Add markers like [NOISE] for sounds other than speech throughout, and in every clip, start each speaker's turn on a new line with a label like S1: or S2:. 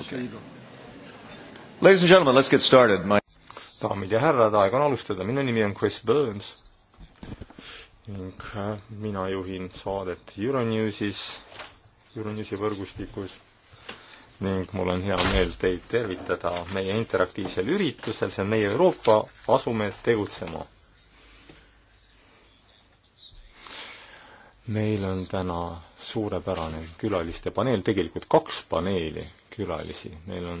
S1: okay..
S2: Ladies and gentlemen, let's get started My.... daamid ja härrad, aeg on alustada, minu nimi on Chris Burns ning äh, mina juhin saadet Euronewsis, Euronewsi võrgustikus ning mul on hea meel teid tervitada meie interaktiivsel üritusel, see on meie Euroopa, asume tegutsema. meil on täna suurepärane külaliste paneel, tegelikult kaks paneeli külalisi. meil on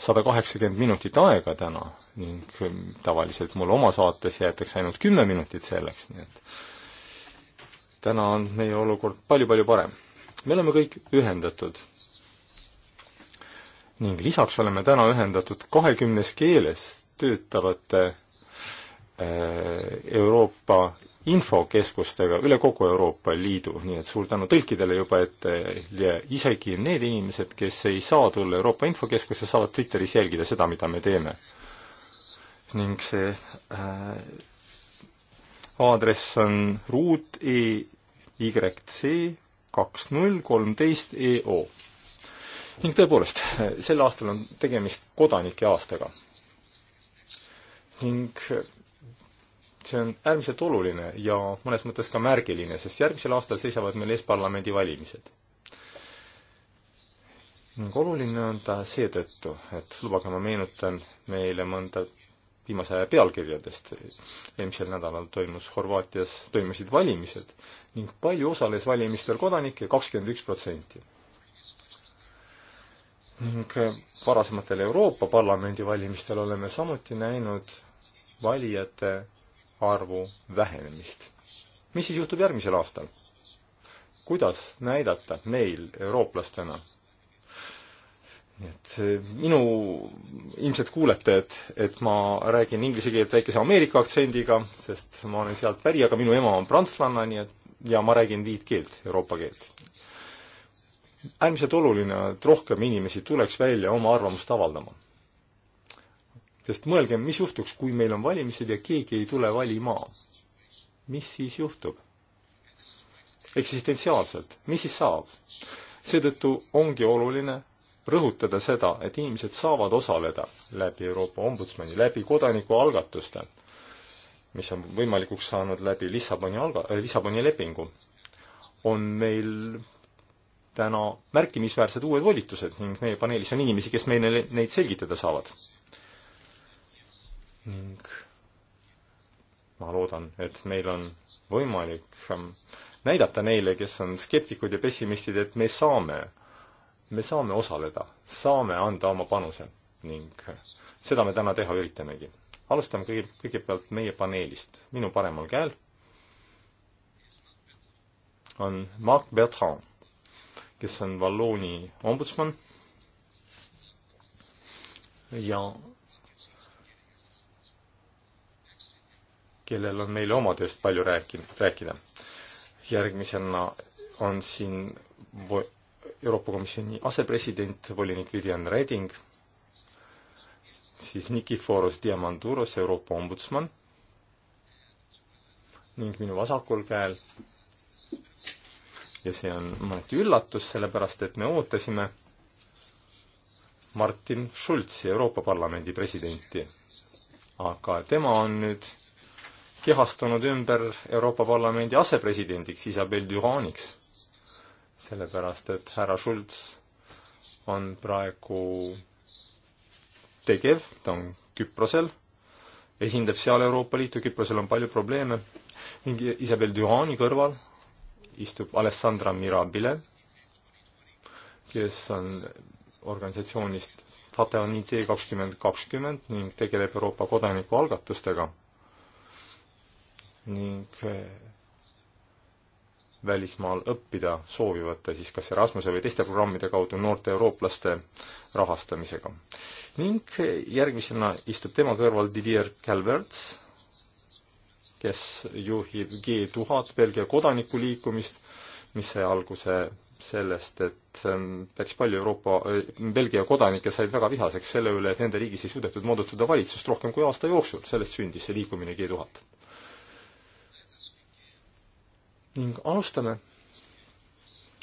S2: sada kaheksakümmend minutit aega täna ning tavaliselt mul oma saates jäetakse ainult kümme minutit selleks, nii et täna on meie olukord palju-palju parem. me oleme kõik ühendatud. ning lisaks oleme täna ühendatud kahekümnes keeles töötavate äh, Euroopa infokeskustega üle kogu Euroopa Liidu, nii et suur tänu tõlkidele juba, et ja isegi need inimesed, kes ei saa tulla Euroopa Infokeskusse, saavad Twitteris jälgida seda, mida me teeme. ning see äh, aadress on ruutyc e kaks null kolmteist EO. ning tõepoolest, sel aastal on tegemist kodanike aastaga. ning see on äärmiselt oluline ja mõnes mõttes ka märgiline, sest järgmisel aastal seisavad meil ees parlamendivalimised. ning oluline on ta seetõttu, et lubage, ma meenutan meile mõnda viimase aja pealkirjadest. eelmisel nädalal toimus Horvaatias, toimusid valimised ning palju osales valimistel kodanikke, kakskümmend üks protsenti. ning varasematel Euroopa Parlamendi valimistel oleme samuti näinud valijate arvu vähenemist. mis siis juhtub järgmisel aastal? kuidas näidata meil, eurooplastena, nii et eh, minu, ilmselt kuulete, et, et ma räägin inglise keelt väikese Ameerika aktsendiga, sest ma olen sealt päri, aga minu ema on prantslanna, nii et ja ma räägin viit keelt, Euroopa keelt. äärmiselt oluline, et rohkem inimesi tuleks välja oma arvamust avaldama sest mõelgem, mis juhtuks, kui meil on valimised ja keegi ei tule valima. mis siis juhtub? eksistentsiaalselt, mis siis saab? seetõttu ongi oluline rõhutada seda, et inimesed saavad osaleda läbi Euroopa Ombudsmani, läbi kodanikualgatuste, mis on võimalikuks saanud läbi Lissaboni alga- äh,, Lissaboni lepingu, on meil täna märkimisväärsed uued volitused ning meie paneelis on inimesi, kes meile neid selgitada saavad ning ma loodan, et meil on võimalik ähm, näidata neile, kes on skeptikud ja pessimistid, et me saame, me saame osaleda, saame anda oma panuse ning seda me täna teha üritamegi. alustame kõige, kõigepealt meie paneelist. minu paremal käel on Marc Bertrand, kes on Vallooni ombudsman ja kellel on meile oma tööst palju rääkinud, rääkida. järgmisena on siin vo-, Euroopa Komisjoni asepresident, volinik Vivian Reding, siis Nikiforos Diamanduros, Euroopa ombudsman, ning minu vasakul käel ja see on mõneti üllatus, sellepärast et me ootasime Martin Schulzi, Euroopa Parlamendi presidenti. aga tema on nüüd kehastunud ümber Euroopa Parlamendi asepresidendiks Isabel Duraniks, sellepärast et härra Schulz on praegu tegev, ta on Küprosel, esindab seal Euroopa Liitu, Küprosel on palju probleeme ning Isabel Durani kõrval istub Alessandra Mirabile, kes on organisatsioonist Fate on IT kakskümmend kakskümmend ning tegeleb Euroopa kodanikualgatustega ning eh, välismaal õppida soovivate siis kas Erasmuse või teiste programmide kaudu noorte eurooplaste rahastamisega. ning eh, järgmisena istub tema kõrval Didier Calverts, kes juhib G tuhat Belgia kodanikuliikumist, mis sai alguse sellest, et ehm, päris palju Euroopa, eh, Belgia kodanikke said väga vihaseks selle üle, et nende riigis ei suudetud moodustada valitsust rohkem kui aasta jooksul, sellest sündis see liikumine G tuhat ning alustame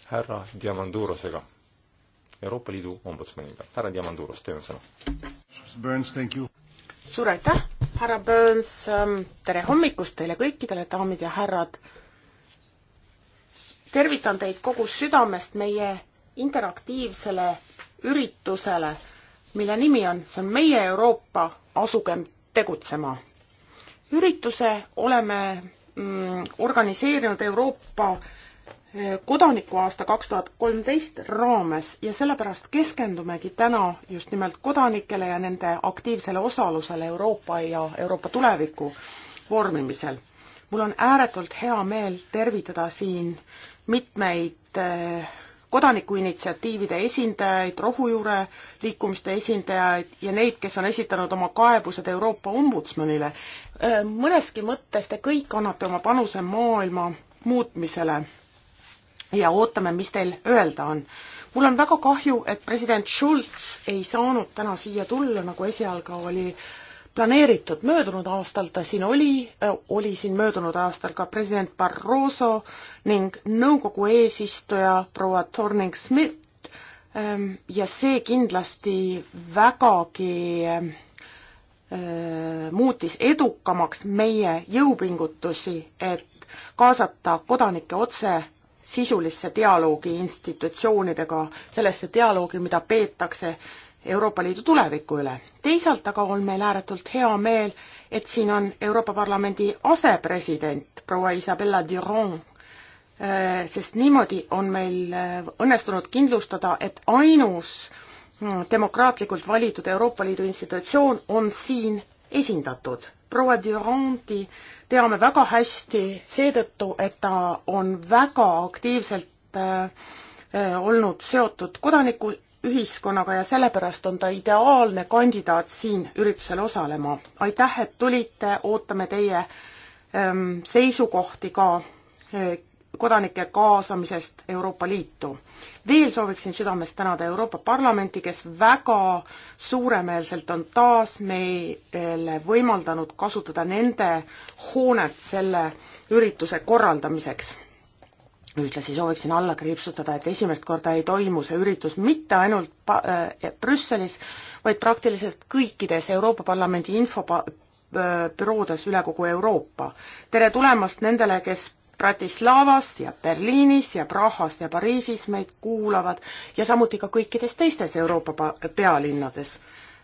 S2: härra Diamandurosega, Euroopa Liidu ombudsmaniga. härra Diamanduros, teil on
S1: sõna.
S3: suur aitäh, härra Burns, ähm, tere hommikust teile kõikidele, daamid ja härrad. tervitan teid kogu südamest meie interaktiivsele üritusele, mille nimi on, see on Meie Euroopa, asugem tegutsema. ürituse oleme Mm, organiseerinud Euroopa eh, kodanikuaasta kaks tuhat kolmteist raames ja sellepärast keskendumegi täna just nimelt kodanikele ja nende aktiivsele osalusele Euroopa ja Euroopa tuleviku vormimisel. mul on ääretult hea meel tervitada siin mitmeid äh, kodanikuinitsiatiivide esindajaid, rohujuure liikumiste esindajaid ja neid, kes on esitanud oma kaebused Euroopa Ombudsmanile. mõneski mõttes te kõik annate oma panuse maailma muutmisele ja ootame, mis teil öelda on. mul on väga kahju, et president Schulz ei saanud täna siia tulla, nagu esialgu oli äh, planeeritud möödunud aastal, ta siin oli, äh, oli siin möödunud aastal ka president Barroso ning nõukogu eesistuja proua Torning-Smith ähm, ja see kindlasti vägagi ähm, äh, muutis edukamaks meie jõupingutusi, et kaasata kodanikke otse sisulisse dialoogi institutsioonidega, sellesse dialoogi, mida peetakse Euroopa Liidu tuleviku üle. teisalt aga on meil ääretult hea meel, et siin on Euroopa Parlamendi asepresident proua Isabella Durand, äh, sest niimoodi on meil äh, õnnestunud kindlustada, et ainus mm, demokraatlikult valitud Euroopa Liidu institutsioon on siin esindatud. proua Durandi teame väga hästi seetõttu, et ta on väga aktiivselt äh, olnud seotud kodaniku ühiskonnaga ja sellepärast on ta ideaalne kandidaat siin üritusel osalema. aitäh, et tulite, ootame teie ähm, seisukohti ka äh, kodanike kaasamisest Euroopa Liitu. veel sooviksin südamest tänada Euroopa Parlamenti, kes väga suuremeelselt on taas meile võimaldanud kasutada nende hoonet selle ürituse korraldamiseks ühtlasi sooviksin alla kriipsutada, et esimest korda ei toimu see üritus mitte ainult pa-, äh, Brüsselis, vaid praktiliselt kõikides Euroopa Parlamendi infobüroodes äh, üle kogu Euroopa. tere tulemast nendele, kes Bratislavas ja Berliinis ja Prahas ja Pariisis meid kuulavad ja samuti ka kõikides teistes Euroopa pealinnades.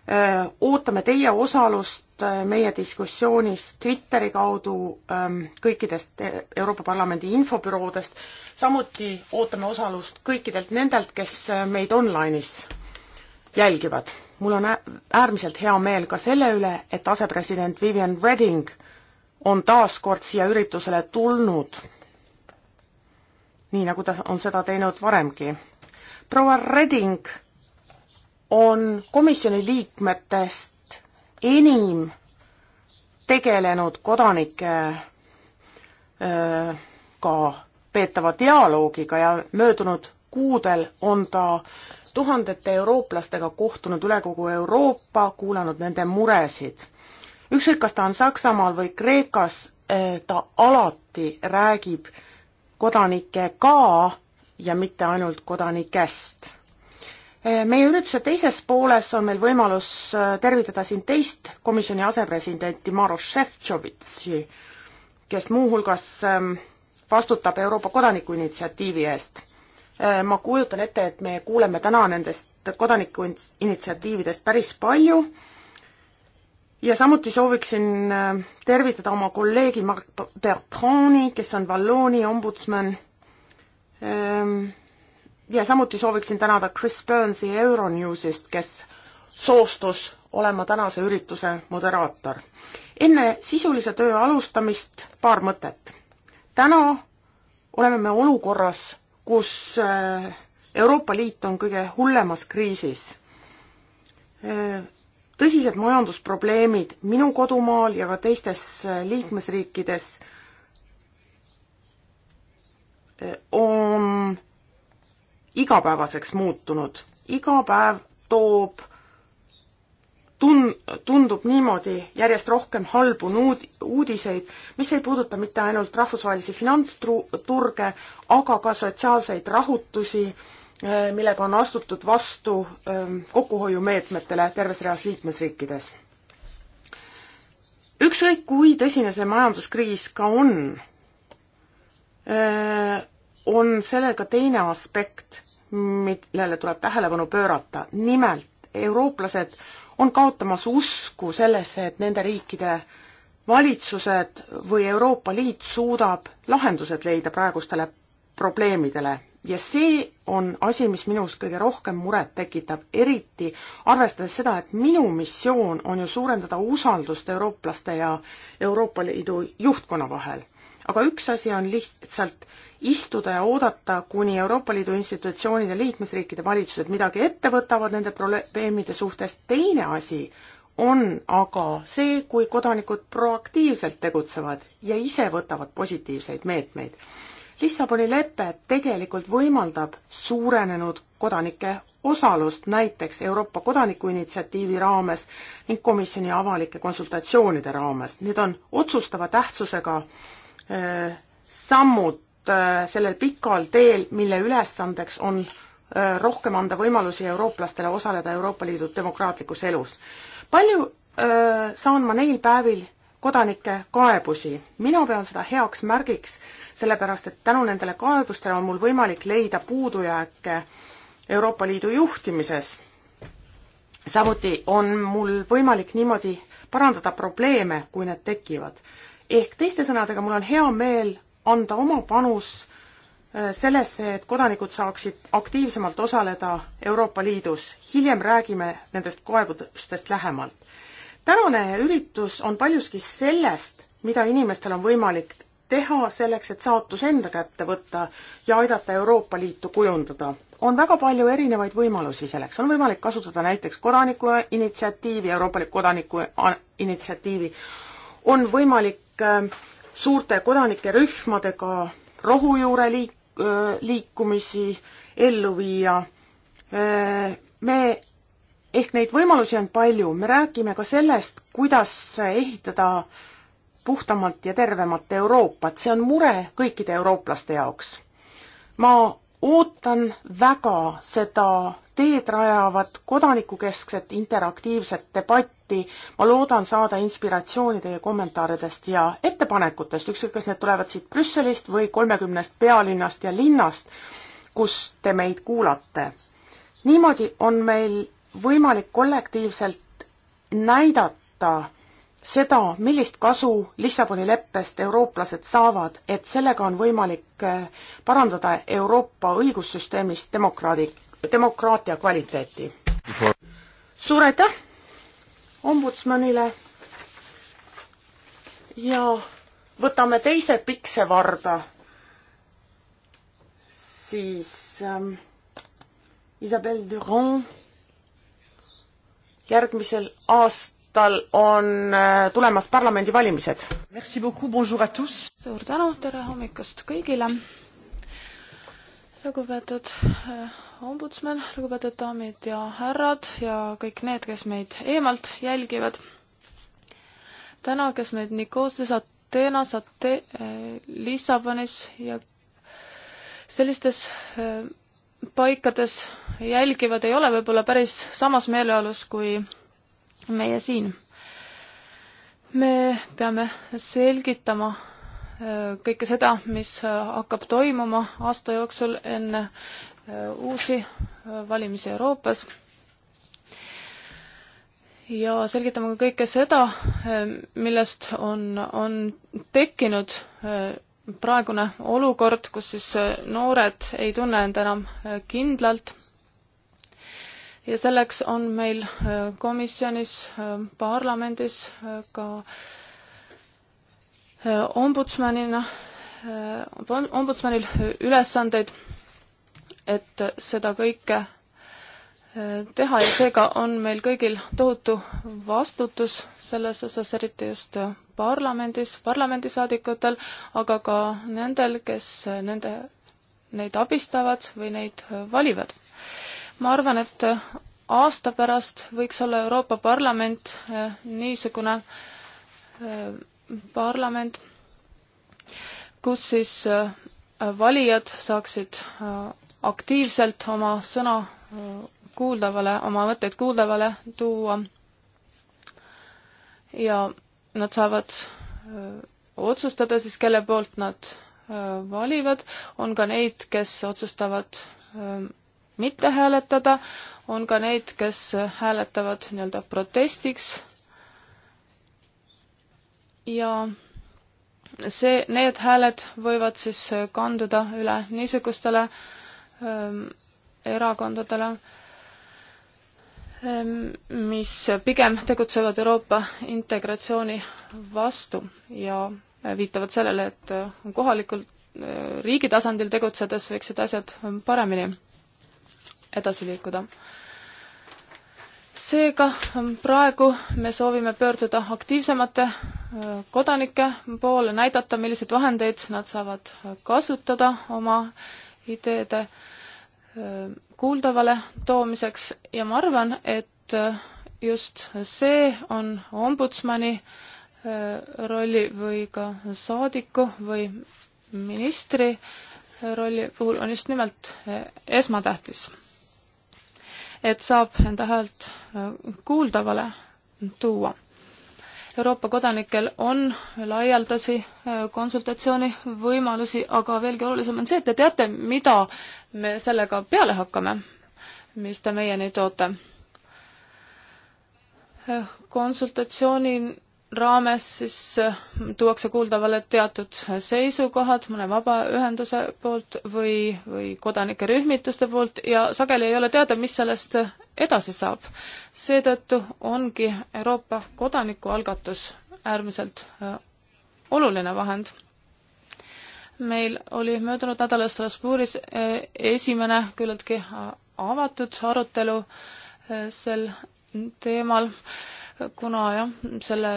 S3: Äh, ootame teie osalust Äh, meie diskussioonist Twitteri kaudu ähm, kõikidest äh, Euroopa Parlamendi infobüroodest. samuti ootame osalust kõikidelt nendelt, kes äh, meid online'is jälgivad. mul on äärmiselt hea meel ka selle üle, et asepresident Vivian Redding on taas kord siia üritusele tulnud. nii nagu ta on seda teinud varemgi. proua Redding on komisjoni liikmetest enim tegelenud kodanikega peetava dialoogiga ja möödunud kuudel on ta tuhandete eurooplastega kohtunud üle kogu Euroopa, kuulanud nende muresid. ükskõik, kas ta on Saksamaal või Kreekas, ta alati räägib kodanikega ja mitte ainult kodanikest Äh, meie ürituse teises pooles on meil võimalus äh, tervitada siin teist komisjoni asepresidenti Maros Šefčovitši, kes muuhulgas ähm, vastutab Euroopa kodanikuinitsiatiivi eest. Äh, ma kujutan ette, et me kuuleme täna nendest kodanikuinitsiatiividest päris palju ja samuti sooviksin tervitada oma kolleegi Mark Bertrani, kes on Valloni ombudsman ähm, ja samuti sooviksin tänada Chris Burnsi Euronewsist, kes soostus olema tänase ürituse moderaator. enne sisulise töö alustamist paar mõtet. täna oleme me olukorras, kus äh, Euroopa Liit on kõige hullemas kriisis. Äh, tõsised majandusprobleemid minu kodumaal ja ka teistes äh, liikmesriikides on igapäevaseks muutunud. iga päev toob tun-, tundub niimoodi järjest rohkem halbu nuud-, uudiseid, mis ei puuduta mitte ainult rahvusvahelisi finantsturge, aga ka sotsiaalseid rahutusi, eh, millega on astutud vastu eh, kokkuhoiumeetmetele terves reas liikmesriikides. ükskõik, kui tõsine see majanduskriis ka on, eh, on sellega teine aspekt millele tuleb tähelepanu pöörata. nimelt, eurooplased on kaotamas usku sellesse, et nende riikide valitsused või Euroopa Liit suudab lahendused leida praegustele probleemidele ja see on asi, mis minus kõige rohkem muret tekitab, eriti arvestades seda, et minu missioon on ju suurendada usaldust eurooplaste ja Euroopa Liidu juhtkonna vahel aga üks asi on lihtsalt istuda ja oodata, kuni Euroopa Liidu institutsioonid ja liikmesriikide valitsused midagi ette võtavad nende probleemide suhtes, teine asi on aga see, kui kodanikud proaktiivselt tegutsevad ja ise võtavad positiivseid meetmeid. Lissaboni lepe tegelikult võimaldab suurenenud kodanike osalust näiteks Euroopa kodanikuinitsiatiivi raames ning komisjoni avalike konsultatsioonide raames. Need on otsustava tähtsusega äh, sammud äh, sellel pikal teel, mille ülesandeks on äh, rohkem anda võimalusi eurooplastele osaleda Euroopa Liidu demokraatlikus elus. palju öö, äh, saan ma neil päevil kodanike kaebusi. mina pean seda heaks märgiks, sellepärast et tänu nendele kaebustele on mul võimalik leida puudujääke Euroopa Liidu juhtimises. samuti on mul võimalik niimoodi parandada probleeme, kui need tekivad ehk teiste sõnadega, mul on hea meel anda oma panus äh, sellesse, et kodanikud saaksid aktiivsemalt osaleda Euroopa Liidus. hiljem räägime nendest kaebustest lähemalt. tänane üritus on paljuski sellest, mida inimestel on võimalik teha selleks, et saatus enda kätte võtta ja aidata Euroopa Liitu kujundada. on väga palju erinevaid võimalusi selleks, on võimalik kasutada näiteks kodanikuinitsiatiivi, Euroopa Liidu kodanikuinitsiatiivi, on võimalik Äh, suurte kodanike rühmadega rohujuure liik-, äh, liikumisi ellu viia. Äh, me, ehk neid võimalusi on palju, me räägime ka sellest, kuidas ehitada puhtamalt ja tervemat Euroopat, see on mure kõikide eurooplaste jaoks. ma ootan väga seda teed rajavad kodanikukeskset interaktiivset debatti. ma loodan saada inspiratsiooni teie kommentaaridest ja ettepanekutest, ükskõik, kas need tulevad siit Brüsselist või kolmekümnest pealinnast ja linnast, kus te meid kuulate. niimoodi on meil võimalik kollektiivselt näidata seda, millist kasu Lissaboni leppest eurooplased saavad, et sellega on võimalik eh, parandada Euroopa õigussüsteemis demokraadi demokraatia kvaliteeti. suur aitäh ombudsmanile ja võtame teise piksevarda, siis ähm, Isabel Durand järgmisel aastal on äh, tulemas parlamendivalimised.
S4: suur tänu, tere hommikust kõigile! lugupeetud äh, ombudsman, lugupeetud daamid ja härrad ja kõik need, kes meid eemalt jälgivad. täna, kes meid Nikoses, Ateenas, Ate-, äh, Lissabonis ja sellistes äh, paikades jälgivad, ei ole võib-olla päris samas meeleolus kui meie siin. me peame selgitama kõike seda, mis hakkab toimuma aasta jooksul enne äh, uusi äh, valimisi Euroopas. ja selgitame ka kõike seda, äh, millest on, on tekkinud praegune olukord, kus siis noored ei tunne end enam kindlalt ja selleks on meil komisjonis, parlamendis ka äh, Äh, ombudsmanina, äh, ombudsmanil äh, ülesandeid, et seda kõike teha ja seega on meil kõigil tohutu vastutus selles osas, eriti just parlamendis, parlamendisaadikutel, aga ka nendel, kes nende, neid abistavad või neid valivad. ma arvan, et aasta pärast võiks olla Euroopa Parlament niisugune parlament, kus siis äh, valijad saaksid äh, aktiivselt oma sõna äh, kuuldavale, oma mõtteid kuuldavale tuua ja nad saavad öö, otsustada siis, kelle poolt nad öö, valivad, on ka neid, kes otsustavad öö, mitte hääletada, on ka neid, kes hääletavad nii-öelda protestiks ja see, need hääled võivad siis kanduda üle niisugustele ähm, erakondadele ähm,, mis pigem tegutsevad Euroopa integratsiooni vastu ja viitavad sellele, et äh, kohalikul äh, riigi tasandil tegutsedes võiksid asjad ähm, paremini edasi liikuda seega ähm, praegu me soovime pöörduda aktiivsemate äh, kodanike poole, näidata, milliseid vahendeid nad saavad äh, kasutada oma ideede ähm, kuuldavale toomiseks ja ma arvan, et äh, just see on ombudsmani rolli või ka saadiku või ministri rolli puhul on just nimelt esmatähtis et saab enda häält äh, kuuldavale tuua. Euroopa kodanikel on laialdasi äh, konsultatsioonivõimalusi, aga veelgi olulisem on see, et te teate, mida me sellega peale hakkame, mis te meieni toote. Äh, konsultatsiooni raames siis äh, tuuakse kuuldavale teatud seisukohad mõne vabaühenduse poolt või, või kodanike rühmituste poolt ja sageli ei ole teada, mis sellest edasi saab. seetõttu ongi Euroopa kodanikualgatus äärmiselt äh, oluline vahend. meil oli möödunud nädalal Strasbourgis äh, esimene küllaltki avatud arutelu sel teemal kuna jah, selle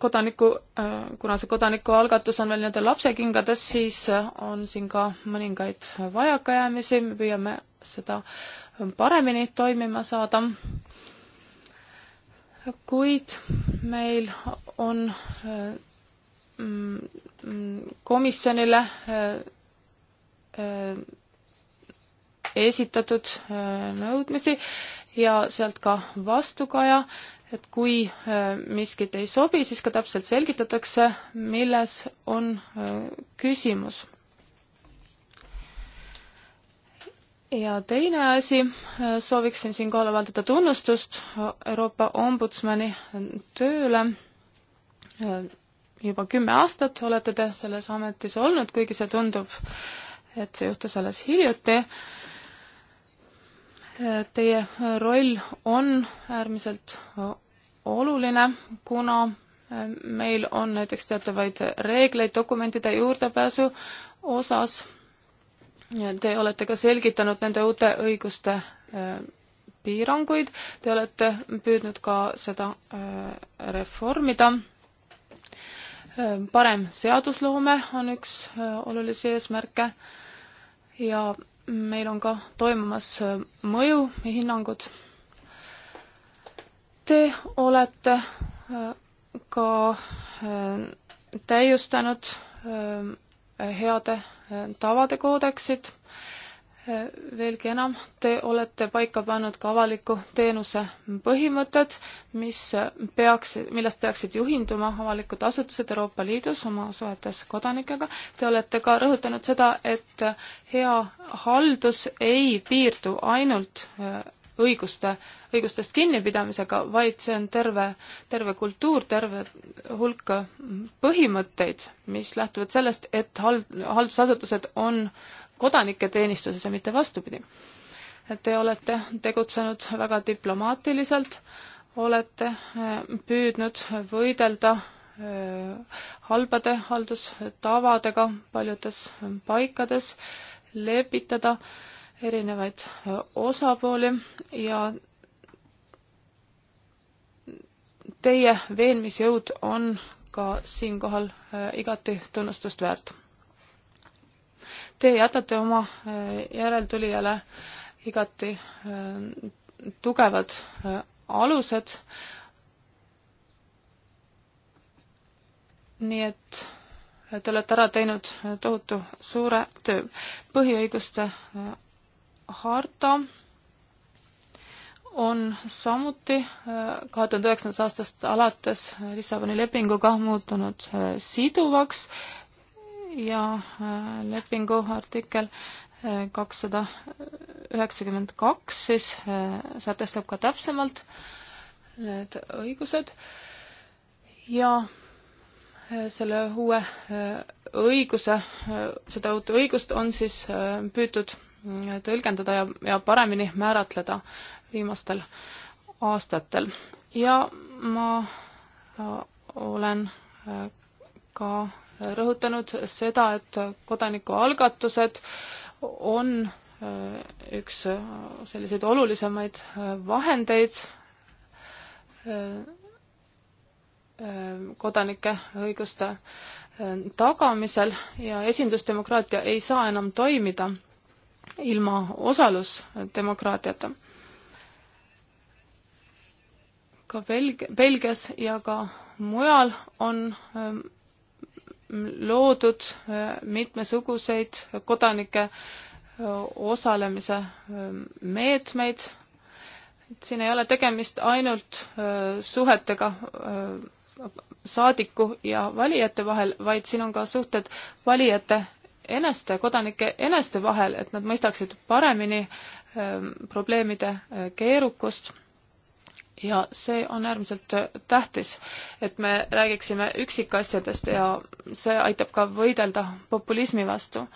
S4: kodaniku, äh, kuna see kodanikualgatus on veel nii-öelda lapsekingades, siis äh, on siin ka mõningaid vajakajäämisi, me püüame seda paremini toimima saada. kuid meil on äh, mm, komisjonile esitatud nõudmisi ja sealt ka vastukaja et kui äh, miskit ei sobi, siis ka täpselt selgitatakse, milles on äh, küsimus. ja teine asi, äh, sooviksin siinkohal avaldada tunnustust Euroopa Ombudsmani tööle. juba kümme aastat olete te selles ametis olnud, kuigi see tundub, et see juhtus alles hiljuti Teie roll on äärmiselt oluline, kuna meil on näiteks teatavaid reegleid dokumentide juurdepääsu osas. Te olete ka selgitanud nende uute õiguste äh, piiranguid, te olete püüdnud ka seda äh, reformida. Äh, parem seadusloome on üks olulisi eesmärke ja meil on ka toimumas äh, mõjuhinnangud. Te olete äh, ka äh, täiustanud heade tavade koodeksit veelgi enam, te olete paika pannud ka avaliku teenuse põhimõtted, mis peaks, millest peaksid juhinduma avalikud asutused Euroopa Liidus oma suhetes kodanikega. Te olete ka rõhutanud seda, et hea haldus ei piirdu ainult äh, õiguste, õigustest kinnipidamisega, vaid see on terve, terve kultuur, terve hulk põhimõtteid, mis lähtuvad sellest, et hald-, haldusasutused on kodanike teenistuses ja mitte vastupidi. Te olete tegutsenud väga diplomaatiliselt, olete eh, püüdnud võidelda eh, halbade haldustavadega paljudes paikades, lepitada erinevaid eh, osapooli ja teie veenmisjõud on ka siinkohal igati tunnustust väärt Te jätate oma eh, järeltulijale igati eh, tugevad eh, alused. nii et te olete ära teinud tohutu suure töö. põhiõiguste harta on samuti kahe tuhande üheksandast aastast alates Lissaboni lepinguga muutunud siduvaks ja äh, lepingu artikkel äh, kakssada üheksakümmend kaks siis äh, sätestab ka täpsemalt need õigused ja selle uue õiguse, seda uut õigust on siis püütud tõlgendada ja, ja paremini määratleda viimastel aastatel. ja ma olen ka rõhutanud seda, et kodanikualgatused on äh, üks äh, selliseid olulisemaid äh, vahendeid kodanike õiguste tagamisel ja esindusdemokraatia ei saa enam toimida ilma osalusdemokraatiata. ka Belg-, Belgias ja ka mujal on ähm, loodud äh, mitmesuguseid kodanike äh, osalemise äh, meetmeid. siin ei ole tegemist ainult suhetega saadiku ja valijate vahel, vaid siin on ka suhted valijate eneste, kodanike eneste vahel, et nad mõistaksid paremini probleemide keerukust ja see on äärmiselt äh, tähtis, et me räägiksime üksikasjadest ja see aitab ka võidelda populismi vastu.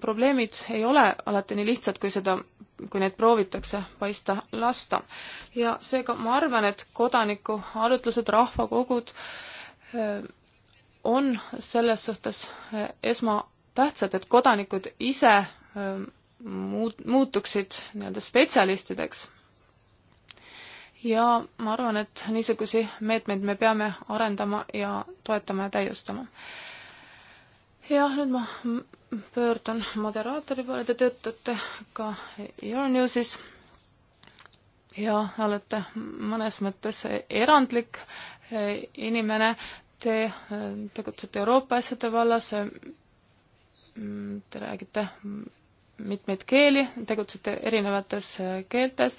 S4: probleemid ei ole alati nii lihtsad, kui seda, kui neid proovitakse paista lasta. ja seega ma arvan, et kodanikuarutlused, rahvakogud äh, on selles suhtes äh, esmatähtsad, et kodanikud ise muut-, muutuksid nii-öelda spetsialistideks ja ma arvan, et niisugusi meetmeid me peame arendama ja toetama ja täiustama. ja nüüd ma pöördun moderaatori poole, te töötate ka Euronewsis ja olete mõnes mõttes erandlik eh, inimene, te eh, tegutsete Euroopa asjade vallas, eh, mm, te räägite mitmeid keeli, tegutsete erinevates keeltes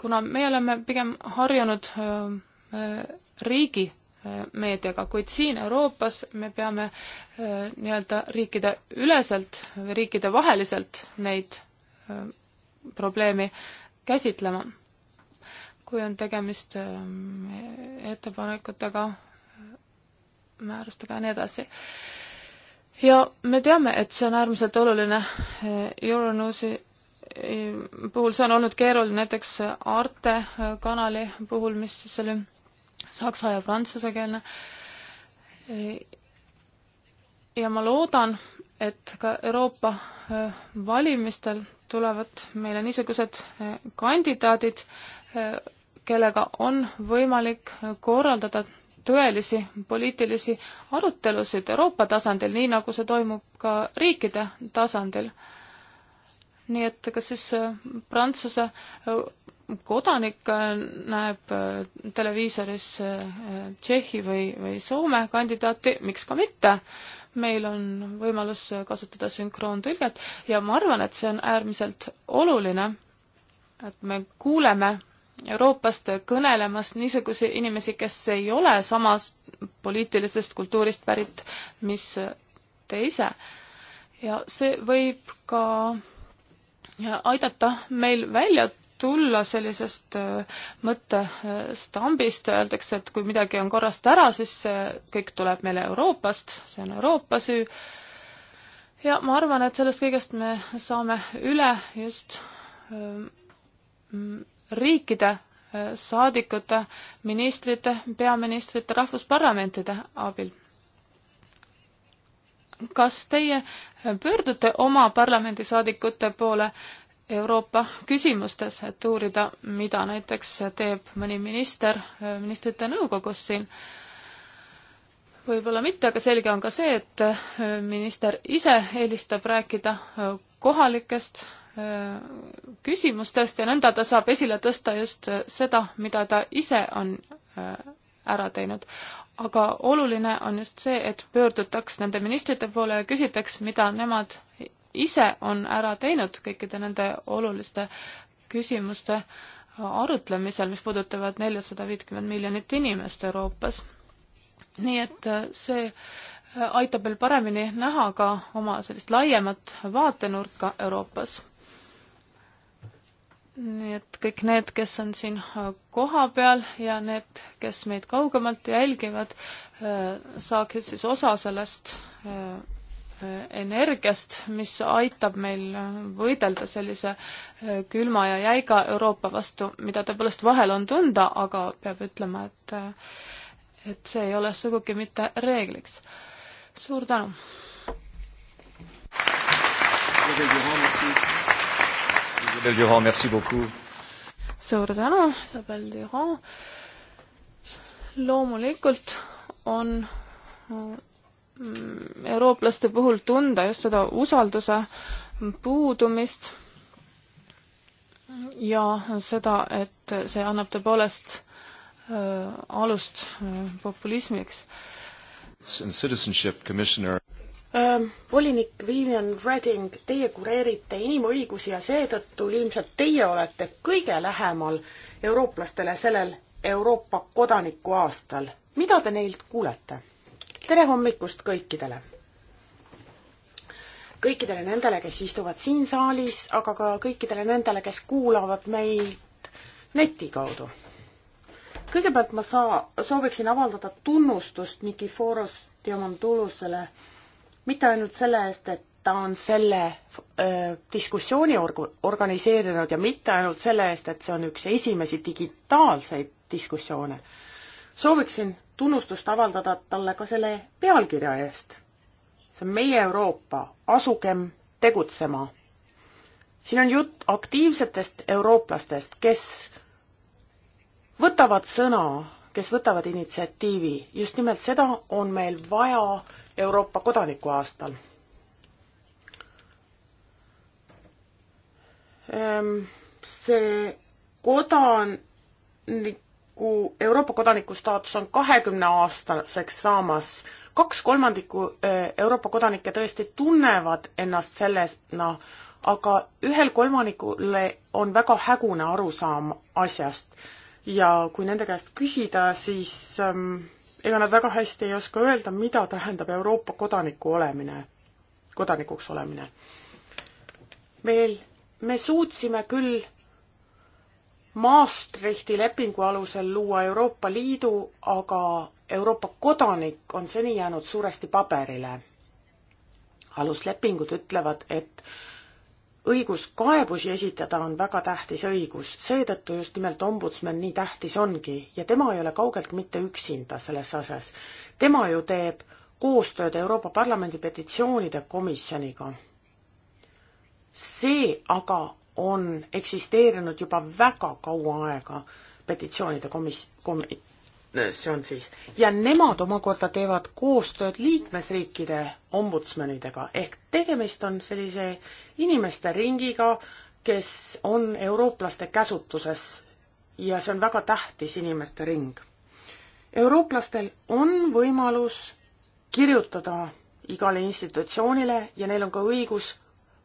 S4: kuna meie oleme pigem harjunud riigi meediaga, kuid siin Euroopas me peame nii-öelda riikide üleselt või riikide vaheliselt neid probleemi käsitlema. kui on tegemist ettepanekutega, määrustega ja nii edasi. ja me teame, et see on äärmiselt oluline Euronewsi puhul see on olnud keeruline, näiteks Arte äh, kanali puhul, mis siis oli saksa- ja prantsusekeelne. ja ma loodan, et ka Euroopa äh, valimistel tulevad meile niisugused äh, kandidaadid, kellega on võimalik korraldada tõelisi poliitilisi arutelusid Euroopa tasandil, nii nagu see toimub ka riikide tasandil nii et kas siis äh, Prantsuse äh, kodanik äh, näeb televiisoris Tšehhi või, või Soome kandidaati, miks ka mitte, meil on võimalus kasutada sünkroontõlget ja ma arvan, et see on äärmiselt oluline, et me kuuleme Euroopast kõnelemas niisuguseid inimesi, kes ei ole samast poliitilisest kultuurist pärit, mis te ise. ja see võib ka aidata meil välja tulla sellisest äh, mõttestambist, öeldakse, et kui midagi on korrast ära, siis see kõik tuleb meile Euroopast, see on Euroopa süü. ja ma arvan, et sellest kõigest me saame üle just äh, riikide äh, saadikute, ministrite, peaministrite, rahvusparlamentide abil kas teie pöördute oma parlamendisaadikute poole Euroopa küsimustes, et uurida, mida näiteks teeb mõni minister ministrite nõukogus siin? võib-olla mitte, aga selge on ka see, et minister ise eelistab rääkida kohalikest äh, küsimustest ja nõnda ta saab esile tõsta just seda, mida ta ise on äh, ära teinud aga oluline on just see, et pöördutaks nende ministrite poole ja küsitaks, mida nemad ise on ära teinud kõikide nende oluliste küsimuste arutlemisel, mis puudutavad neljasada viitkümmend miljonit inimest Euroopas. nii et äh, see äh, aitab meil paremini näha ka oma sellist laiemat vaatenurka Euroopas nii et kõik need, kes on siin äh, kohapeal ja need, kes meid kaugemalt jälgivad, äh, saaksid siis osa sellest äh, energiast, mis aitab meil võidelda sellise külma ja jäiga Euroopa vastu, mida tõepoolest vahel on tunda, aga peab ütlema, et et see ei ole sugugi mitte reegliks. suur tänu!
S1: Isabel Durand, merci beaucoup.
S4: suur tänu, Isabel Durand. loomulikult on mm, eurooplaste puhul tunda just seda usalduse puudumist ja seda, et see annab tõepoolest äh, alust äh, populismiks.
S3: Ähm, volinik Vivian Redding, teie kureerite inimõigusi ja seetõttu ilmselt teie olete kõige lähemal eurooplastele sellel Euroopa kodaniku aastal. mida te neilt kuulete? tere hommikust kõikidele! kõikidele nendele, kes istuvad siin saalis, aga ka kõikidele nendele, kes kuulavad meid neti kaudu. kõigepealt ma saa-, sooviksin avaldada tunnustust Nikiforos Diamantulusele mitte ainult selle eest, et ta on selle öö, äh, diskussiooni orgu-, organiseerinud ja mitte ainult selle eest, et see on üks esimesi digitaalseid diskussioone. sooviksin tunnustust avaldada talle ka selle pealkirja eest. see on meie Euroopa, asugem tegutsema. siin on jutt aktiivsetest eurooplastest, kes võtavad sõna, kes võtavad initsiatiivi, just nimelt seda on meil vaja Euroopa kodaniku aastal. Ehm, see kodaniku, Euroopa kodaniku staatus on kahekümneaastaseks saamas. kaks kolmandikku eh, Euroopa kodanikke tõesti tunnevad ennast sellena, aga ühel kolmandikule on väga hägune arusaam asjast. ja kui nende käest küsida, siis ähm, ega nad väga hästi ei oska öelda, mida tähendab Euroopa kodaniku olemine, kodanikuks olemine. meil, me suutsime küll Maastrichti lepingu alusel luua Euroopa Liidu, aga Euroopa kodanik on seni jäänud suuresti paberile. aluslepingud ütlevad, et õigus kaebusi esitada on väga tähtis õigus, seetõttu just nimelt ombudsman nii tähtis ongi ja tema ei ole kaugelt mitte üksinda selles asjas. tema ju teeb koostööd Euroopa Parlamendi petitsioonide komisjoniga. see aga on eksisteerinud juba väga kaua aega, petitsioonide komis-, komi-, see on siis, ja nemad omakorda teevad koostööd liikmesriikide ombudsmanidega, ehk tegemist on sellise inimeste ringiga, kes on eurooplaste käsutuses ja see on väga tähtis inimeste ring. eurooplastel on võimalus kirjutada igale institutsioonile ja neil on ka õigus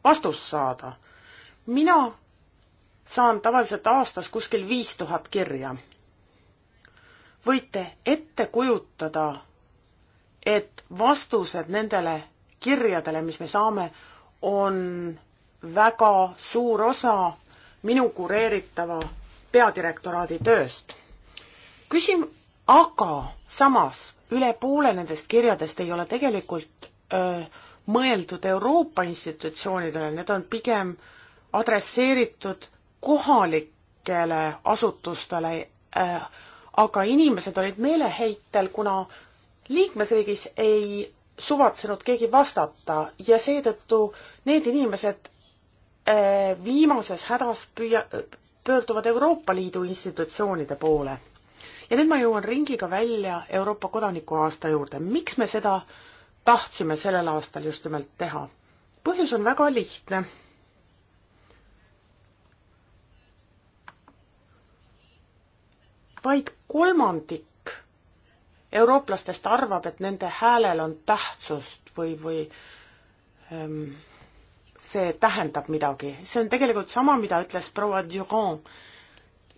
S3: vastust saada. mina saan tavaliselt aastas kuskil viis tuhat kirja. võite ette kujutada, et vastused nendele kirjadele, mis me saame, on väga suur osa minu kureeritava peadirektoraadi tööst. küsim-, aga samas üle poole nendest kirjadest ei ole tegelikult öö, mõeldud Euroopa institutsioonidele, need on pigem adresseeritud kohalikele asutustele äh,, aga inimesed olid meeleheitel, kuna liikmesriigis ei suvatsenud keegi vastata ja seetõttu need inimesed Äh, viimases hädas püüa-, pöörduvad Euroopa Liidu institutsioonide poole. ja nüüd ma jõuan ringiga välja Euroopa kodanikuaasta juurde. miks me seda tahtsime sellel aastal just nimelt teha? põhjus on väga lihtne. vaid kolmandik eurooplastest arvab, et nende häälel on tähtsust või, või ähm, see tähendab midagi, see on tegelikult sama, mida ütles proua Durand.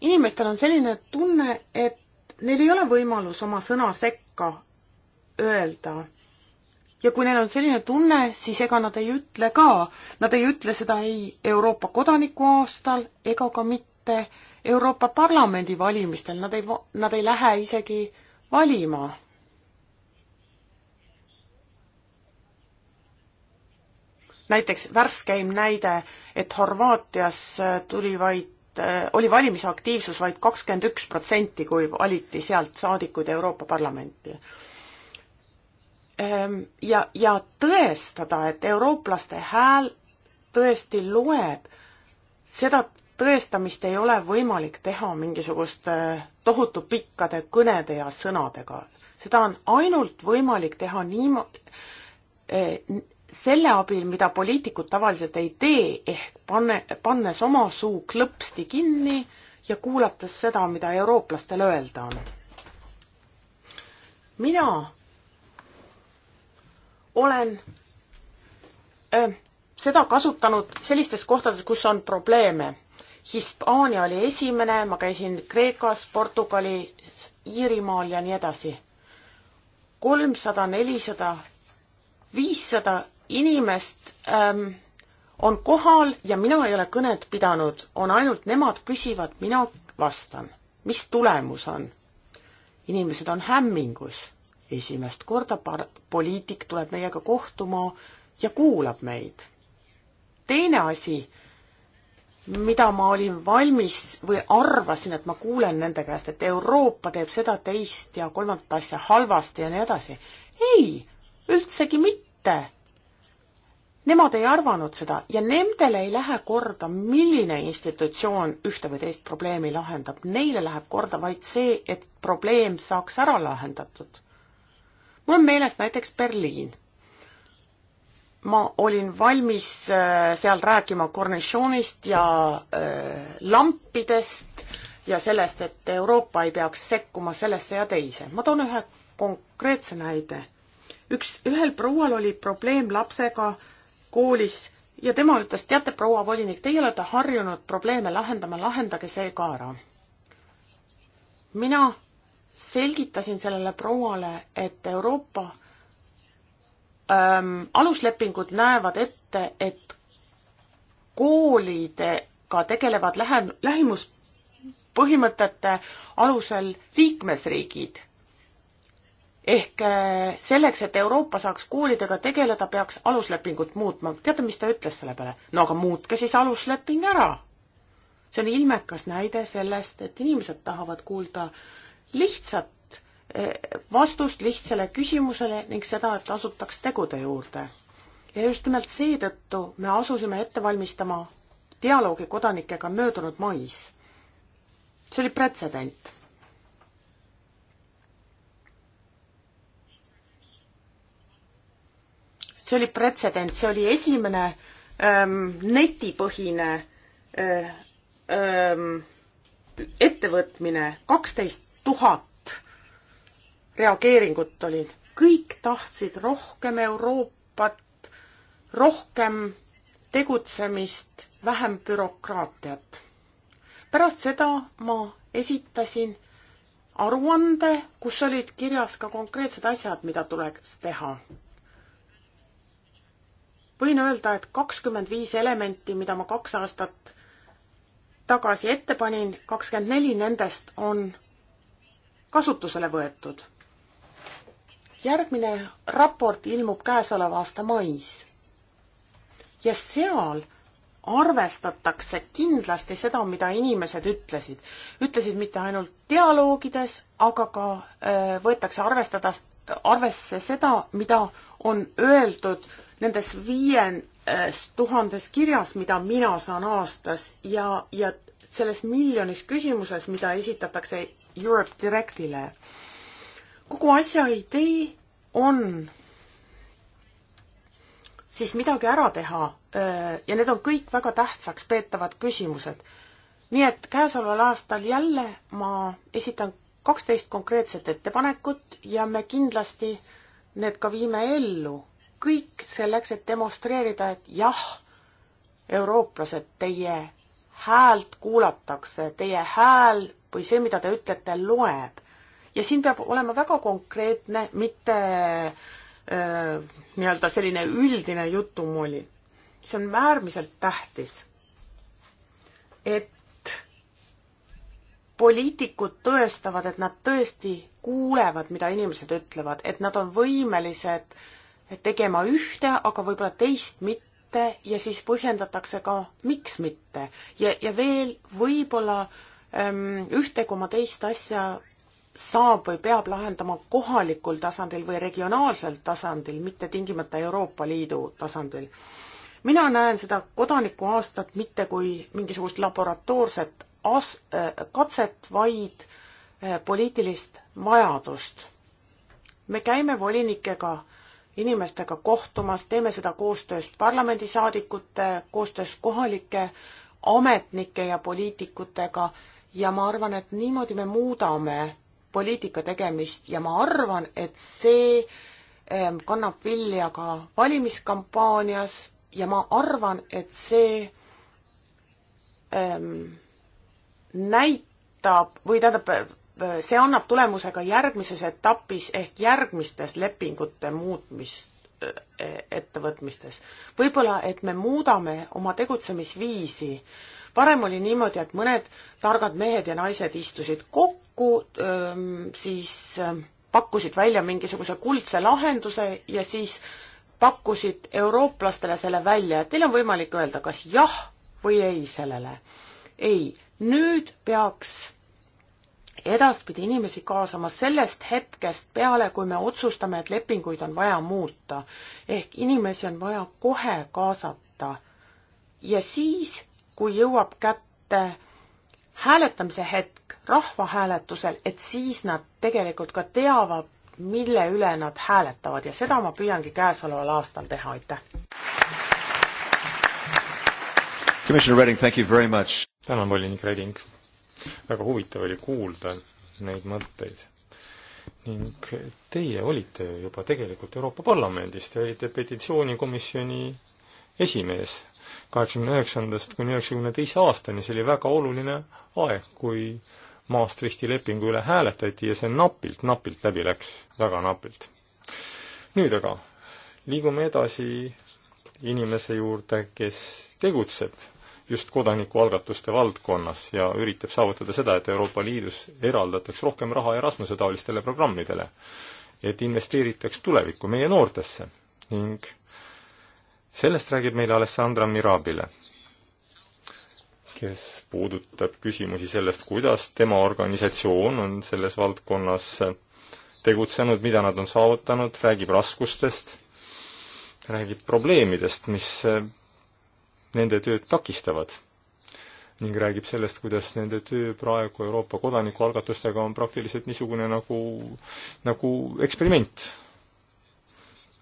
S3: inimestel on selline tunne, et neil ei ole võimalus oma sõna sekka öelda. ja kui neil on selline tunne, siis ega nad ei ütle ka, nad ei ütle seda ei Euroopa kodaniku aastal ega ka mitte Euroopa Parlamendi valimistel, nad ei, nad ei lähe isegi valima näiteks värskeim näide, et Horvaatias äh, tuli vaid, äh, oli valimisaktiivsus vaid kakskümmend üks protsenti, kui valiti sealt saadikud Euroopa Parlamenti. Ehm, ja, ja tõestada, et eurooplaste hääl tõesti loeb, seda tõestamist ei ole võimalik teha mingisuguste tohutu pikkade kõnede ja sõnadega. seda on ainult võimalik teha niimoodi, eh, selle abil, mida poliitikud tavaliselt ei tee, ehk panne, pannes oma suu klõpsti kinni ja kuulates seda, mida eurooplastel öelda on. mina olen öö, äh, seda kasutanud sellistes kohtades, kus on probleeme. Hispaania oli esimene, ma käisin Kreekas, Portugalis, Iirimaal ja nii edasi. kolmsada, nelisada, viissada inimest ähm, on kohal ja mina ei ole kõnet pidanud, on ainult nemad küsivad, mina vastan. mis tulemus on? inimesed on hämmingus. esimest korda par-, poliitik tuleb meiega kohtuma ja kuulab meid. teine asi, mida ma olin valmis või arvasin, et ma kuulen nende käest, et Euroopa teeb seda, teist ja kolmandat asja halvasti ja nii edasi. ei, üldsegi mitte Nemad ei arvanud seda ja nendele ei lähe korda, milline institutsioon ühte või teist probleemi lahendab. Neile läheb korda vaid see, et probleem saaks ära lahendatud. mul on meeles näiteks Berliin. ma olin valmis äh, seal rääkima kornišoonist ja äh, lampidest ja sellest, et Euroopa ei peaks sekkuma sellesse ja teise. ma toon ühe konkreetse näide. üks, ühel proual oli probleem lapsega, koolis ja tema ütles, teate, proua volinik, teie olete harjunud probleeme lahendama, lahendage see ka ära. mina selgitasin sellele prouale, et Euroopa ähm, aluslepingud näevad ette, et koolidega tegelevad lähem, lähimuspõhimõtete alusel liikmesriigid ehk äh, selleks, et Euroopa saaks koolidega tegeleda, peaks aluslepingut muutma. teate, mis ta ütles selle peale? no aga muutke siis alusleping ära. see on ilmekas näide sellest, et inimesed tahavad kuulda lihtsat äh, vastust lihtsale küsimusele ning seda, et asutaks tegude juurde. ja just nimelt seetõttu me asusime ette valmistama dialoogi kodanikega möödunud mais. see oli pretsedent see oli pretsedent, see oli esimene ähm, netipõhine äh, ähm, ettevõtmine, kaksteist tuhat reageeringut olid, kõik tahtsid rohkem Euroopat, rohkem tegutsemist, vähem bürokraatiat. pärast seda ma esitasin aruande, kus olid kirjas ka konkreetsed asjad, mida tuleks teha võin öelda, et kakskümmend viis elementi, mida ma kaks aastat tagasi ette panin, kakskümmend neli nendest on kasutusele võetud. järgmine raport ilmub käesoleva aasta mais. ja seal arvestatakse kindlasti seda, mida inimesed ütlesid. ütlesid mitte ainult dialoogides, aga ka öö, äh, võetakse arvestada, arvesse seda, mida on öeldud nendes viies tuhandes kirjas, mida mina saan aastas ja, ja selles miljonis küsimuses, mida esitatakse Europe Directile. kogu asja idee on siis midagi ära teha ja need on kõik väga tähtsaks peetavad küsimused. nii et käesoleval aastal jälle ma esitan kaksteist konkreetset ettepanekut ja me kindlasti äh, need ka viime ellu. kõik selleks, et demonstreerida, et jah, eurooplased, teie häält kuulatakse, teie hääl või see, mida te ütlete, loeb. ja siin peab olema väga konkreetne, mitte äh, nii-öelda selline üldine jutumoli. see on äärmiselt tähtis, et poliitikud tõestavad, et nad tõesti kuulevad, mida inimesed ütlevad, et nad on võimelised tegema ühte, aga võib-olla teist mitte ja siis põhjendatakse ka, miks mitte. ja, ja veel võib-olla ähm, ühte koma teist asja saab või peab lahendama kohalikul tasandil või regionaalsel tasandil, mitte tingimata Euroopa Liidu tasandil mina näen seda kodanikuaastat mitte kui mingisugust laboratoorset as-, äh, katset, vaid äh, poliitilist vajadust. me käime volinikega, inimestega kohtumas, teeme seda koostöös parlamendisaadikute, koostöös kohalike ametnike ja poliitikutega ja ma arvan, et niimoodi me muudame poliitika tegemist ja ma arvan, et see ähm, kannab vilja ka valimiskampaanias ja ma arvan, et see ähm, näitab või tähendab, see annab tulemuse ka järgmises etapis ehk järgmistes lepingute muutmist, ettevõtmistes. võib-olla, et me muudame oma tegutsemisviisi. varem oli niimoodi, et mõned targad mehed ja naised istusid kokku, siis pakkusid välja mingisuguse kuldse lahenduse ja siis pakkusid eurooplastele selle välja, et teil on võimalik öelda kas jah või ei sellele. ei nüüd peaks edaspidi inimesi kaasama sellest hetkest peale, kui me otsustame, et lepinguid on vaja muuta. ehk inimesi on vaja kohe kaasata. ja siis, kui jõuab kätte hääletamise hetk rahvahääletusel, et siis nad tegelikult ka teavad, mille üle nad hääletavad ja seda ma püüangi käesoleval aastal teha, aitäh!
S1: Commissioner Reding, thank you very much.
S2: tänan, volinik Reding. väga huvitav oli kuulda neid mõtteid. ning teie olite juba tegelikult Euroopa Parlamendis, te olite petitsioonikomisjoni esimees kaheksakümne üheksandast kuni üheksakümne teise aastani, see oli väga oluline aeg, kui Maastrichti lepingu üle hääletati ja see napilt, napilt läbi läks, väga napilt. nüüd aga liigume edasi inimese juurde, kes tegutseb just kodanikualgatuste valdkonnas ja üritab saavutada seda, et Euroopa Liidus eraldataks rohkem raha Erasmuse taolistele programmidele. et investeeritaks tulevikku, meie noortesse ning sellest räägib meile Alessandra Mirabile, kes puudutab küsimusi sellest, kuidas tema organisatsioon on selles valdkonnas tegutsenud, mida nad on saavutanud, räägib raskustest, räägib probleemidest, mis nende tööd takistavad ning räägib sellest, kuidas nende töö praegu Euroopa kodanikualgatustega on praktiliselt niisugune nagu, nagu eksperiment.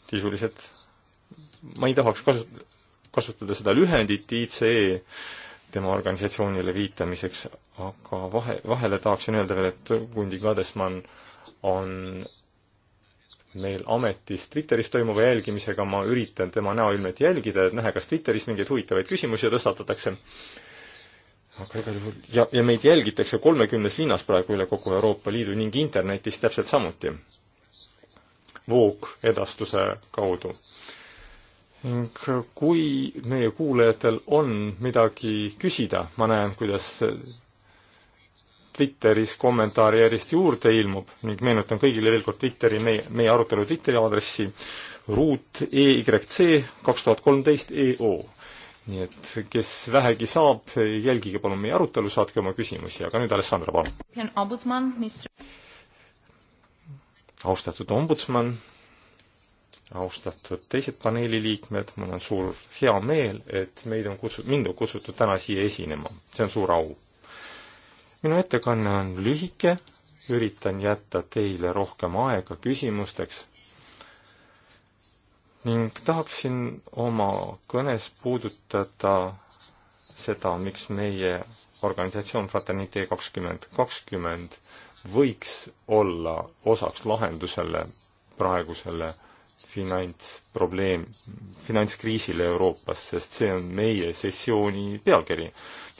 S2: sisuliselt ma ei tahaks kasu-, kasutada seda lühendit ICE tema organisatsioonile viitamiseks, aga vahe, vahele tahaksin öelda veel, et Gundi Kadesmann on meil ametis Twitteris toimuva jälgimisega, ma üritan tema näoilmet jälgida, et näha, kas Twitteris mingeid huvitavaid küsimusi tõstatatakse. aga igal juhul, ja, ja meid jälgitakse kolmekümnes linnas praegu üle kogu Euroopa Liidu ning internetis täpselt samuti. voogedastuse kaudu. ning kui meie kuulajatel on midagi küsida, ma näen, kuidas Twitteris kommentaari järjest juurde ilmub ning meenutan kõigile veel kord Twitteri, meie, meie arutelu Twitteri aadressi ruut EYC kaks tuhat kolmteist EO. nii et kes vähegi saab, jälgige palun meie arutelu, saatke oma küsimusi, aga nüüd Alessandra,
S4: palun.
S2: austatud ombudsman, austatud teised paneeli liikmed, mul on suur hea meel, et meid on kutsutud, mind on kutsutud täna siia esinema, see on suur au minu ettekanne on lühike, üritan jätta teile rohkem aega küsimusteks ning tahaksin oma kõnes puudutada seda, miks meie organisatsioon Fraternitee kakskümmend kakskümmend võiks olla osaks lahendusele praegusele finantsprobleem, finantskriisile Euroopas, sest see on meie sessiooni pealkiri,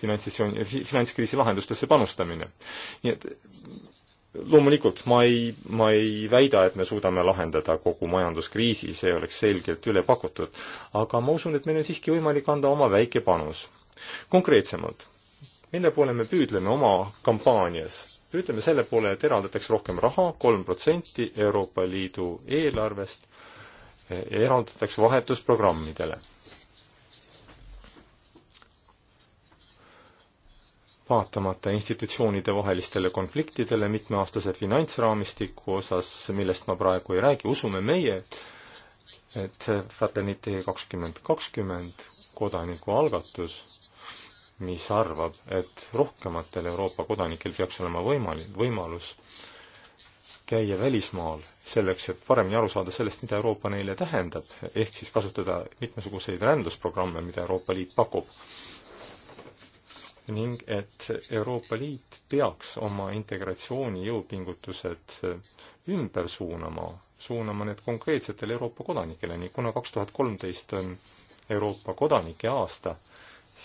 S2: finantssessiooni, finantskriisi lahendustesse panustamine. nii et loomulikult ma ei, ma ei väida, et me suudame lahendada kogu majanduskriisi, see oleks selgelt üle pakutud, aga ma usun, et meil on siiski võimalik anda oma väike panus. konkreetsemalt, mille poole me püüdleme oma kampaanias? püüdleme selle poole, et eraldataks rohkem raha, kolm protsenti Euroopa Liidu eelarvest eraldatakse vahetusprogrammidele. vaatamata institutsioonide vahelistele konfliktidele mitmeaastase finantsraamistiku osas, millest ma praegu ei räägi, usume meie, et Fraternite kakskümmend kakskümmend kodanikualgatus, mis arvab, et rohkematel Euroopa kodanikel peaks olema võimalik, võimalus äh, käia välismaal selleks, et paremini aru saada sellest, mida Euroopa neile tähendab, ehk siis kasutada mitmesuguseid rändusprogramme, mida Euroopa Liit pakub. ning et Euroopa Liit peaks oma integratsiooni jõupingutused ümber suunama, suunama need konkreetsetele Euroopa kodanikele, nii kuna kaks tuhat kolmteist on Euroopa kodanike aasta,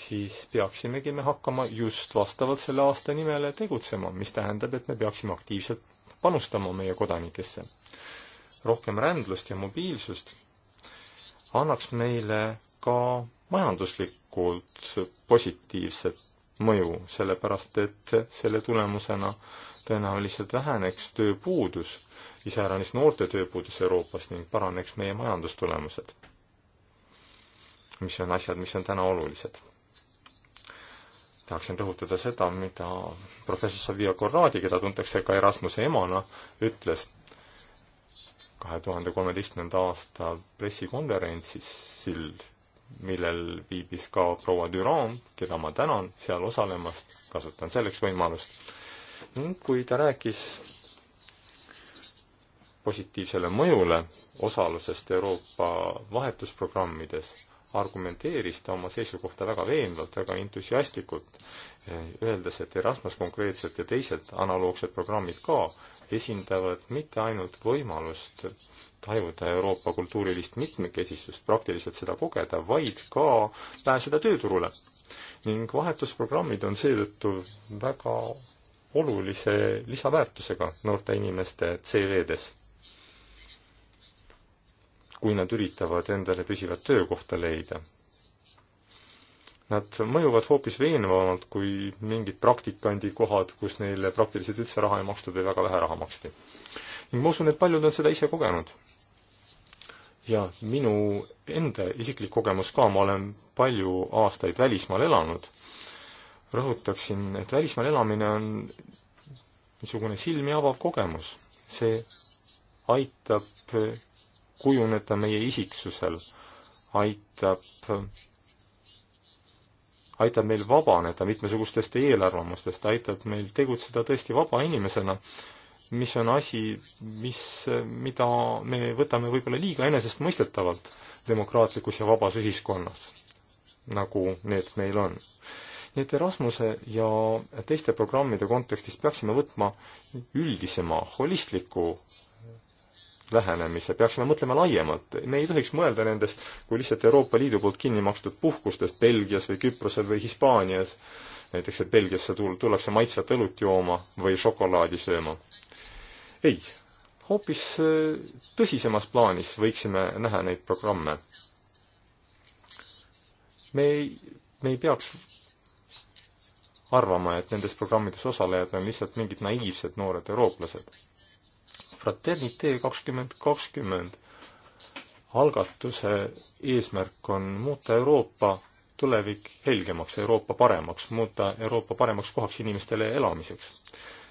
S2: siis peaksimegi me hakkama just vastavalt selle aasta nimele tegutsema, mis tähendab, et me peaksime aktiivselt panustama meie kodanikesse. rohkem rändlust ja mobiilsust annaks meile ka majanduslikult positiivset mõju, sellepärast et selle tulemusena tõenäoliselt väheneks tööpuudus, iseäranis noorte tööpuudus Euroopas ning paraneks meie majandustulemused, mis on asjad, mis on täna olulised tahaksin rõhutada seda, mida professor Savia Korradi, keda tuntakse ka Erasmuse emana, ütles kahe tuhande kolmeteistkümnenda aasta pressikonverentsil, millel viibis ka proua Durand, keda ma tänan seal osalemast, kasutan selleks võimalust. ning kui ta rääkis positiivsele mõjule osalusest Euroopa vahetusprogrammides argumenteeris ta oma seisukohta väga veenvalt, väga entusiastlikult, öeldes, et Erasmus konkreetselt ja teised analoogsed programmid ka esindavad mitte ainult võimalust tajuda Euroopa kultuurilist mitmekesisust, praktiliselt seda kogeda, vaid ka pääseda tööturule. ning vahetusprogrammid on seetõttu väga olulise lisaväärtusega noorte inimeste CV-des kui nad üritavad endale püsivat töökohta leida. Nad mõjuvad hoopis veenvamalt kui mingid praktikandi kohad, kus neile praktiliselt üldse raha ei makstud või väga vähe raha maksti. ning ma usun, et paljud on seda ise kogenud. ja minu enda isiklik kogemus ka, ma olen palju aastaid välismaal elanud, rõhutaksin, et välismaal elamine on niisugune silmi avav kogemus. see aitab kujuneda meie isiksusel, aitab, aitab meil vabaneda mitmesugustest eelarvamustest, aitab meil tegutseda tõesti vaba inimesena, mis on asi, mis, mida me võtame võib-olla liiga enesestmõistetavalt demokraatlikus ja vabas ühiskonnas, nagu need meil on nii et Erasmuse ja teiste programmide kontekstis peaksime võtma üldisema, holistliku lähenemise, peaksime mõtlema laiemalt, me ei tohiks mõelda nendest kui lihtsalt Euroopa Liidu poolt kinni makstud puhkustest Belgias või Küprosel või Hispaanias, näiteks et Belgiasse tul-, tullakse maitsvat õlut jooma või šokolaadi sööma. ei, hoopis äh, tõsisemas plaanis võiksime näha neid programme. me ei, me ei peaks arvama, et nendes programmides osalejad on lihtsalt mingid naiivsed noored eurooplased Fraternitee kakskümmend kakskümmend algatuse eesmärk on muuta Euroopa tulevik helgemaks, Euroopa paremaks, muuta Euroopa paremaks kohaks inimestele elamiseks.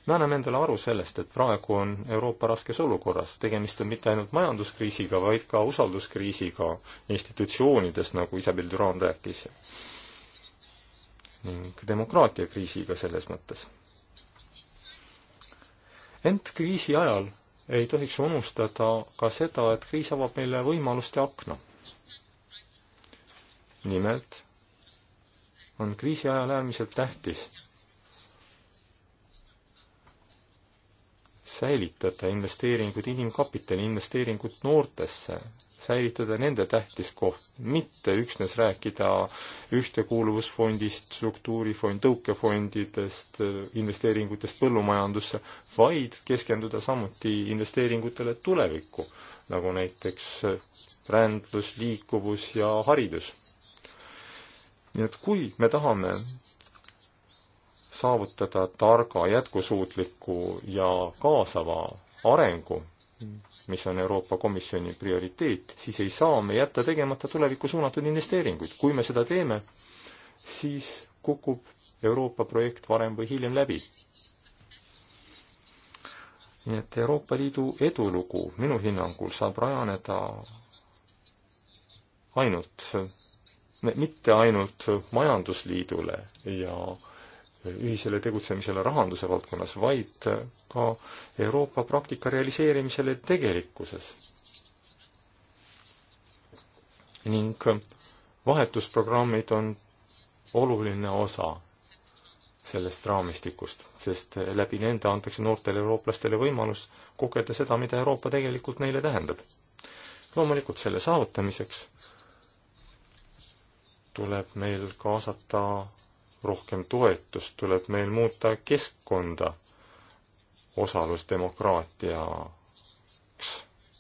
S2: me anname endale aru sellest, et praegu on Euroopa raskes olukorras, tegemist on mitte ainult majanduskriisiga, vaid ka usalduskriisiga institutsioonides, nagu Isabel Duran rääkis, ning demokraatiakriisiga selles mõttes. ent kriisi ajal ei tohiks unustada ka seda, et kriis avab meile võimaluste akna. nimelt on kriisi ajal äärmiselt tähtis säilitada investeeringud inimkapitali, investeeringud noortesse, säilitada nende tähtis koht, mitte üksnes rääkida ühtekuuluvusfondist, struktuurifond, tõukefondidest, investeeringutest põllumajandusse, vaid keskenduda samuti investeeringutele tulevikku, nagu näiteks rändlus, liikuvus ja haridus. nii et kui me tahame saavutada targa, jätkusuutliku ja kaasava arengu, mis on Euroopa Komisjoni prioriteet, siis ei saa me jätta tegemata tulevikku suunatud investeeringuid. kui me seda teeme, siis kukub Euroopa projekt varem või hiljem läbi. nii et Euroopa Liidu edulugu minu hinnangul saab rajaneda ainult, mitte ainult majandusliidule ja ühisele tegutsemisele rahanduse valdkonnas, vaid ka Euroopa praktika realiseerimisele tegelikkuses. ning vahetusprogrammid on oluline osa sellest raamistikust, sest läbi nende antakse noortele eurooplastele võimalus kogeda seda, mida Euroopa tegelikult neile tähendab. loomulikult selle saavutamiseks tuleb meil kaasata rohkem toetust, tuleb meil muuta keskkonda osalusdemokraatiaks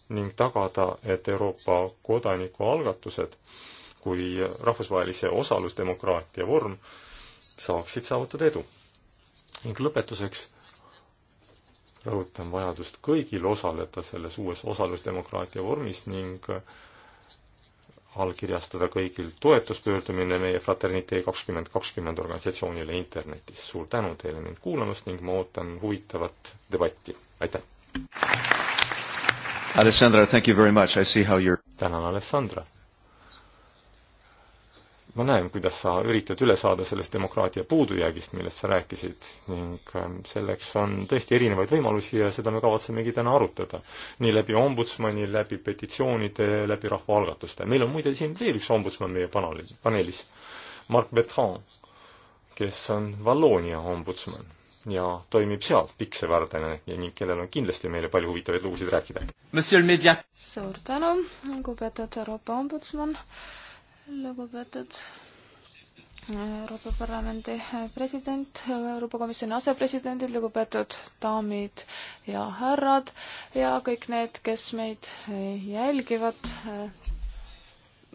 S2: ning tagada, et Euroopa kodanikualgatused kui rahvusvahelise osalusdemokraatia vorm saaksid saavutada edu. ning lõpetuseks rõhutan vajadust kõigil osaleda selles uues osalusdemokraatia vormis ning allkirjastada kõigil toetuspöördumine meie Fraternitee kakskümmend kakskümmend organisatsioonile internetis. suur tänu teile mind kuulamast ning ma ootan huvitavat debatti,
S1: aitäh! Alessandra, thank you very much, I see how you are tänan, Alessandra!
S2: ma näen, kuidas sa üritad üle saada sellest demokraatia puudujäägist, millest sa rääkisid ning ähm, selleks on tõesti erinevaid võimalusi ja seda me kavatsemegi täna arutada. nii läbi ombudsmani, läbi petitsioonide, läbi rahvaalgatuste. meil on muide siin veel üks ombudsman meie panelis, paneelis, Mark Bertrand, kes on Valloonia ombudsman ja toimib seal piksevärdena ja ning kellel on kindlasti meile palju huvitavaid lugusid rääkida.
S4: suur tänu, lugupeetud Euroopa ombudsman lugupeetud äh, Euroopa Parlamendi äh, president, Euroopa Komisjoni asepresidendid, lugupeetud daamid ja härrad ja kõik need, kes meid äh, jälgivad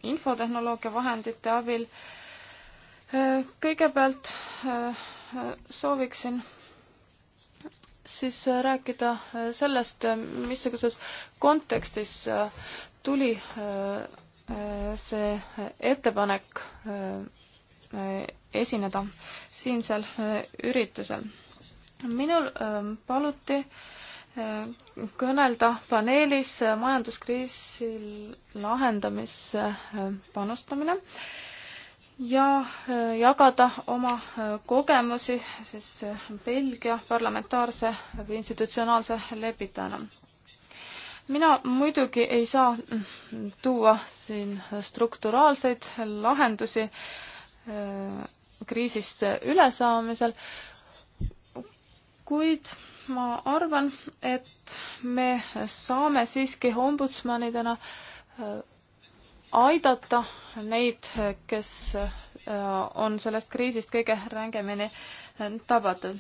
S4: infotehnoloogia vahendite abil. kõigepealt sooviksin siis rääkida sellest, missuguses kontekstis tuli see ettepanek äh, äh, esineda siinsel äh, üritusel. minul ähm, paluti kõnelda paneelis majanduskriisi lahendamisse panustamine ja jagada oma kogemusi siis Belgia parlamentaarse või institutsionaalse lepitajana mina muidugi ei saa tuua siin strukturaalseid lahendusi äh, kriisist ülesaamisel, kuid ma arvan, et me saame siiski ombudsmanidena äh, aidata neid, kes äh, on sellest kriisist kõige rängemini tabatud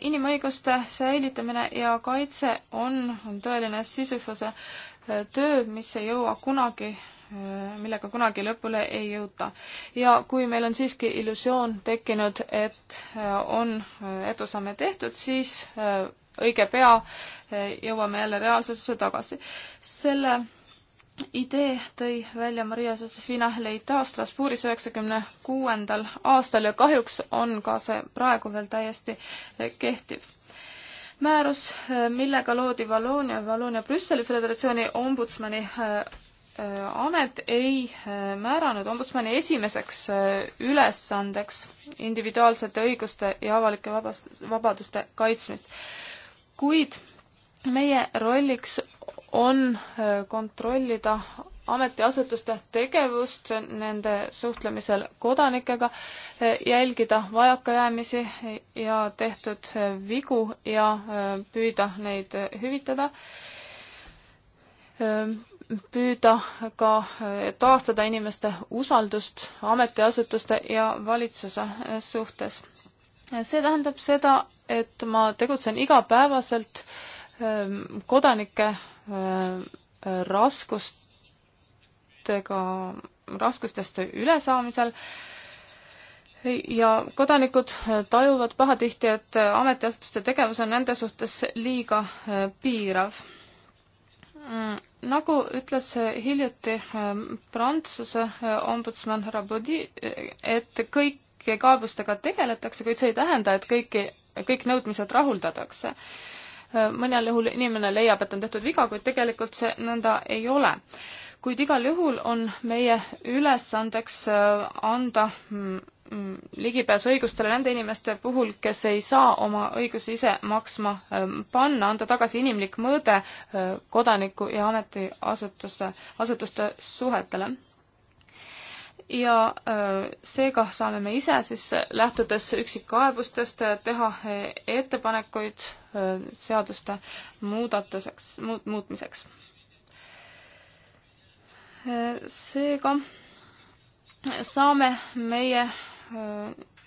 S4: inimõiguste säilitamine ja kaitse on, on tõeline sisufuse äh, töö, mis ei jõua kunagi äh, millega kunagi lõpule ei jõuta. ja kui meil on siiski illusioon tekkinud, et äh, on edusamme tehtud, siis õige pea jõuame jälle reaalsusesse tagasi. selle idee tõi välja Maria Josefina Leita Strasbourgis üheksakümne kuuendal aastal ja kahjuks on ka see praegu veel täiesti kehtiv. määrus, millega loodi Valoonia, Valoonia Brüsseli Föderatsiooni ombudsmani äh, amet ei äh, määranud ombudsmani esimeseks äh, ülesandeks individuaalsete õiguste ja avalike vabast-, vabaduste kaitsmist. kuid meie rolliks on äh, kontrollida ametiasutuste tegevust nende suhtlemisel kodanikega, äh, jälgida vajakajäämisi ja tehtud äh, vigu ja püüda neid hüvitada, ähm, püüda ka taastada inimeste usaldust ametiasutuste ja valitsuse suhtes. see tähendab seda, et ma tegutsen igapäevaselt ähm, kodanike Äh, raskustega, raskustest ülesaamisel ja kodanikud tajuvad pahatihti, et ametiasutuste tegevus on nende suhtes liiga äh, piirav. Mm, nagu ütles hiljuti äh, Prantsuse ombudsman härra Bodi, et kõiki kaebustega tegeletakse, kuid see ei tähenda, et kõiki, kõik nõudmised rahuldatakse mõnel juhul inimene leiab, et on tehtud viga, kuid tegelikult see nõnda ei ole. kuid igal juhul on meie ülesandeks äh, anda mm, mm, ligipääs õigustele nende inimeste puhul, kes ei saa oma õigusi ise maksma ähm, panna, anda tagasi inimlik mõõde äh, kodaniku ja ametiasutuste, asutuste suhetele ja äh, seega saame me ise siis lähtudes üksikkaebustest äh, teha äh, ettepanekuid seaduste muudatuseks, muut-, muutmiseks. seega saame meie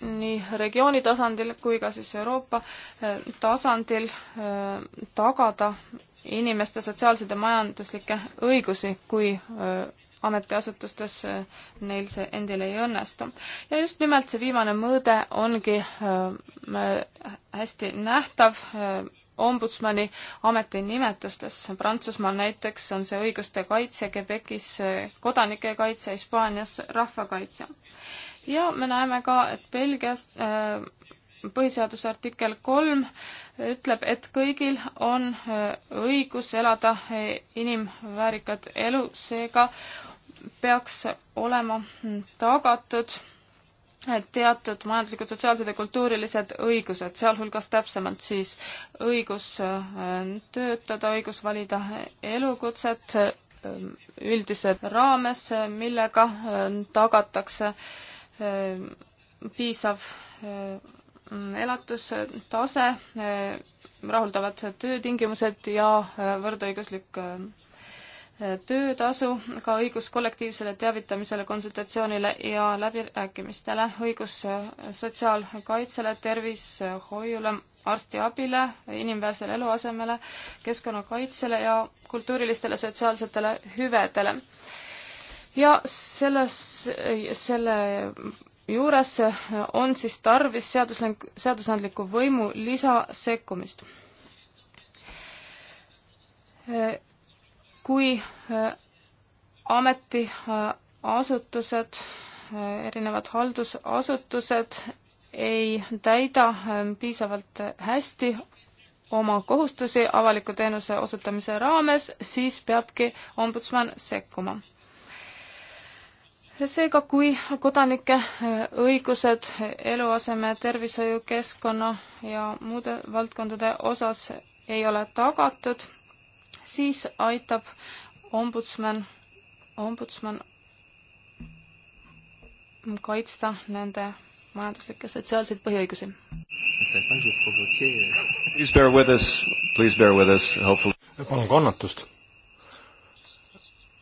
S4: nii regiooni tasandil kui ka siis Euroopa tasandil tagada inimeste sotsiaalseid ja majanduslikke õigusi, kui ametiasutustes neil see endil ei õnnestu. ja just nimelt see viimane mõõde ongi äh, hästi nähtav äh, ombudsmani ametinimetustes. Prantsusmaal näiteks on see õiguste kaitse, Quebecis äh, kodanike kaitse, Hispaanias rahvakaitse. ja me näeme ka, et Belgias põhiseaduse artikkel kolm ütleb, et kõigil on õigus elada inimväärikat elu, seega peaks olema tagatud teatud majanduslikud, sotsiaalsed ja kultuurilised õigused, sealhulgas täpsemalt siis õigus äh, töötada, õigus valida elukutset ähm, üldise raames, millega äh, tagatakse äh, piisav elatustase, rahuldavad töötingimused ja võrdõiguslik töötasu ka õigus kollektiivsele teavitamisele, konsultatsioonile ja läbirääkimistele, õigus sotsiaalkaitsele, tervishoiule, arstiabile, inimväärsele eluasemele, keskkonnakaitsele ja kultuurilistele sotsiaalsetele hüvedele. ja selles, selle juures on siis tarvis seaduslik, seadusandliku võimu lisasekkumist kui äh, ametiasutused, äh, erinevad haldusasutused ei täida äh, piisavalt hästi oma kohustusi avaliku teenuse osutamise raames, siis peabki ombudsman sekkuma. seega, kui kodanike õigused eluaseme, tervishoiu, keskkonna ja muude valdkondade osas ei ole tagatud, siis aitab ombudsman, ombudsman kaitsta nende majanduslikke sotsiaalseid põhiõigusi.
S1: palun kannatust.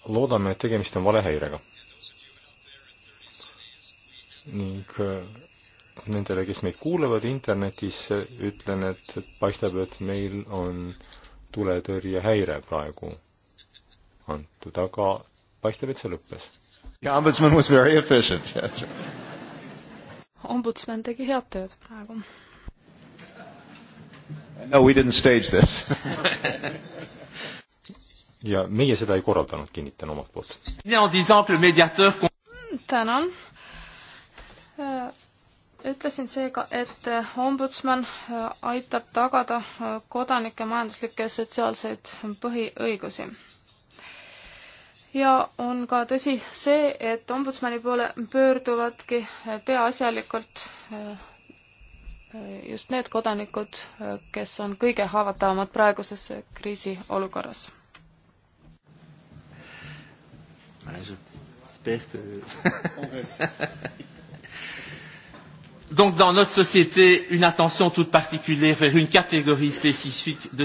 S1: loodame,
S2: et tegemist on valehäirega. ning äh, nendele, kes meid kuulavad internetis, ütlen, et paistab, et meil on äh, tuletõrjehäire praegu antud, aga
S1: paistab, et see lõppes. ja ombudsman was very efficient, yeah that's right.
S4: ombudsman tegi head tööd praegu.
S1: No we didn't stage
S2: this [LAUGHS] ja meie seda ei korraldanud, kinnitan omalt poolt.
S4: tänan ütlesin seega, et äh, ombudsman äh, aitab tagada äh, kodanike majanduslikke ja sotsiaalseid põhiõigusi. ja on ka tõsi see, et ombudsmani poole pöörduvadki peaasjalikult just need kodanikud, kes on kõige haavatavamad praeguses kriisiolukorras.
S1: ma olen su spehter donc dans notre société une attention toute particulière vers une catégorie spécifique de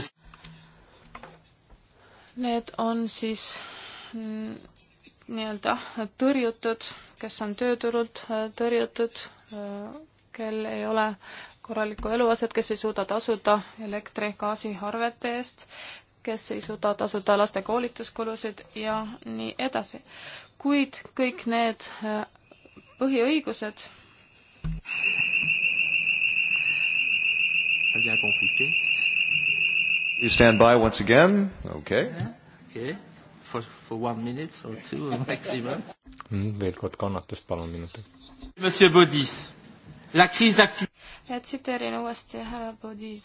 S4: Need on siis mm, nii-öelda tõrjutud, kes on tööturult äh, tõrjutud, äh, kel ei ole korralikku eluaset, kes ei suuda tasuda elektri, gaasi arvete eest, kes ei suuda tasuda laste koolituskulusid ja nii edasi. kuid kõik need äh, põhiõigused
S1: Ça devient compliqué. You stand by once again. Okay. Okay. For, for one minute or two [LAUGHS] maximum.
S2: Mm, veel kord kannatust palun minuti.
S1: Monsieur Baudis,
S2: la crise
S4: actu-. tsiteerin uuesti härra Baudis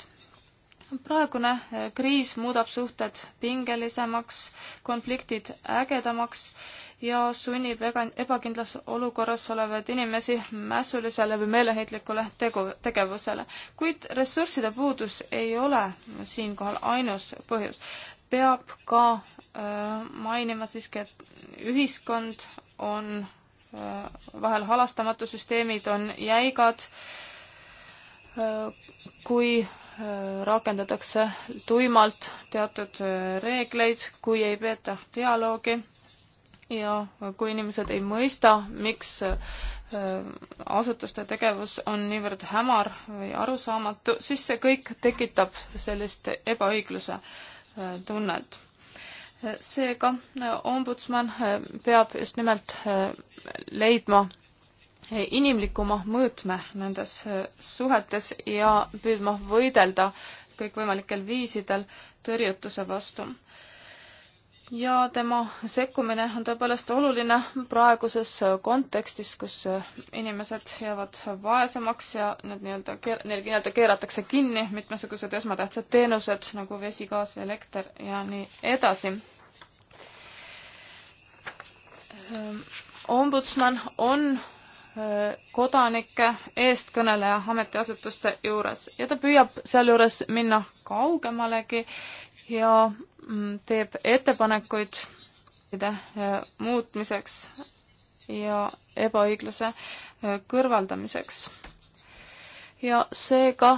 S4: praegune eh, kriis muudab suhted pingelisemaks, konfliktid ägedamaks ja sunnib ega, ebakindlas olukorras olevaid inimesi mässulisele või meeleheitlikule tegu, tegevusele. kuid ressursside puudus ei ole siinkohal ainus põhjus. peab ka öö, eh, mainima siiski, et ühiskond on öö, eh, vahel halastamatu, süsteemid on jäigad, kui Äh, rakendatakse tuimalt teatud äh, reegleid, kui ei peeta dialoogi ja kui inimesed ei mõista, miks äh, asutuste tegevus on niivõrd hämar või arusaamatu, siis see kõik tekitab sellist ebaõigluse tunnet. seega ombudsman peab just nimelt leidma inimlikuma mõõtme nendes äh, suhetes ja püüdma võidelda kõikvõimalikel viisidel tõrjutuse vastu. ja tema sekkumine on tõepoolest oluline praeguses äh, kontekstis, kus äh, inimesed jäävad vaesemaks ja need nii-öelda, neil nii-öelda keeratakse kinni mitmesugused esmatähtsad teenused nagu vesi, gaas, elekter ja nii edasi ombudsman on kodanike eestkõneleja ametiasutuste juures ja ta püüab sealjuures minna kaugemalegi ja mm, teeb ettepanekuid e, muutmiseks ja ebaõigluse e, kõrvaldamiseks. ja seega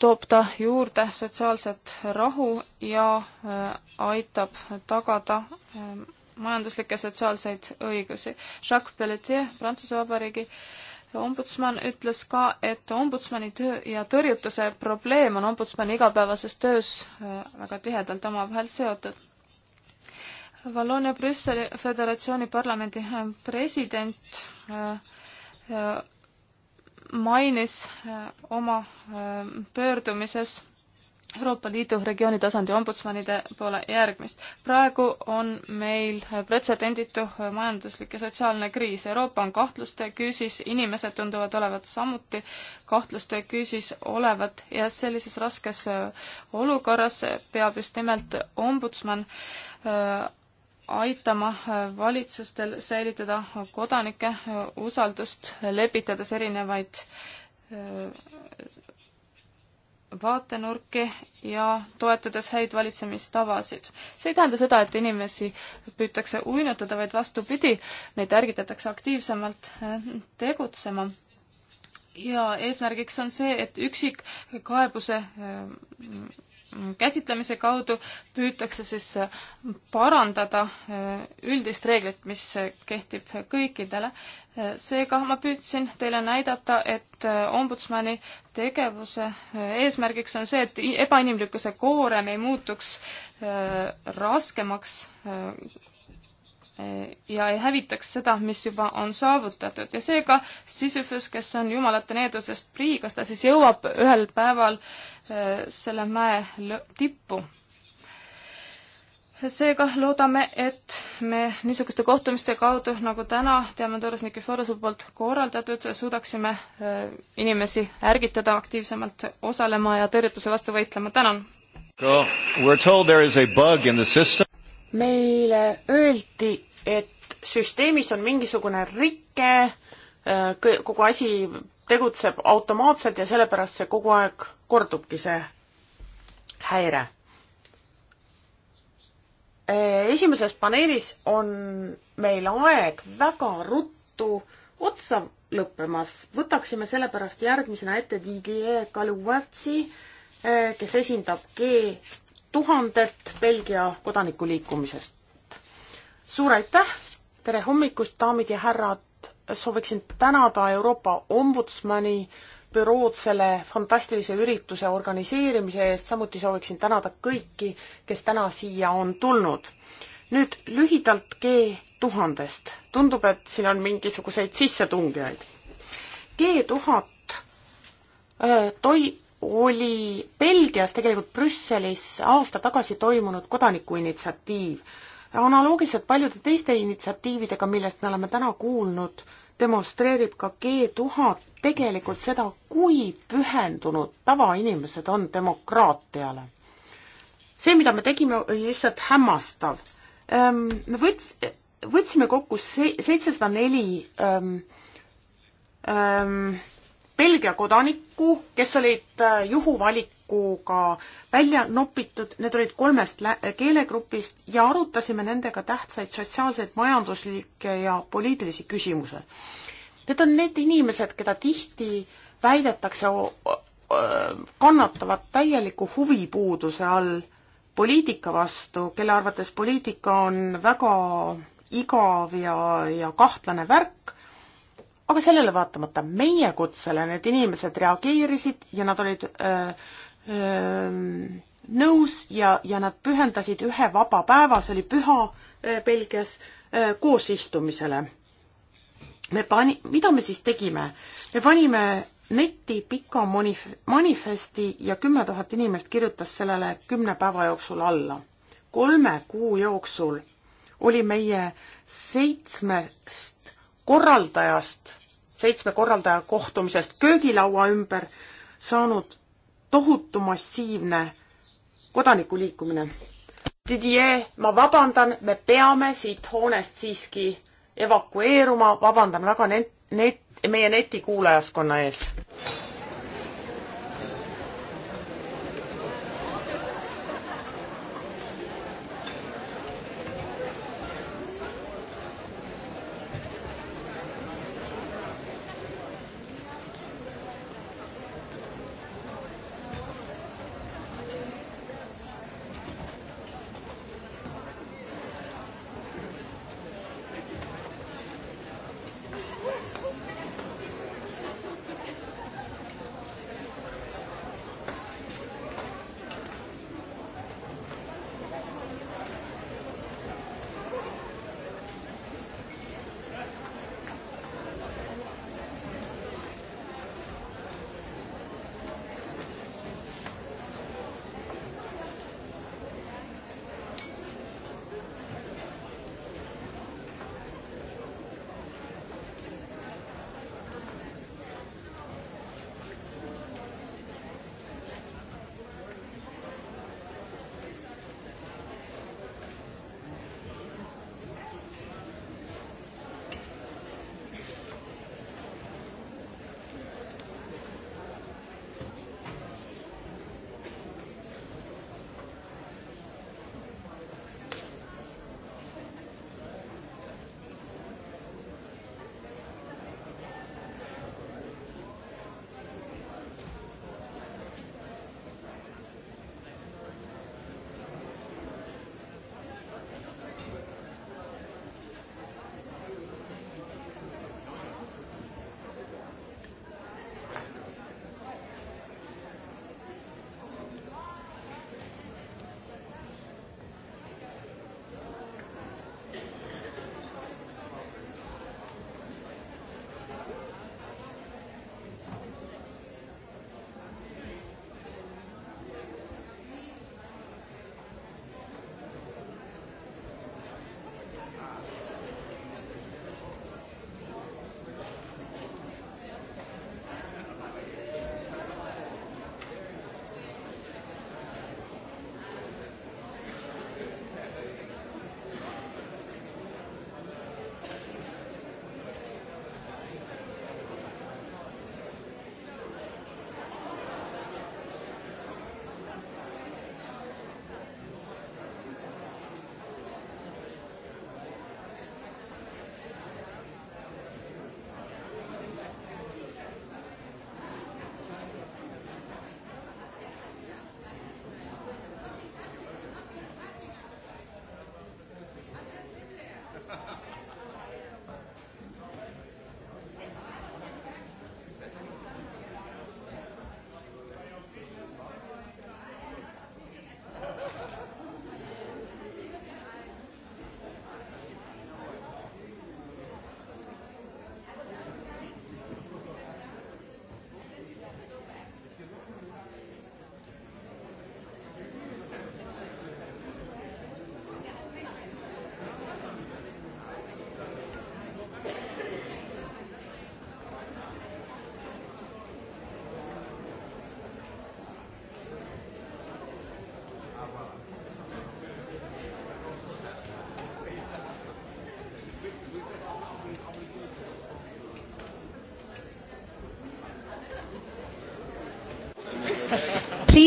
S4: toob ta juurde sotsiaalset rahu ja e, aitab tagada majanduslikke ja sotsiaalseid õigusi. Jacques Pelletier, Prantsuse Vabariigi ombudsman ütles ka, et ombudsmani töö ja tõrjutuse probleem on ombudsmani igapäevases töös äh, väga tihedalt omavahel seotud. Valloonia Brüsseli Föderatsiooni parlamendi äh, president äh, mainis oma pöördumises Euroopa Liidu regiooni tasandi ombudsmanide poole järgmist. praegu on meil pretsedenditu majanduslik ja sotsiaalne kriis. Euroopa on kahtluste küüsis, inimesed tunduvad olevat samuti kahtluste küüsis olevat ja sellises raskes äh, olukorras peab just nimelt ombudsman äh, aitama äh, valitsustel säilitada kodanike usaldust, lepitades erinevaid vaatenurki ja toetades häid valitsemistavasid. see ei tähenda seda, et inimesi püütakse uinutada, vaid vastupidi, neid ärgitatakse aktiivsemalt eh, tegutsema. ja eesmärgiks on see, et üksik kaebuse eh, käsitlemise kaudu püütakse siis parandada äh, üldist reeglit, mis äh, kehtib kõikidele. Äh, seega ma püüdsin teile näidata, et ombudsmani tegevuse eesmärgiks on see, et ebainimlikkuse koorem ei muutuks raskemaks ja ei hävitaks seda, mis juba on saavutatud ja seega Sisyphus, kes on jumalate needusest prii, kas ta siis jõuab ühel päeval äh, selle mäe tippu? seega loodame, et me niisuguste kohtumiste kaudu, nagu täna Diamandoros Nikiforose poolt korraldatud, suudaksime äh, inimesi ärgitada aktiivsemalt osalema ja tõrjutuse vastu võitlema. tänan! meile öeldi, et süsteemis on
S3: mingisugune rike, äh, kogu asi tegutseb automaatselt ja sellepärast see kogu aeg kordubki, see häire. Äh, esimeses paneelis on meil aeg väga ruttu otsa lõppemas, võtaksime sellepärast järgmisena ette Didier Kaluvatsi, äh, kes esindab G tuhandet Belgia kodanikuliikumisest suur aitäh, tere hommikust, daamid ja härrad, sooviksin tänada Euroopa Ombudsmani bürood selle fantastilise ürituse organiseerimise eest, samuti sooviksin tänada kõiki, kes täna siia on tulnud. nüüd lühidalt G tuhandest, tundub, et siin on mingisuguseid sissetungijaid. G tuhat äh, toi-, oli Belgias, tegelikult Brüsselis aasta tagasi toimunud kodanikuinitsiatiiv analoogiliselt paljude teiste initsiatiividega, millest me oleme täna kuulnud, demonstreerib ka G tuhat tegelikult seda, kui pühendunud tavainimesed on demokraatiale. see, mida me tegime, oli lihtsalt hämmastav. Ehm, me võts-, võtsime kokku se-, seitsesada neli ehm, ehm, Belgia kodanikku, kes olid eh, juhuvalik nõukoguga välja nopitud, need olid kolmest äh, keelegrupist ja arutasime nendega tähtsaid sotsiaalseid, majanduslikke ja poliitilisi küsimusi. Need on need inimesed, keda tihti väidetakse äh, kannatavad täieliku huvipuuduse all poliitika vastu, kelle arvates poliitika on väga igav ja, ja kahtlane värk, aga sellele vaatamata meie kutsele need inimesed reageerisid ja nad olid öö, äh, nõus ja, ja nad pühendasid ühe vaba päeva, see oli püha Belgias, koosistumisele. me pani, mida me siis tegime? me panime neti pika manif-, manifesti ja kümme tuhat inimest kirjutas sellele kümne päeva jooksul alla. kolme kuu jooksul oli meie seitsmest korraldajast, seitsme korraldaja kohtumisest köögilaua ümber saanud tohutu massiivne kodanikuliikumine. Didier, ma vabandan, me peame siit hoonest siiski evakueeruma, vabandan väga net-, net-, meie netikuulajaskonna ees.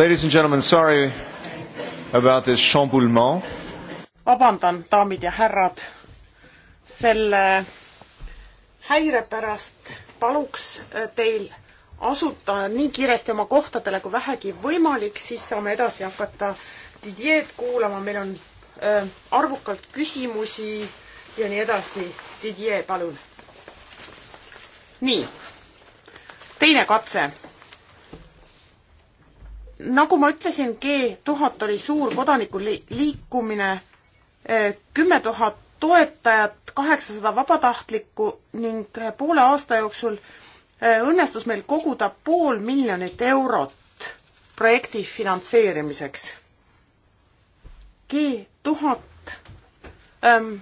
S1: Ladies and gentlemen, sorry about this chamboulement.
S3: vabandan, daamid ja härrad, selle häire pärast paluks äh, teil asuta nii kiiresti oma kohtadele kui vähegi võimalik, siis saame edasi hakata Didier'd kuulama, meil on äh, arvukalt küsimusi ja nii edasi. Didier, palun. nii, teine katse nagu ma ütlesin, G tuhat oli suur kodanikuliikumine, eh, kümme tuhat toetajat, kaheksasada vabatahtlikku ning eh, poole aasta jooksul eh, õnnestus meil koguda pool miljonit eurot projekti finantseerimiseks. G tuhat ähm,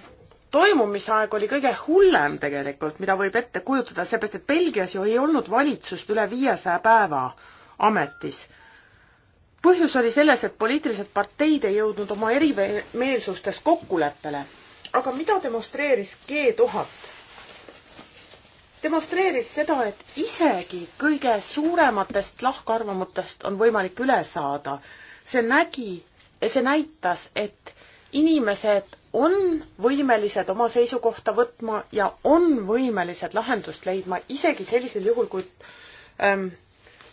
S3: toimumisaeg oli kõige hullem tegelikult, mida võib ette kujutada, seepärast et Belgias ju ei olnud valitsust üle viiesaja päeva ametis põhjus oli selles, et poliitilised parteid ei jõudnud oma erimeelsustes kokkuleppele. aga mida demonstreeris G tuhat? demonstreeris seda, et isegi kõige suurematest lahkarvamutest on võimalik üle saada. see nägi, see näitas, et inimesed on võimelised oma seisukohta võtma ja on võimelised lahendust leidma isegi sellisel juhul, kui ähm,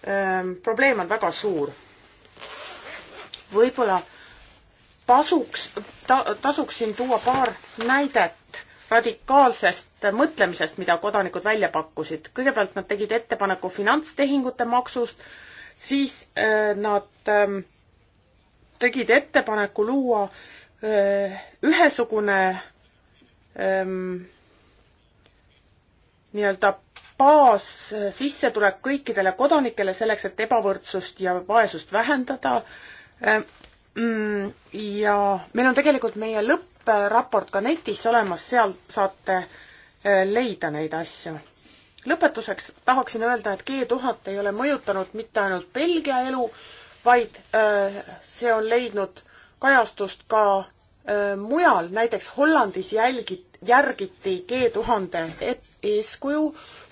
S3: ähm, probleem on väga suur võib-olla tasuks ta,, tasuks siin tuua paar näidet radikaalsest mõtlemisest, mida kodanikud välja pakkusid. kõigepealt nad tegid ettepaneku finantstehingute maksust, siis äh, nad äh, tegid ettepaneku luua äh, ühesugune ähm, äh, nii-öelda baassissetulek kõikidele kodanikele selleks, et ebavõrdsust ja vaesust vähendada äh,, Äh, mm, ja meil on tegelikult meie lõppraport ka netis olemas, seal saate äh, leida neid asju. lõpetuseks tahaksin öelda, et G tuhat ei ole mõjutanud mitte ainult Belgia elu, vaid äh, see on leidnud kajastust ka mujal, näiteks Hollandis jälgit-, järgiti G tuhande e-, eeskuju,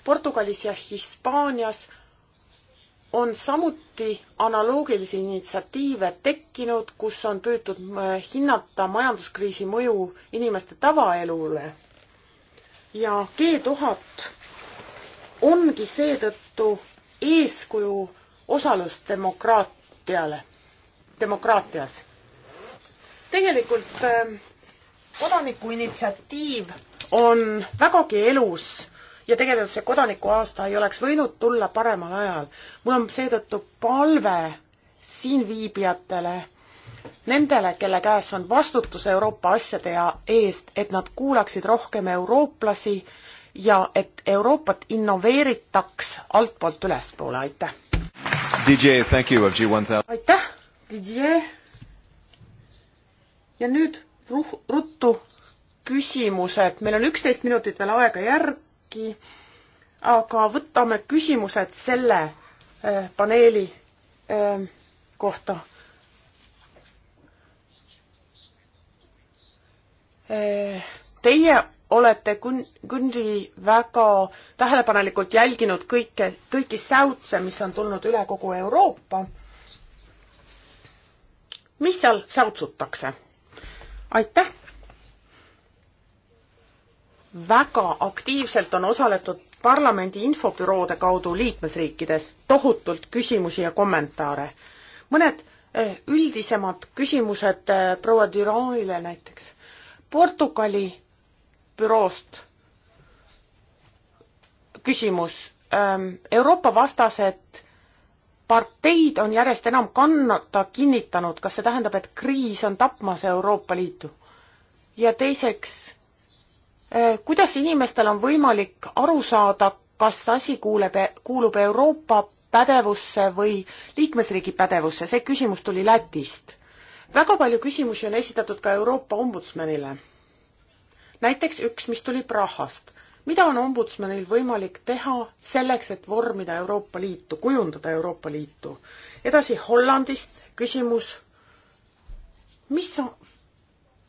S3: Portugalis ja Hispaanias on samuti analoogilisi initsiatiive tekkinud, kus on püütud äh, hinnata majanduskriisi mõju inimeste tavaelule. ja G tuhat ongi seetõttu eeskuju osalusdemokraatiale, demokraatias. tegelikult äh, kodanikuinitsiatiiv on vägagi elus ja tegelikult see kodanikuaasta ei oleks võinud tulla paremal ajal. mul on seetõttu palve siinviibijatele, nendele, kelle käes on vastutus Euroopa asjade ja eest, et nad kuulaksid rohkem eurooplasi ja et Euroopat innoveeritaks altpoolt ülespoole, aitäh!
S1: DJ, thank you of G1000.
S3: aitäh, DJ! ja nüüd ruh-, ruttu küsimused, meil on üksteist minutit veel aega järg, midagi, aga võtame küsimused selle äh, paneeli äh, kohta äh,. Teie olete kun-, kundi väga tähelepanelikult jälginud kõike, kõiki säutse, mis on tulnud üle kogu Euroopa. mis seal säutsutakse? aitäh! väga aktiivselt on osaletud parlamendi infobüroode kaudu liikmesriikides, tohutult küsimusi ja kommentaare. mõned eh, üldisemad küsimused eh, proua Düranile näiteks. Portugali büroost küsimus. Ehm, Euroopa vastased parteid on järjest enam kannata kinnitanud, kas see tähendab, et kriis on tapmas Euroopa Liitu? ja teiseks Äh, kuidas inimestel on võimalik aru saada, kas asi kuuleb, e-, kuulub Euroopa pädevusse või liikmesriigi pädevusse, see küsimus tuli Lätist. väga palju küsimusi on esitatud ka Euroopa ombudsmanile. näiteks üks, mis tuli Prahast. mida on ombudsmanil võimalik teha selleks, et vormida Euroopa Liitu, kujundada Euroopa Liitu? edasi Hollandist küsimus, mis on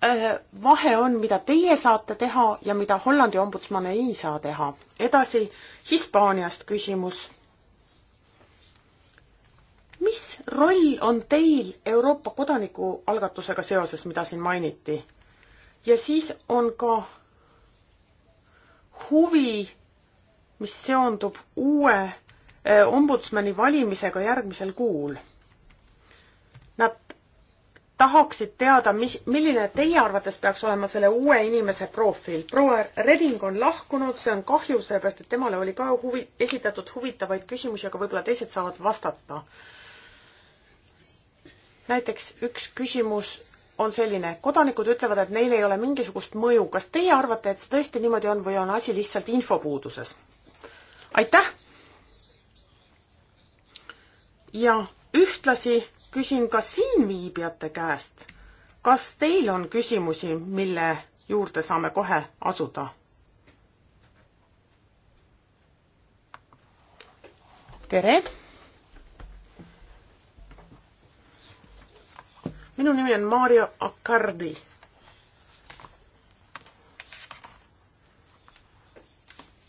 S3: Äh, vahe on, mida teie saate teha ja mida Hollandi ombudsman ei saa teha. edasi Hispaaniast küsimus. mis roll on teil Euroopa kodanikualgatusega seoses, mida siin mainiti? ja siis on ka huvi, mis seondub uue äh, ombudsmani valimisega järgmisel kuul tahaksid teada, mis, milline teie arvates peaks olema selle uue inimese profiil. proua Reding on lahkunud, see on kahju, sellepärast et temale oli ka huvi, esitatud huvitavaid küsimusi, aga võib-olla teised saavad vastata. näiteks üks küsimus on selline, kodanikud ütlevad, et neil ei ole mingisugust mõju. kas teie arvate, et see tõesti niimoodi on või on asi lihtsalt infopuuduses? aitäh! ja ühtlasi küsin ka siinviibijate käest, kas teil on küsimusi, mille juurde saame kohe asuda? tere! minu nimi on Mario Accardi.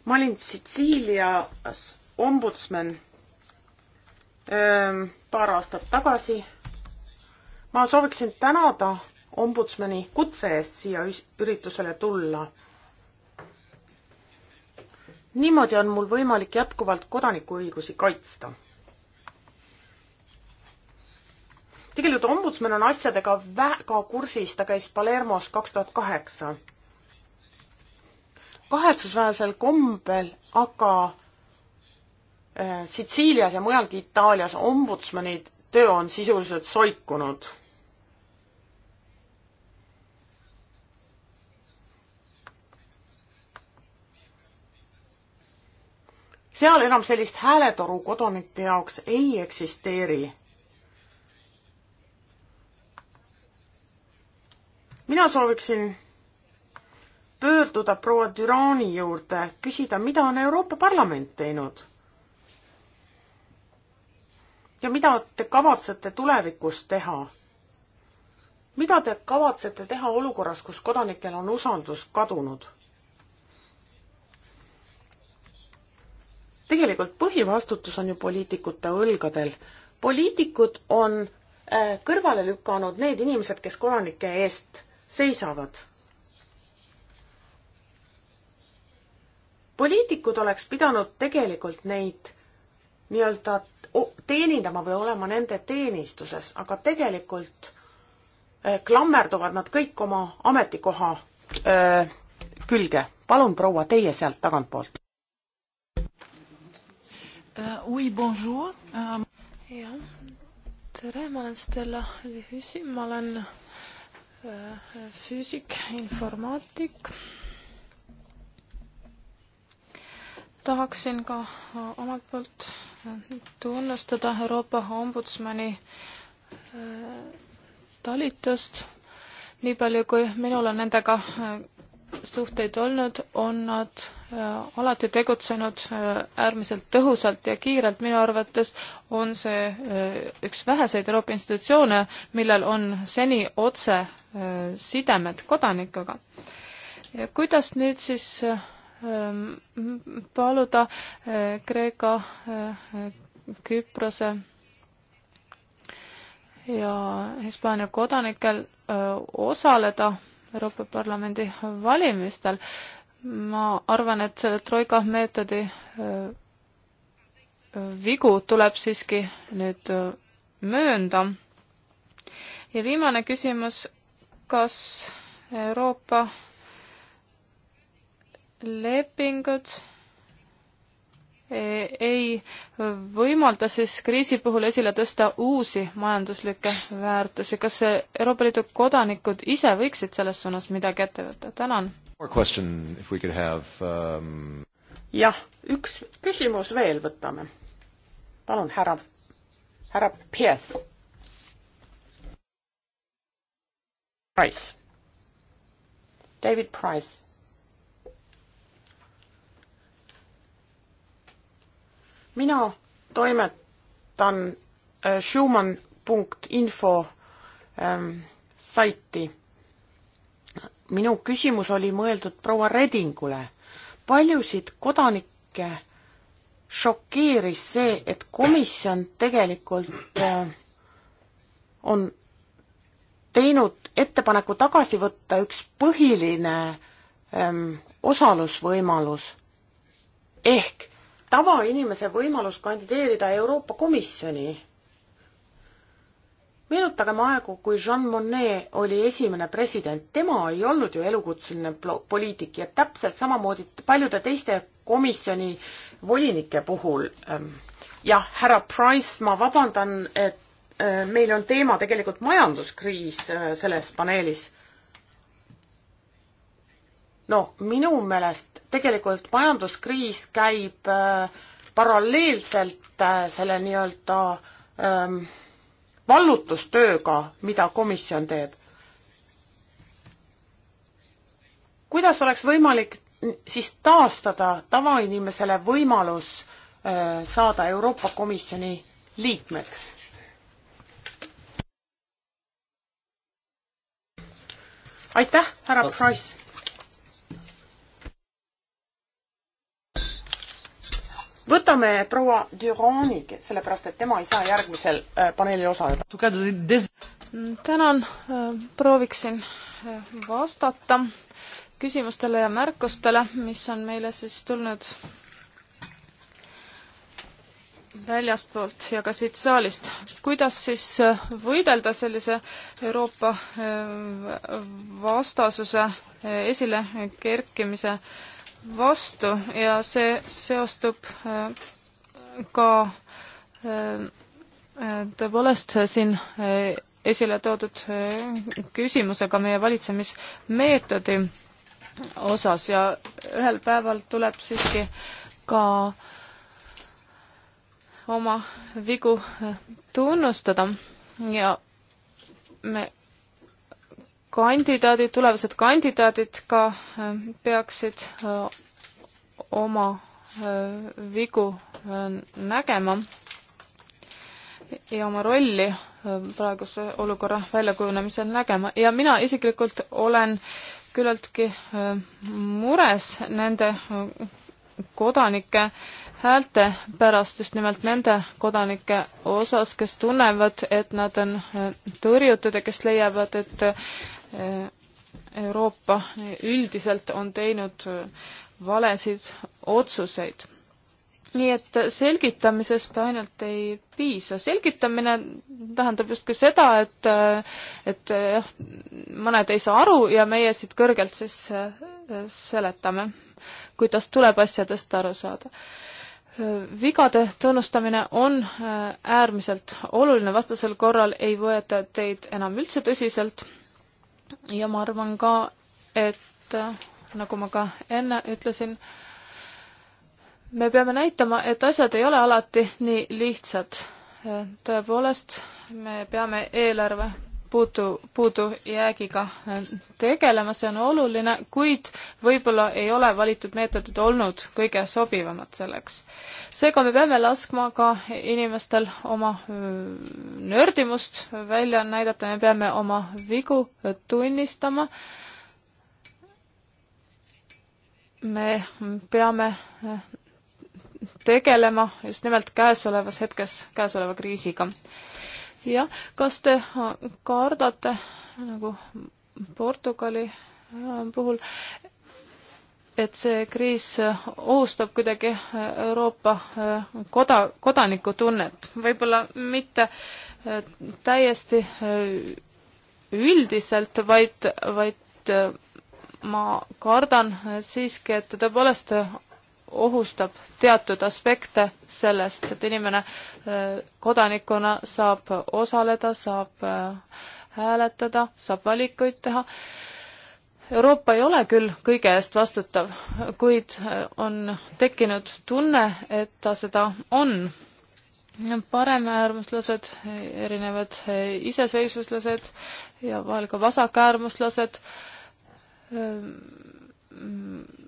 S3: ma olin Sitsiilias ombudsman Ehm, paar aastat tagasi. ma sooviksin tänada ombudsmani kutse eest siia üritusele tulla. niimoodi on mul võimalik jätkuvalt kodanikuõigusi kaitsta. tegelikult ombudsman on asjadega väga kursis, ta käis Palermos kaks tuhat kaheksa. kahetsusväärsel kombel aga Äh, Sitsiilias ja mujalgi Itaalias ombudsmani töö on sisuliselt soikunud. seal enam sellist hääletoru kodanike jaoks ei eksisteeri. mina sooviksin pöörduda proua Dürani juurde, küsida, mida on Euroopa Parlament teinud ja mida te kavatsete tulevikus teha? mida te kavatsete teha olukorras, kus kodanikel on usaldus kadunud? tegelikult põhivastutus on ju poliitikute õlgadel. poliitikud on äh, kõrvale lükanud need inimesed, kes kodanike eest seisavad. poliitikud oleks pidanud tegelikult neid nii-öelda teenindama või olema nende teenistuses, aga tegelikult eh, klammerduvad nad kõik oma ametikoha öö, eh, külge. palun, proua, teie sealt tagantpoolt uh,.
S4: Oui, bonjour uh.... jah, tere, ma olen Stella Lihüsi, ma olen uh, füüsik, informaatik tahaksin ka äh, omalt poolt äh, tunnustada Euroopa ombudsmani äh, talitust. nii palju, kui minul on nendega suhteid olnud, on nad alati tegutsenud äärmiselt tõhusalt ja kiirelt. minu arvates on see üks väheseid Euroopa institutsioone, millel on seni otse sidemed kodanikega. kuidas nüüd siis paluda Kreeka, Küprose ja Hispaania kodanikel osaleda Euroopa Parlamendi valimistel. ma arvan, et selle troika meetodi vigu tuleb siiski nüüd möönda. ja viimane küsimus, kas Euroopa lepingud e, ei võimalda siis kriisi puhul esile tõsta uusi majanduslikke väärtusi. kas Euroopa Liidu kodanikud ise võiksid selles suunas midagi ette võtta? tänan. Um... jah, üks küsimus veel võtame.
S3: palun, härra, härra Pies. Price. David Price mina toimetan äh, Schumann.info ähm, saiti. minu küsimus oli mõeldud proua Redingule. paljusid kodanikke šokeeris see, et komisjon tegelikult äh, on teinud ettepaneku tagasi võtta üks põhiline ähm, osalusvõimalus ehk tavainimese võimalus kandideerida Euroopa Komisjoni. meenutagem aegu, kui Jean Monnet oli esimene president, tema ei olnud ju elukutseline poliitik ja täpselt samamoodi paljude teiste komisjoni volinike puhul. Ähm, jah, härra Price, ma vabandan, et äh, meil on teema tegelikult majanduskriis äh, selles paneelis no minu meelest tegelikult majanduskriis käib äh, paralleelselt äh, selle nii-öelda ähm, vallutustööga, mida komisjon teeb. kuidas oleks võimalik siis taastada tavainimesele võimalus äh, saada Euroopa Komisjoni liikmeks? aitäh, härra Price! võtame proua Durani, sellepärast et tema ei saa järgmisel äh, paneelil osaleda.
S4: tänan, äh, prooviksin äh, vastata küsimustele ja märkustele, mis on meile siis tulnud väljastpoolt ja ka siit saalist. kuidas siis võidelda sellise Euroopa vastasuse esile kerkimise äh, vastu ja see seostub äh, ka äh, äh, tõepoolest siin esile toodud küsimusega meie valitsemismeetodi osas ja ühel päeval tuleb siiski ka oma vigu tunnustada ja me kandidaadid, tulevased kandidaadid ka ähm, peaksid äh, oma äh, vigu äh, nägema ja oma rolli praeguse olukorra väljakujunemisel nägema ja mina isiklikult olen küllaltki mures nende kodanike häälte pärast, just nimelt nende kodanike osas, kes tunnevad, et nad on tõrjutud ja kes leiavad, et Euroopa üldiselt on teinud valesid otsuseid. nii et selgitamisest ainult ei piisa. selgitamine tähendab justkui seda, et, et jah, mõned ei saa aru ja meie siit kõrgelt siis äh, seletame, kuidas tuleb asjadest aru saada vigade tunnustamine on äh, äärmiselt oluline, vastasel korral ei võeta teid enam üldse tõsiselt ja ma arvan ka, et nagu ma ka enne ütlesin, me peame näitama, et asjad ei ole alati nii lihtsad. tõepoolest, me peame eelarve puudu, puudujäägiga tegelema, see on oluline, kuid võib-olla ei ole valitud meetodid olnud kõige sobivamad selleks. seega me peame laskma ka inimestel oma nördimust välja näidata, me peame oma vigu tunnistama. me peame tegelema just nimelt käesolevas hetkes käesoleva kriisiga jah, kas te kardate nagu Portugali äh, puhul, et see kriis äh, ohustab kuidagi äh, Euroopa koda, kodanikutunnet, võib-olla mitte täiesti üldiselt, vaid, vaid ma kardan siiski, et tõepoolest ohustab teatud aspekte sellest, et inimene äh, kodanikuna saab osaleda, saab äh, hääletada, saab valikuid teha. Euroopa ei ole küll kõige eest vastutav, kuid äh, on tekkinud tunne, et ta seda on. paremäärmuslased, erinevad iseseisvuslased ja vahel ka vasakäärmuslased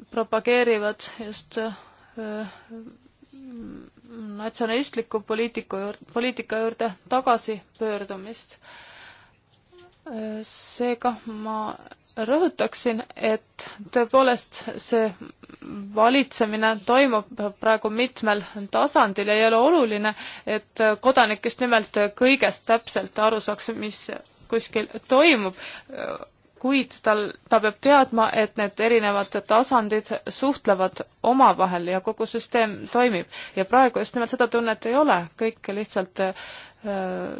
S4: propageerivad just äh, natsionalistliku poliitiku juurde, poliitika juurde tagasipöördumist. seega ma rõhutaksin, et tõepoolest see valitsemine toimub praegu mitmel tasandil ja ei ole oluline, et kodanik just nimelt kõigest täpselt aru saaks, mis kuskil toimub kuid tal, ta peab teadma, et need erinevad tasandid suhtlevad omavahel ja kogu süsteem toimib. ja praegu just nimelt seda tunnet ei ole, kõik lihtsalt äh,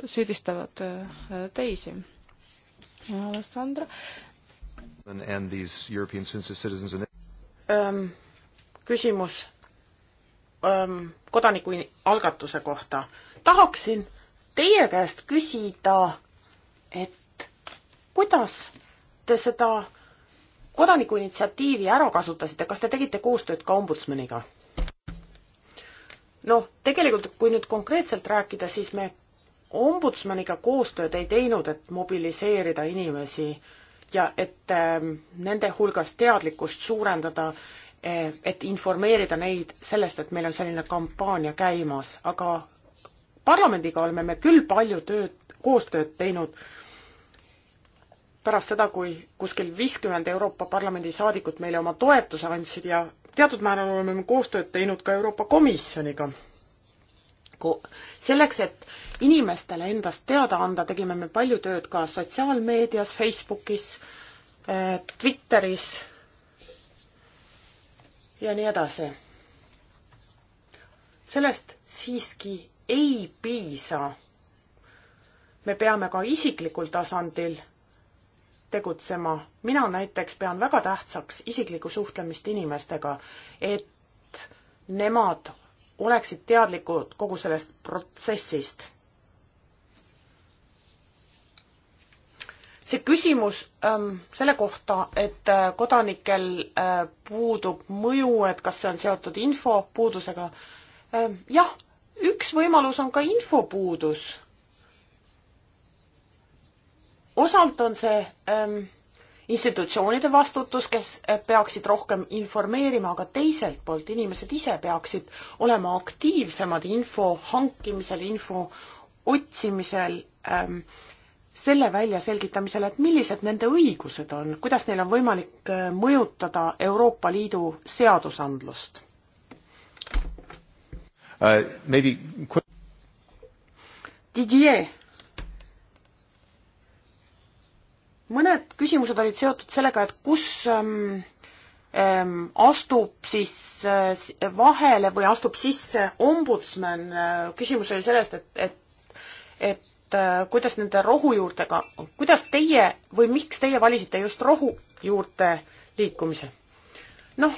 S4: süüdistavad äh, teisi. Alessandra.
S3: Ähm, küsimus ähm, kodanikualgatuse kohta. tahaksin teie käest küsida, et kuidas te seda kodanikuinitsiatiivi ära kasutasite, kas te tegite koostööd ka ombudsmaniga? noh, tegelikult kui nüüd konkreetselt rääkida, siis me ombudsmaniga koostööd ei teinud, et mobiliseerida inimesi ja et äh, nende hulgas teadlikkust suurendada äh,, et informeerida neid sellest, et meil on selline kampaania käimas, aga parlamendiga oleme me küll palju tööd, koostööd teinud äh, pärast seda, kui kuskil viiskümmend Euroopa Parlamendi saadikut meile oma toetuse andsid ja teatud määral oleme me koostööd teinud ka Euroopa Komisjoniga Ko. selleks, et inimestele endast teada anda, tegime me palju tööd ka sotsiaalmeedias, Facebookis, eh, Twitteris ja nii edasi. sellest siiski ei piisa. me peame ka isiklikul tasandil tegutsema. mina näiteks pean väga tähtsaks isiklikku suhtlemist inimestega, et nemad oleksid teadlikud kogu sellest protsessist. see küsimus ähm, selle kohta, et äh, kodanikel äh, puudub mõju, et kas see on seotud infopuudusega äh,, jah, üks võimalus on ka infopuudus osalt on see ähm, institutsioonide vastutus, kes äh, peaksid rohkem informeerima, aga teiselt poolt inimesed ise peaksid olema aktiivsemad info hankimisel, info otsimisel ähm,, selle väljaselgitamisel, et millised nende õigused on, kuidas neil on võimalik äh, mõjutada Euroopa Liidu seadusandlust
S1: uh,? Maybe
S3: Didier mõned küsimused olid seotud sellega, et kus ähm, ähm, astub siis äh, vahele või astub sisse ombudsman äh,, küsimus oli sellest, et, et, et äh, kuidas nende rohujuurtega, kuidas teie või miks teie valisite just rohujuurte liikumise? noh,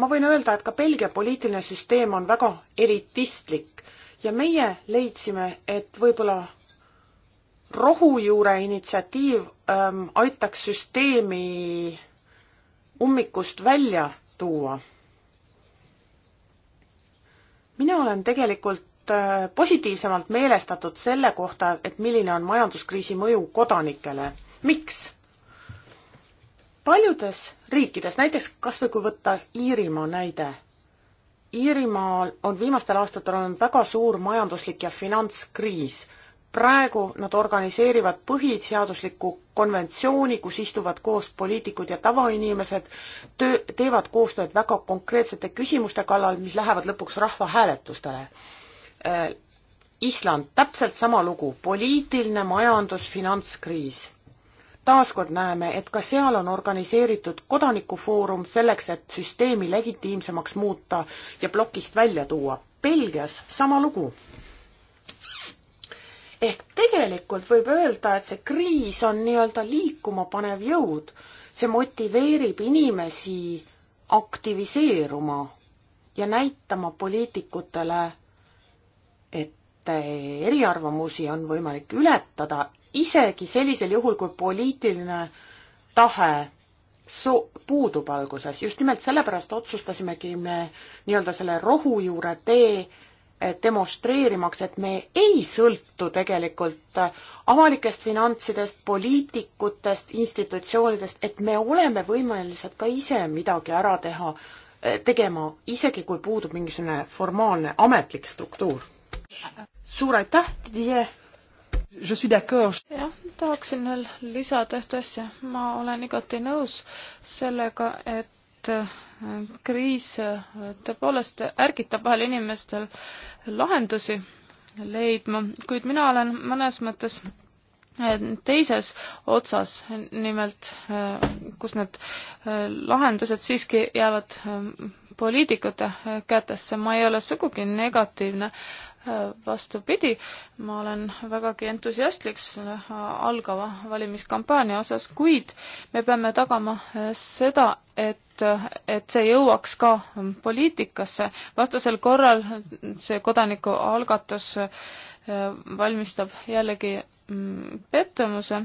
S3: ma võin öelda, et ka Belgia poliitiline süsteem on väga elitistlik ja meie leidsime, et võib-olla rohujuure initsiatiiv ähm, aitaks süsteemi ummikust välja tuua. mina olen tegelikult äh, positiivsemalt meelestatud selle kohta, et milline on majanduskriisi mõju kodanikele. miks? paljudes riikides, näiteks kas või kui võtta Iirimaa näide, Iirimaal on viimastel aastatel olnud väga suur majanduslik ja finantskriis praegu nad organiseerivad põhiseadusliku konventsiooni, kus istuvad koos poliitikud ja tavainimesed, töö, teevad koostööd väga konkreetsete küsimuste kallal, mis lähevad lõpuks rahvahääletustele. Äh, Island, täpselt sama lugu, poliitiline majandus, finantskriis. taaskord näeme, et ka seal on organiseeritud kodanikufoorum selleks, et süsteemi legitiimsemaks muuta ja plokist välja tuua. Belgias sama lugu ehk tegelikult võib öelda, et see kriis on nii-öelda liikuma panev jõud, see motiveerib inimesi aktiviseeruma ja näitama poliitikutele, et eriarvamusi on võimalik ületada isegi sellisel juhul, kui poliitiline tahe so-, puudub alguses, just nimelt sellepärast otsustasimegi me nii-öelda selle rohujuure tee demonstreerimaks, et me ei sõltu tegelikult avalikest finantsidest, poliitikutest, institutsioonidest, et me oleme võimelised ka ise midagi ära teha, eh, tegema, isegi kui puudub mingisugune formaalne ametlik struktuur. suur aitäh,
S4: Didier! jah, tahaksin veel lisada ühte asja, ma olen igati nõus sellega, et et äh, kriis äh, tõepoolest ärgitab vahel inimestel lahendusi leidma, kuid mina olen mõnes mõttes äh, teises otsas, nimelt kus need lahendused siiski jäävad poliitikute kätesse, ma ei ole sugugi negatiivne äh, vastupidi, ma olen vägagi entusiastlik selle algava valimiskampaania osas, kuid me peame tagama seda, et, et see jõuaks ka poliitikasse. vastasel korral see kodanikualgatus äh, valmistab jällegi mm, pettumuse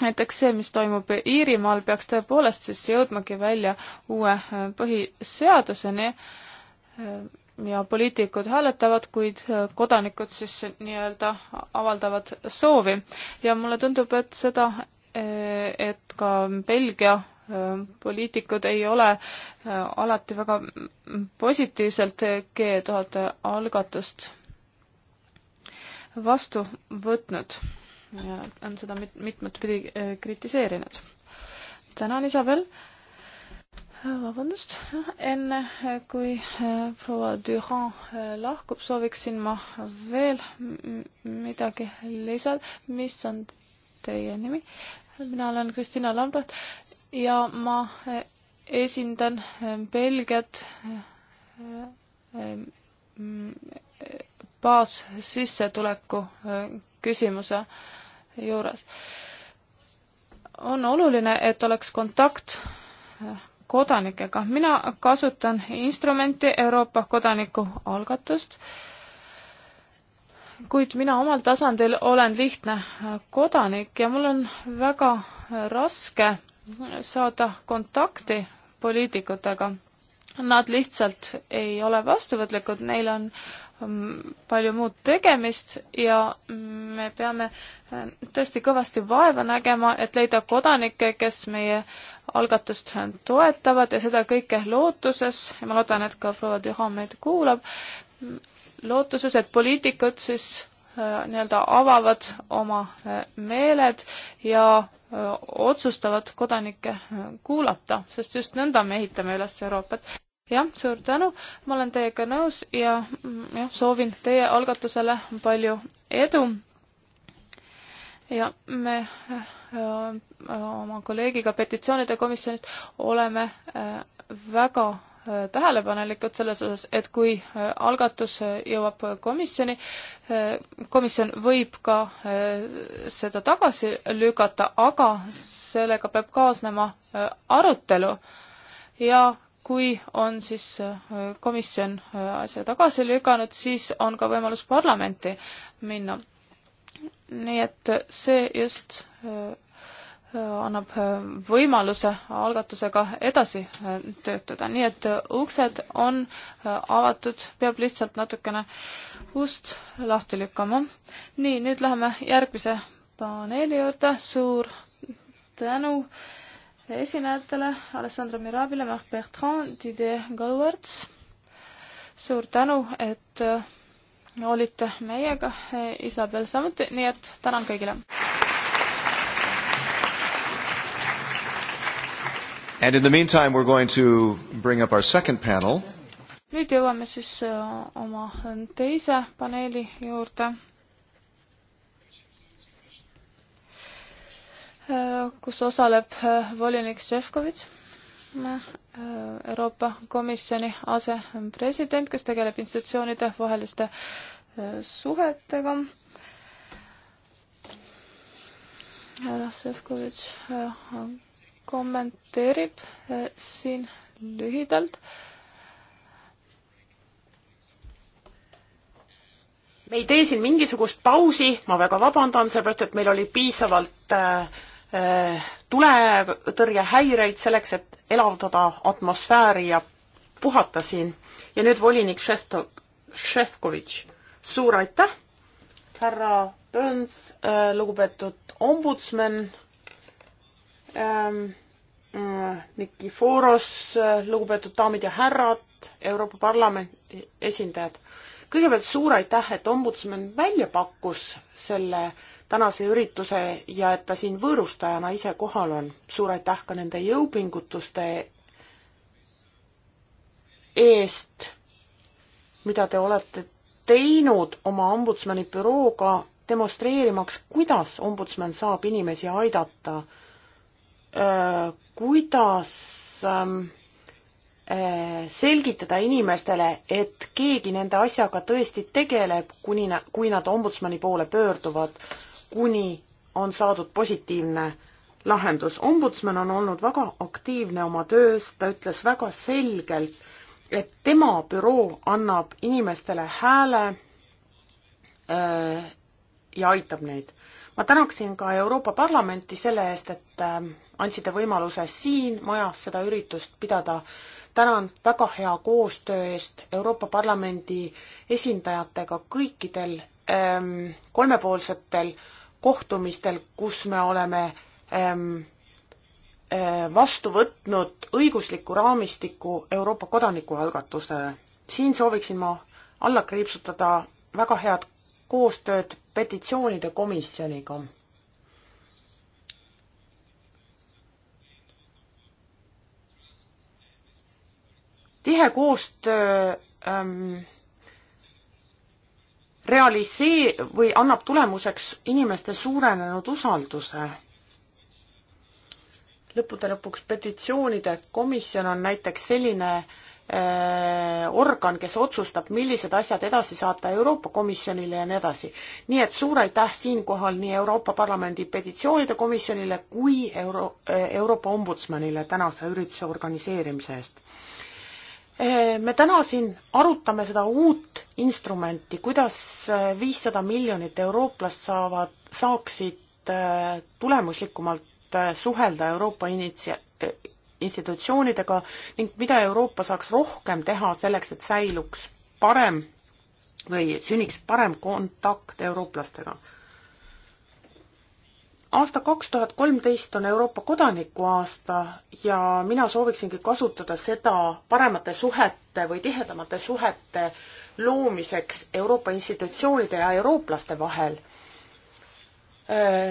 S4: näiteks see, mis toimub Iirimaal, peaks tõepoolest siis jõudmagi välja uue äh, põhiseaduseni, äh, ja poliitikud hääletavad, kuid äh, kodanikud siis nii-öelda avaldavad soovi. ja mulle tundub, et seda, äh, et ka Belgia äh, poliitikud ei ole alati väga mm, positiivselt G tuhat algatust vastu võtnud ja on seda mit-, mitmetpidi kritiseerinud. tänan, Isabel! Äh, vabandust, enne äh, kui äh, proua Düran lahkub, sooviksin ma veel midagi lisada, mis on teie nimi? mina olen Kristina Lambert ja ma esindan Belgiat baassissetuleku küsimuse juures. on oluline, et oleks kontakt kodanikega. mina kasutan instrumenti Euroopa kodanikualgatust, kuid mina omal tasandil olen lihtne kodanik ja mul on väga raske saada kontakti poliitikutega. Nad lihtsalt ei ole vastuvõtlikud, neil on mm, palju muud tegemist ja me peame mm, tõesti kõvasti vaeva nägema, et leida kodanikke, kes meie algatust toetavad ja seda kõike lootuses ja ma loodan, et ka proua Düha meid kuulab, lootuses, et poliitikud siis äh, nii-öelda avavad oma äh, meeled ja äh, otsustavad kodanikke kuulata, sest just nõnda me ehitame üles Euroopat. jah, suur tänu, ma olen teiega nõus ja mm, jah, soovin teie algatusele palju edu. ja me Äh, oma kolleegiga petitsioonide komisjonist oleme äh, väga äh, tähelepanelikud selles osas, et kui algatus jõuab komisjoni, komisjon võib ka seda tagasi lükata, aga sellega peab kaasnema arutelu ja kui on siis komisjon asja tagasi lükanud, siis on ka võimalus parlamenti minna. nii et see just Äh, äh, annab äh, võimaluse algatusega edasi töötada, nii et uksed on avatud, peab lihtsalt natukene ust lahti lükkama. nii, nüüd läheme järgmise paneeli juurde, suur tänu esinejatele, Alessandra Mirabile, Marc Bertrand, Didier Galvarts, suur tänu, et olite meiega, Isabel samuti, nii et tänan kõigile!
S1: And in the meantime we are going to bring up our second panel.
S4: nüüd jõuame siis äh, oma teise paneeli juurde, äh, kus osaleb äh, volinik Šefkovitš, Euroopa Komisjoni asepresident, kes tegeleb institutsioonide vaheliste suhetega härra Šefkovitš kommenteerib eh, siin lühidalt.
S3: me ei tee siin mingisugust pausi, ma väga vabandan, sellepärast et meil oli piisavalt äh, eh, eh, tuletõrjehäireid selleks, et elavdada atmosfääri ja puhata siin. ja nüüd volinik Šefto-, Šefkovitš, suur aitäh, härra Pöns äh,, lugupeetud ombudsman ähm, äh, Nikiforos, äh, lugupeetud daamid ja härrad, Euroopa Parlamendi esindajad. kõigepealt suur aitäh, et ombudsman välja pakkus selle tänase ürituse ja et ta siin võõrustajana ise kohal on. suur aitäh ka nende jõupingutuste eest, mida te olete teinud oma ombudsmani bürooga, demonstreerimaks, kuidas ombudsman saab inimesi aidata Äh, kuidas ähm, äh, selgitada inimestele, et keegi nende asjaga tõesti tegeleb, kuni, kui nad ombudsmani poole pöörduvad, kuni on saadud positiivne lahendus. ombudsman on olnud väga aktiivne oma töös, ta ütles väga selgelt, et tema büroo annab inimestele hääle öö, äh, ja aitab neid. ma tänaksin ka Euroopa Parlamenti selle eest, et öö, ähm, andsite võimaluse siin majas seda üritust pidada. tänan väga hea koostöö eest Euroopa Parlamendi esindajatega kõikidel ähm, kolmepoolsetel kohtumistel, kus me oleme ähm, äh, vastu võtnud õigusliku raamistiku Euroopa kodanikualgatusele. siin sooviksin ma alla kriipsutada väga head koostööd petitsioonide komisjoniga tihe koostöö ähm, realisee- või annab tulemuseks inimeste suurenenud usalduse. lõppude lõpuks petitsioonide komisjon on näiteks selline äh, organ, kes otsustab, millised asjad edasi saata Euroopa Komisjonile ja nii edasi. nii et suur aitäh siinkohal nii Euroopa Parlamendi petitsioonide komisjonile kui Euro-, äh, Euroopa Ombudsmanile tänase ürituse organiseerimise eest Eh, me täna siin arutame seda uut instrumenti, kuidas eh, viissada miljonit eurooplast saavad, saaksid eh, tulemuslikumalt suhelda Euroopa initsia-, institutsioonidega ning mida Euroopa saaks rohkem teha selleks, et säiluks parem või sünniks parem kontakt eurooplastega aasta kaks tuhat kolmteist on Euroopa kodanikuaasta ja mina sooviksingi kasutada seda paremate suhete või tihedamate suhete loomiseks Euroopa institutsioonide ja eurooplaste vahel äh,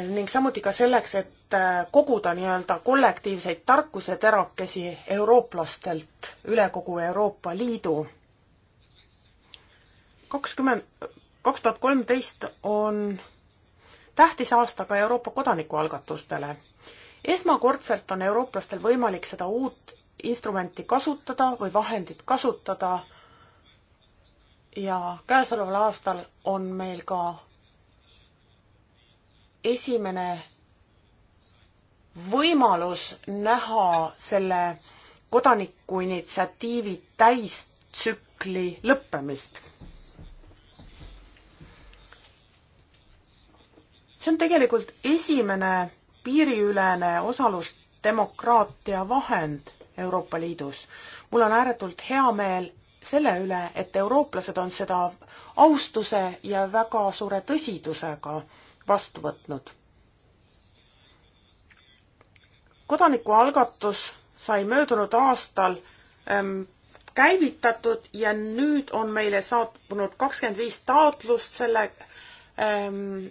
S3: ning samuti ka selleks, et äh, koguda nii-öelda kollektiivseid tarkuseterakesi eurooplastelt üle kogu Euroopa Liidu. kakskümmend, kaks tuhat kolmteist on tähtis aasta ka Euroopa kodanikualgatustele. esmakordselt on eurooplastel võimalik seda uut instrumenti kasutada või vahendit kasutada ja käesoleval aastal on meil ka esimene võimalus näha selle kodanikuinitsiatiivi täistsükli lõppemist see on tegelikult esimene piiriülene osalusdemokraatia vahend Euroopa Liidus. mul on ääretult hea meel selle üle, et eurooplased on seda austuse ja väga suure tõsidusega vastu võtnud. kodanikualgatus sai möödunud aastal ähm, käivitatud ja nüüd on meile saabunud kakskümmend viis taotlust selle ähm,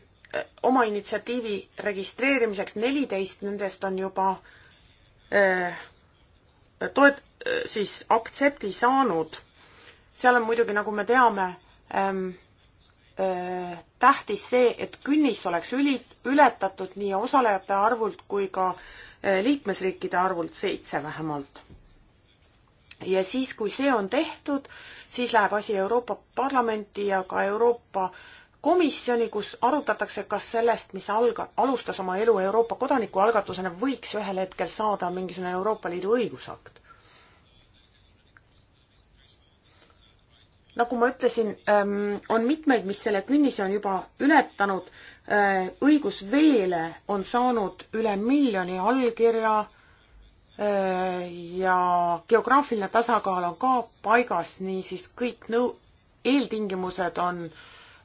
S3: oma initsiatiivi registreerimiseks, neliteist nendest on juba öö, eh, toet-, eh, siis aktsepti saanud. seal on muidugi, nagu me teame, ehm, eh, tähtis see, et künnis oleks üli, ületatud nii osalejate arvult kui ka öö, liikmesriikide arvult seitse vähemalt. ja siis, kui see on tehtud, siis läheb asi Euroopa Parlamenti ja ka Euroopa öö, komisjoni, kus arutatakse, kas sellest, mis alga-, alustas oma elu Euroopa kodanikualgatusena, võiks ühel hetkel saada mingisugune Euroopa Liidu õigusakt. nagu ma ütlesin, ähm, on mitmeid, mis selle künnise on juba ületanud, äh, õigus veele on saanud üle miljoni allkirja äh, ja geograafiline tasakaal on ka paigas, niisiis kõik nõu-, eeltingimused on äh,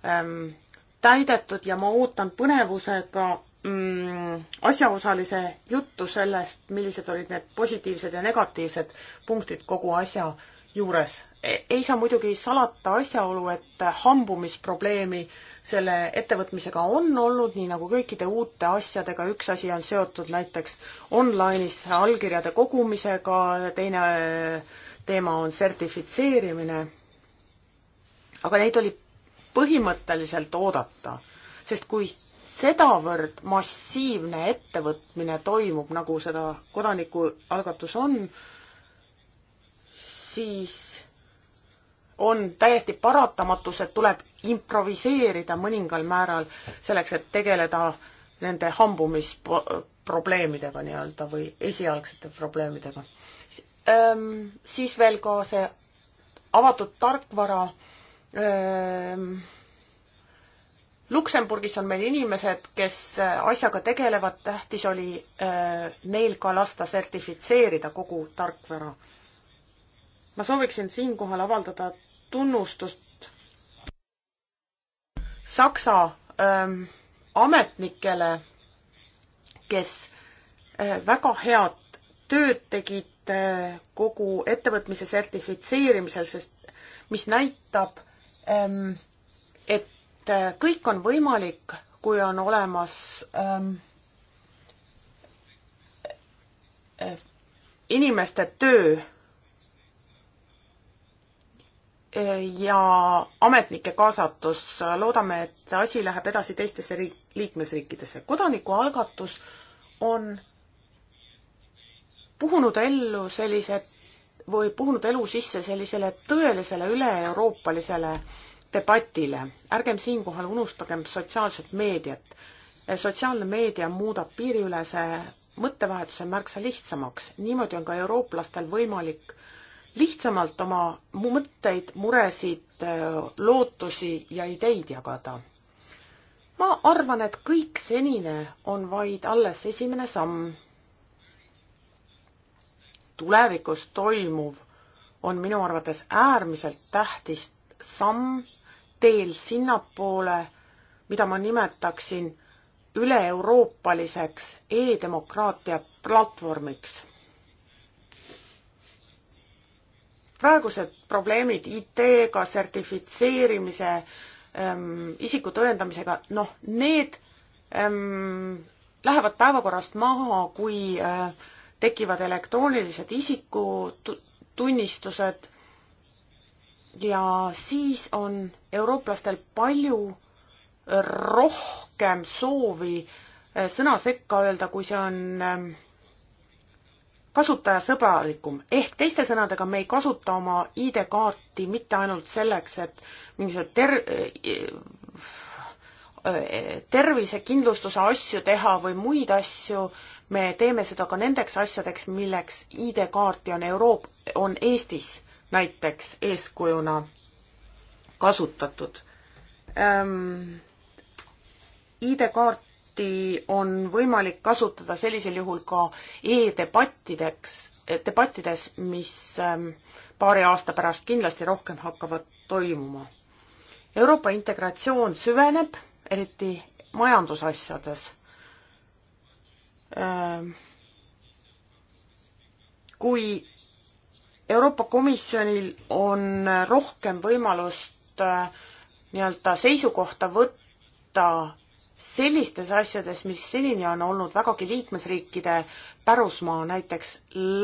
S3: ähm, täidetud ja ma ootan põnevusega mm, asjaosalise juttu sellest, millised olid need positiivsed ja negatiivsed punktid kogu asja juures. E, ei saa muidugi salata asjaolu, et hambumisprobleemi selle ettevõtmisega on olnud, nii nagu kõikide uute asjadega, üks asi on seotud näiteks online'is allkirjade kogumisega, teine teema on sertifitseerimine, aga neid oli põhimõtteliselt oodata, sest kui sedavõrd massiivne ettevõtmine toimub, nagu seda kodanikualgatus on, siis on täiesti paratamatus, et tuleb improviseerida mõningal määral selleks, et tegeleda nende hambumisprobleemidega nii-öelda või esialgsete probleemidega. Ehm, siis veel ka see avatud tarkvara Ehm, Luksemburgis on meil inimesed, kes äh, asjaga tegelevad, tähtis oli äh, neil ka lasta sertifitseerida kogu tarkvara. ma sooviksin siinkohal avaldada tunnustust Saksa ähm, ametnikele, kes äh, väga head tööd tegid äh, kogu ettevõtmise sertifitseerimisel, sest mis näitab äh, Ähm, et äh, kõik on võimalik, kui on olemas ähm, äh, inimeste töö äh, ja ametnike kaasatus, loodame, et asi läheb edasi teistesse riik-, liikmesriikidesse. kodanikualgatus on puhunud ellu sellise või puhunud elu sisse sellisele tõelisele üle-euroopalisele debatile. ärgem siinkohal unustagem sotsiaalset meediat. sotsiaalne meedia muudab piiriülese mõttevahetuse märksa lihtsamaks, niimoodi on ka eurooplastel võimalik lihtsamalt oma mõtteid, muresid, lootusi ja ideid jagada. ma arvan, et kõik senine on vaid alles esimene samm tulevikus toimuv on minu arvates äärmiselt tähtis samm teel sinnapoole, mida ma nimetaksin üle-euroopaliseks e-demokraatia platvormiks. praegused probleemid IT-ga, sertifitseerimise ähm,, isiku tõendamisega, noh, need ähm, lähevad päevakorrast maha, kui äh, tekivad elektroonilised isikutunnistused ja siis on eurooplastel palju rohkem soovi eh, sõna sekka öelda, kui see on ehm, kasutajasõbralikum, ehk teiste sõnadega, me ei kasuta oma ID-kaarti mitte ainult selleks, et mingisugused ter-, eh, eh, tervisekindlustuse asju teha või muid asju, me teeme seda ka nendeks asjadeks, milleks ID-kaarti on Euroop-, on Eestis näiteks eeskujuna kasutatud ähm,. ID-kaarti on võimalik kasutada sellisel juhul ka e-debattideks, e, debattides, mis ähm, paari aasta pärast kindlasti rohkem hakkavad toimuma. Euroopa integratsioon süveneb, eriti majandusasjades Äh, kui Euroopa Komisjonil on rohkem võimalust äh, nii-öelda seisukohta võtta sellistes asjades, mis senini on olnud vägagi liikmesriikide pärusmaa, näiteks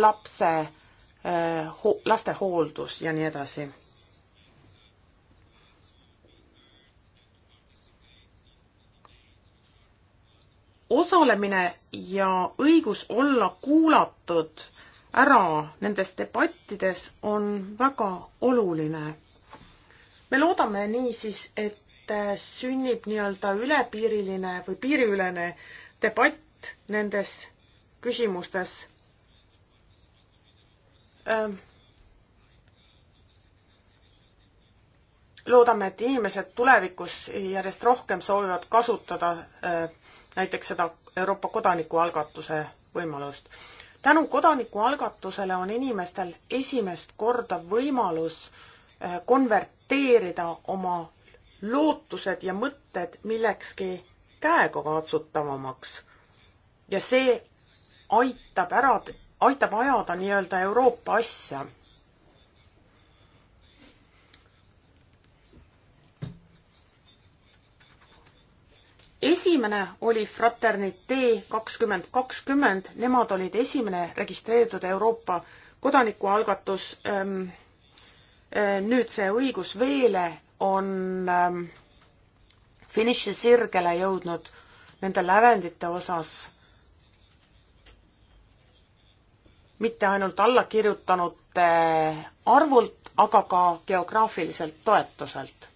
S3: lapse, äh, laste hooldus ja nii edasi osalemine ja õigus olla kuulatud ära nendes debattides on väga oluline. me loodame niisiis, et sünnib nii-öelda ülepiiriline või piiriülene debatt nendes küsimustes ähm.. loodame, et inimesed tulevikus järjest rohkem soovivad kasutada äh, näiteks seda Euroopa kodanikualgatuse võimalust. tänu kodanikualgatusele on inimestel esimest korda võimalus eh, konverteerida oma lootused ja mõtted millekski käegakatsutavamaks. ja see aitab ära, aitab ajada nii-öelda Euroopa asja esimene oli Fraternitee kakskümmend kakskümmend, nemad olid esimene registreeritud Euroopa kodanikualgatus. Ehm, eh, nüüd see õigus veele on ehm, finišisirgele jõudnud nende lävendite osas. mitte ainult allakirjutanute arvult, aga ka geograafiliselt toetuselt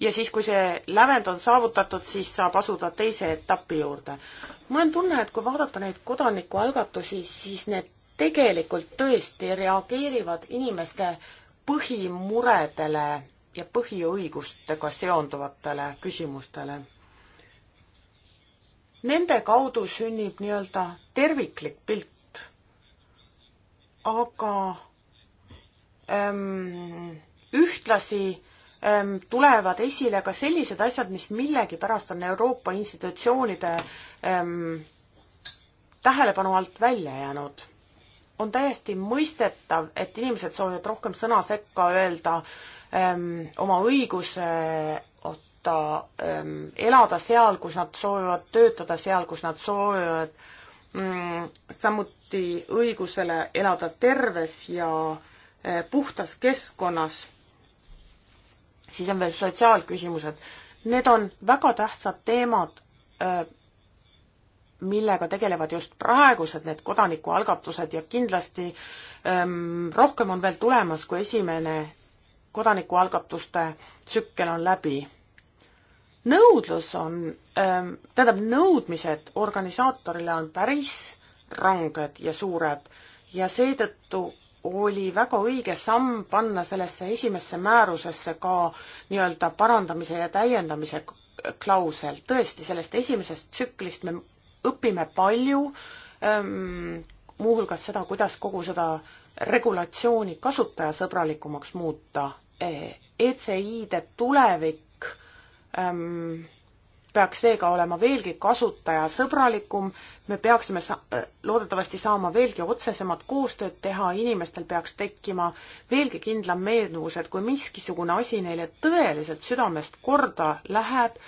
S3: ja siis, kui see lävend on saavutatud, siis saab asuda teise etappi juurde. mul on tunne, et kui vaadata neid kodanikualgatusi, siis need tegelikult tõesti reageerivad inimeste põhimuredele ja põhiõigustega seonduvatele küsimustele. Nende kaudu sünnib nii-öelda terviklik pilt. aga ähm, ühtlasi äh, Ähm, tulevad esile ka sellised asjad, mis millegipärast on Euroopa institutsioonide ähm, tähelepanu alt välja jäänud. on täiesti mõistetav, et inimesed soovivad rohkem sõna sekka öelda ähm, oma õiguse otta ähm, elada seal, kus nad soovivad, töötada seal, kus nad soovivad mm,, samuti õigusele elada terves ja äh, puhtas keskkonnas siis on veel sotsiaalküsimused. Need on väga tähtsad teemad, äh, millega tegelevad just praegused need kodanikualgatused ja kindlasti ähm, rohkem on veel tulemas, kui esimene kodanikualgatuste tsükkel on läbi. nõudlus on ähm,, tähendab, nõudmised organisaatorile on päris ranged ja suured ja seetõttu oli väga õige samm panna sellesse esimesse määrusesse ka nii-öelda parandamise ja täiendamise klausel. tõesti, sellest esimesest tsüklist me õpime palju ähm,, muuhulgas seda, kuidas kogu seda regulatsiooni kasutajasõbralikumaks muuta e, ECI-de tulevik ähm,, peaks seega olema veelgi kasutajasõbralikum, me peaksime sa-, loodetavasti saama veelgi otsesemat koostööd teha, inimestel peaks tekkima veelgi kindlam meenuvus, et kui miskisugune asi neile tõeliselt südamest korda läheb,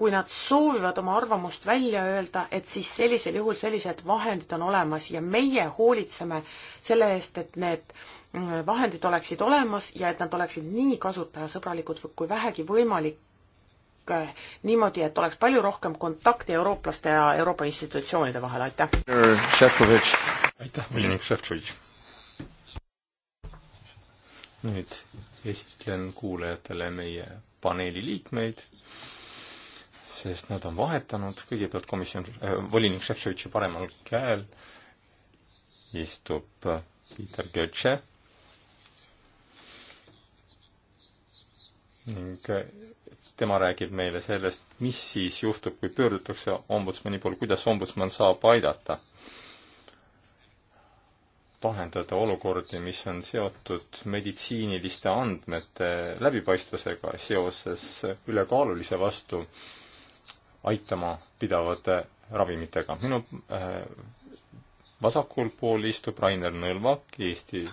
S3: kui nad soovivad oma arvamust välja öelda, et siis sellisel juhul sellised vahendid on olemas ja meie hoolitseme selle eest, et need mm, vahendid oleksid olemas ja et nad oleksid nii kasutajasõbralikud kui vähegi võimalik Eh, niimoodi, et oleks palju rohkem kontakti eurooplaste ja Euroopa institutsioonide vahel, aitäh!
S2: aitäh, volinik Šefčovitš! nüüd esitlen kuulajatele meie paneeli liikmeid, sest nad on vahetanud, kõigepealt komisjon äh,, volinik Šefčovitši paremal käel istub äh, Peter Götze ning äh, tema räägib meile sellest, mis siis juhtub, kui pöördutakse ombudsmani poole, kuidas ombudsman saab aidata lahendada olukordi, mis on seotud meditsiiniliste andmete läbipaistvusega seoses ülekaalulise vastu aitama pidavate ravimitega. minu äh, vasakul pool istub Rainer Nõlvak, Eesti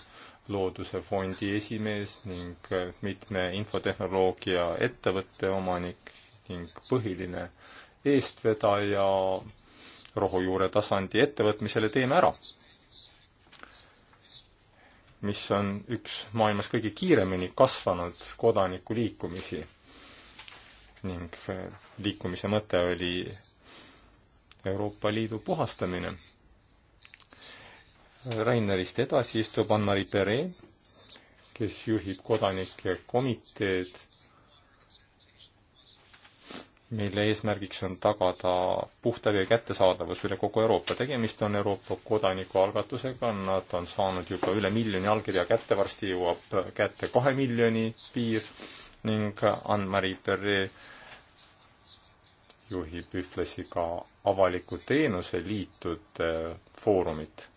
S2: Looduse Fondi esimees ning mitme infotehnoloogia ettevõtte omanik ning põhiline eestvedaja rohujuure tasandi ettevõtmisele Teeme Ära, mis on üks maailmas kõige kiiremini kasvanud kodanikuliikumisi ning liikumise mõte oli Euroopa Liidu puhastamine Rainerist edasi istub Ann-Mari Pere, kes juhib kodanike komiteed, mille eesmärgiks on tagada puhta vee kättesaadavus üle kogu Euroopa. tegemist on Euroopa kodanikualgatusega, nad on saanud juba üle miljoni allkirja kätte, varsti jõuab kätte kahe miljoni piir ning Ann-Mari Pere juhib ühtlasi ka avaliku teenuse liitude foorumit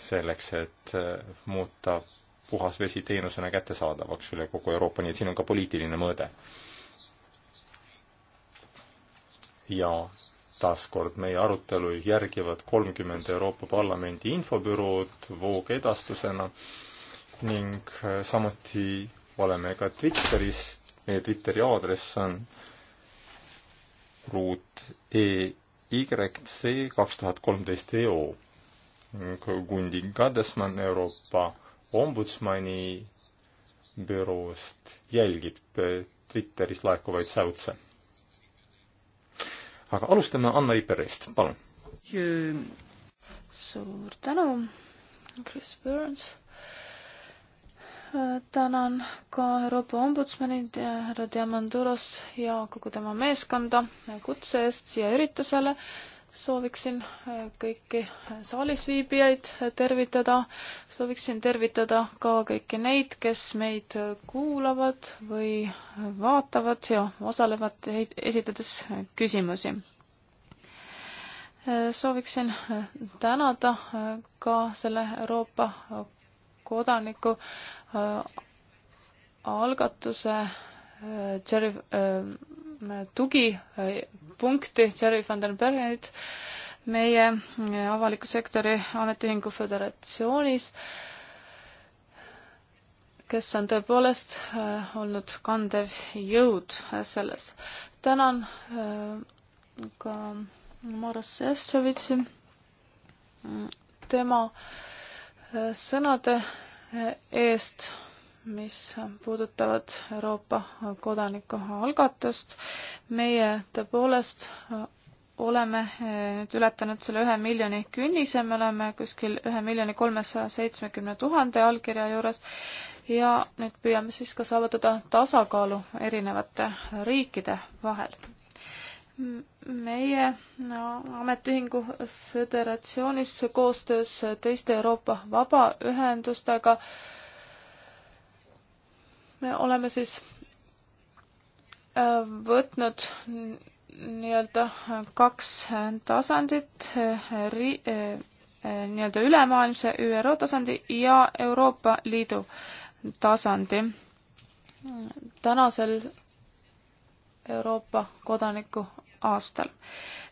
S2: selleks, et äh, muuta puhas vesi teenusena kättesaadavaks üle kogu Euroopa, nii et siin on ka poliitiline mõõde. ja taaskord meie arutelu järgivad kolmkümmend Euroopa Parlamendi infobürood voogedastusena ning äh, samuti oleme ka Twitteris, meie Twitteri aadress on ruut EYC kaks tuhat kolmteist EO Gundi Kadesmann Euroopa ombudsmani büroost jälgib Twitteris laekuvaid säutse. aga alustame Anna-Li Perest, palun.
S4: E- suur tänu, Chris Burns. tänan ka Euroopa ombudsmani härra Diamanduros ja kogu tema meeskonda kutse eest siia üritusele sooviksin äh, kõiki saalis viibijaid tervitada, sooviksin tervitada ka kõiki neid, kes meid kuulavad või vaatavad ja osalevad e-, esitades küsimusi. Äh, sooviksin äh, tänada ka selle Euroopa kodaniku algatuse Jerry tugipunkti, Jerry van der Bergenit, meie avaliku sektori ametiühingu föderatsioonis, kes on tõepoolest äh, olnud kandev jõud äh, selles. tänan äh, ka Maros Jevtšovitši, mm, tema sõnade eest mis puudutavad Euroopa kodanikualgatust. meie tõepoolest oleme eh, nüüd ületanud selle ühe miljoni künnise, me oleme kuskil ühe miljoni kolmesaja seitsmekümne tuhande allkirja juures ja nüüd püüame siis ka saavutada tasakaalu erinevate riikide vahel. meie no, ametiühingu föderatsioonis koostöös teiste Euroopa vabaühendustega äh, me oleme siis äh, võtnud nii-öelda kaks tasandit, äh, ri-, äh, nii-öelda ülemaailmse ÜRO tasandi ja Euroopa Liidu tasandi. tänasel Euroopa kodaniku aastal.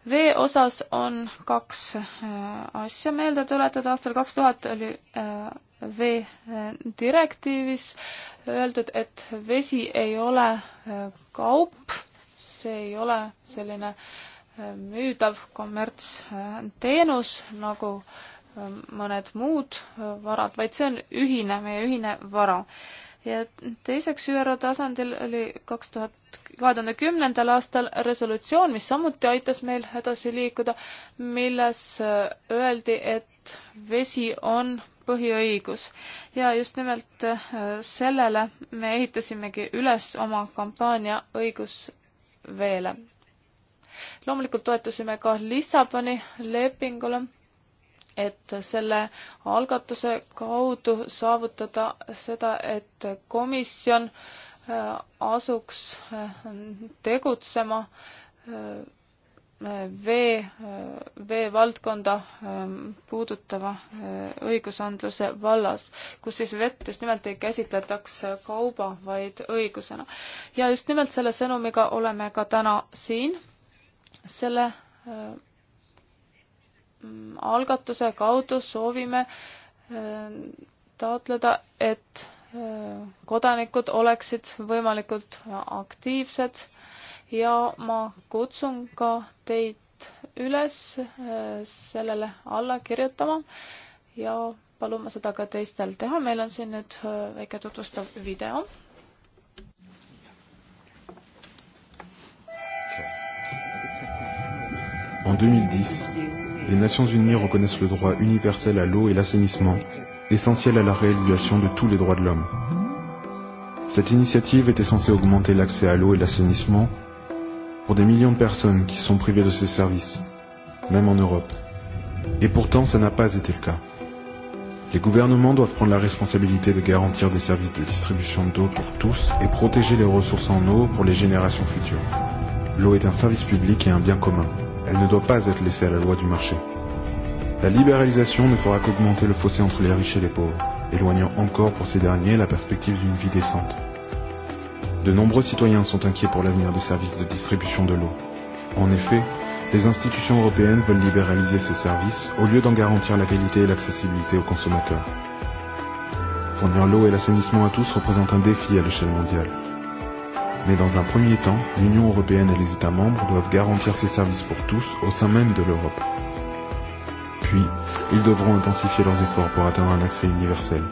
S4: vee osas on kaks äh, asja meelde tuletada, aastal kaks tuhat oli äh, vee äh, direktiivis öeldud, et vesi ei ole kaup, see ei ole selline müüdav kommertsteenus nagu mõned muud varad, vaid see on ühine, meie ühine vara ja teiseks ÜRO tasandil oli kaks tuhat, kahe tuhande kümnendal aastal resolutsioon, mis samuti aitas meil edasi liikuda, milles äh, öeldi, et vesi on põhiõigus ja just nimelt äh, sellele me ehitasimegi üles oma kampaania õigus veele. loomulikult toetusime ka Lissaboni lepingule et selle algatuse kaudu saavutada seda, et komisjon äh, asuks äh, tegutsema äh, vee, veevaldkonda ähm, puudutava õigusandluse vallas, kus siis vett just nimelt ei käsitletaks kauba, vaid õigusena. ja just nimelt selle sõnumiga oleme ka täna siin, selle algatuse kaudu soovime äh, taotleda, et äh, kodanikud oleksid võimalikult aktiivsed ja ma kutsun ka teid üles äh, sellele alla kirjutama ja palume seda ka teistel teha, meil on siin nüüd väike tutvustav video.
S1: En 2010, les Nations Unies reconnaissent le droit universel à l'eau et l'assainissement, essentiel à la réalisation de tous les droits de l'homme. Cette initiative était censée augmenter l'accès à l'eau et l'assainissement pour des millions de personnes qui sont privées de ces services, même en Europe. Et pourtant, ça n'a pas été le cas. Les gouvernements doivent prendre la responsabilité de garantir des services de distribution d'eau pour tous et protéger les ressources en eau pour les générations futures. L'eau est un service public et un bien commun. Elle ne doit pas être laissée à la loi du marché. La libéralisation ne fera qu'augmenter le fossé entre les riches et les pauvres, éloignant encore pour ces derniers la perspective d'une vie décente. De nombreux citoyens sont inquiets pour l'avenir des services de distribution de l'eau. En effet, les institutions européennes veulent libéraliser ces services au lieu d'en garantir la qualité et l'accessibilité aux consommateurs. Fournir l'eau et l'assainissement à tous représente un défi à l'échelle mondiale. Mais dans un premier temps, l'Union européenne et les États membres doivent garantir ces services pour tous au sein même de l'Europe. Puis, ils devront intensifier leurs efforts pour atteindre un accès universel.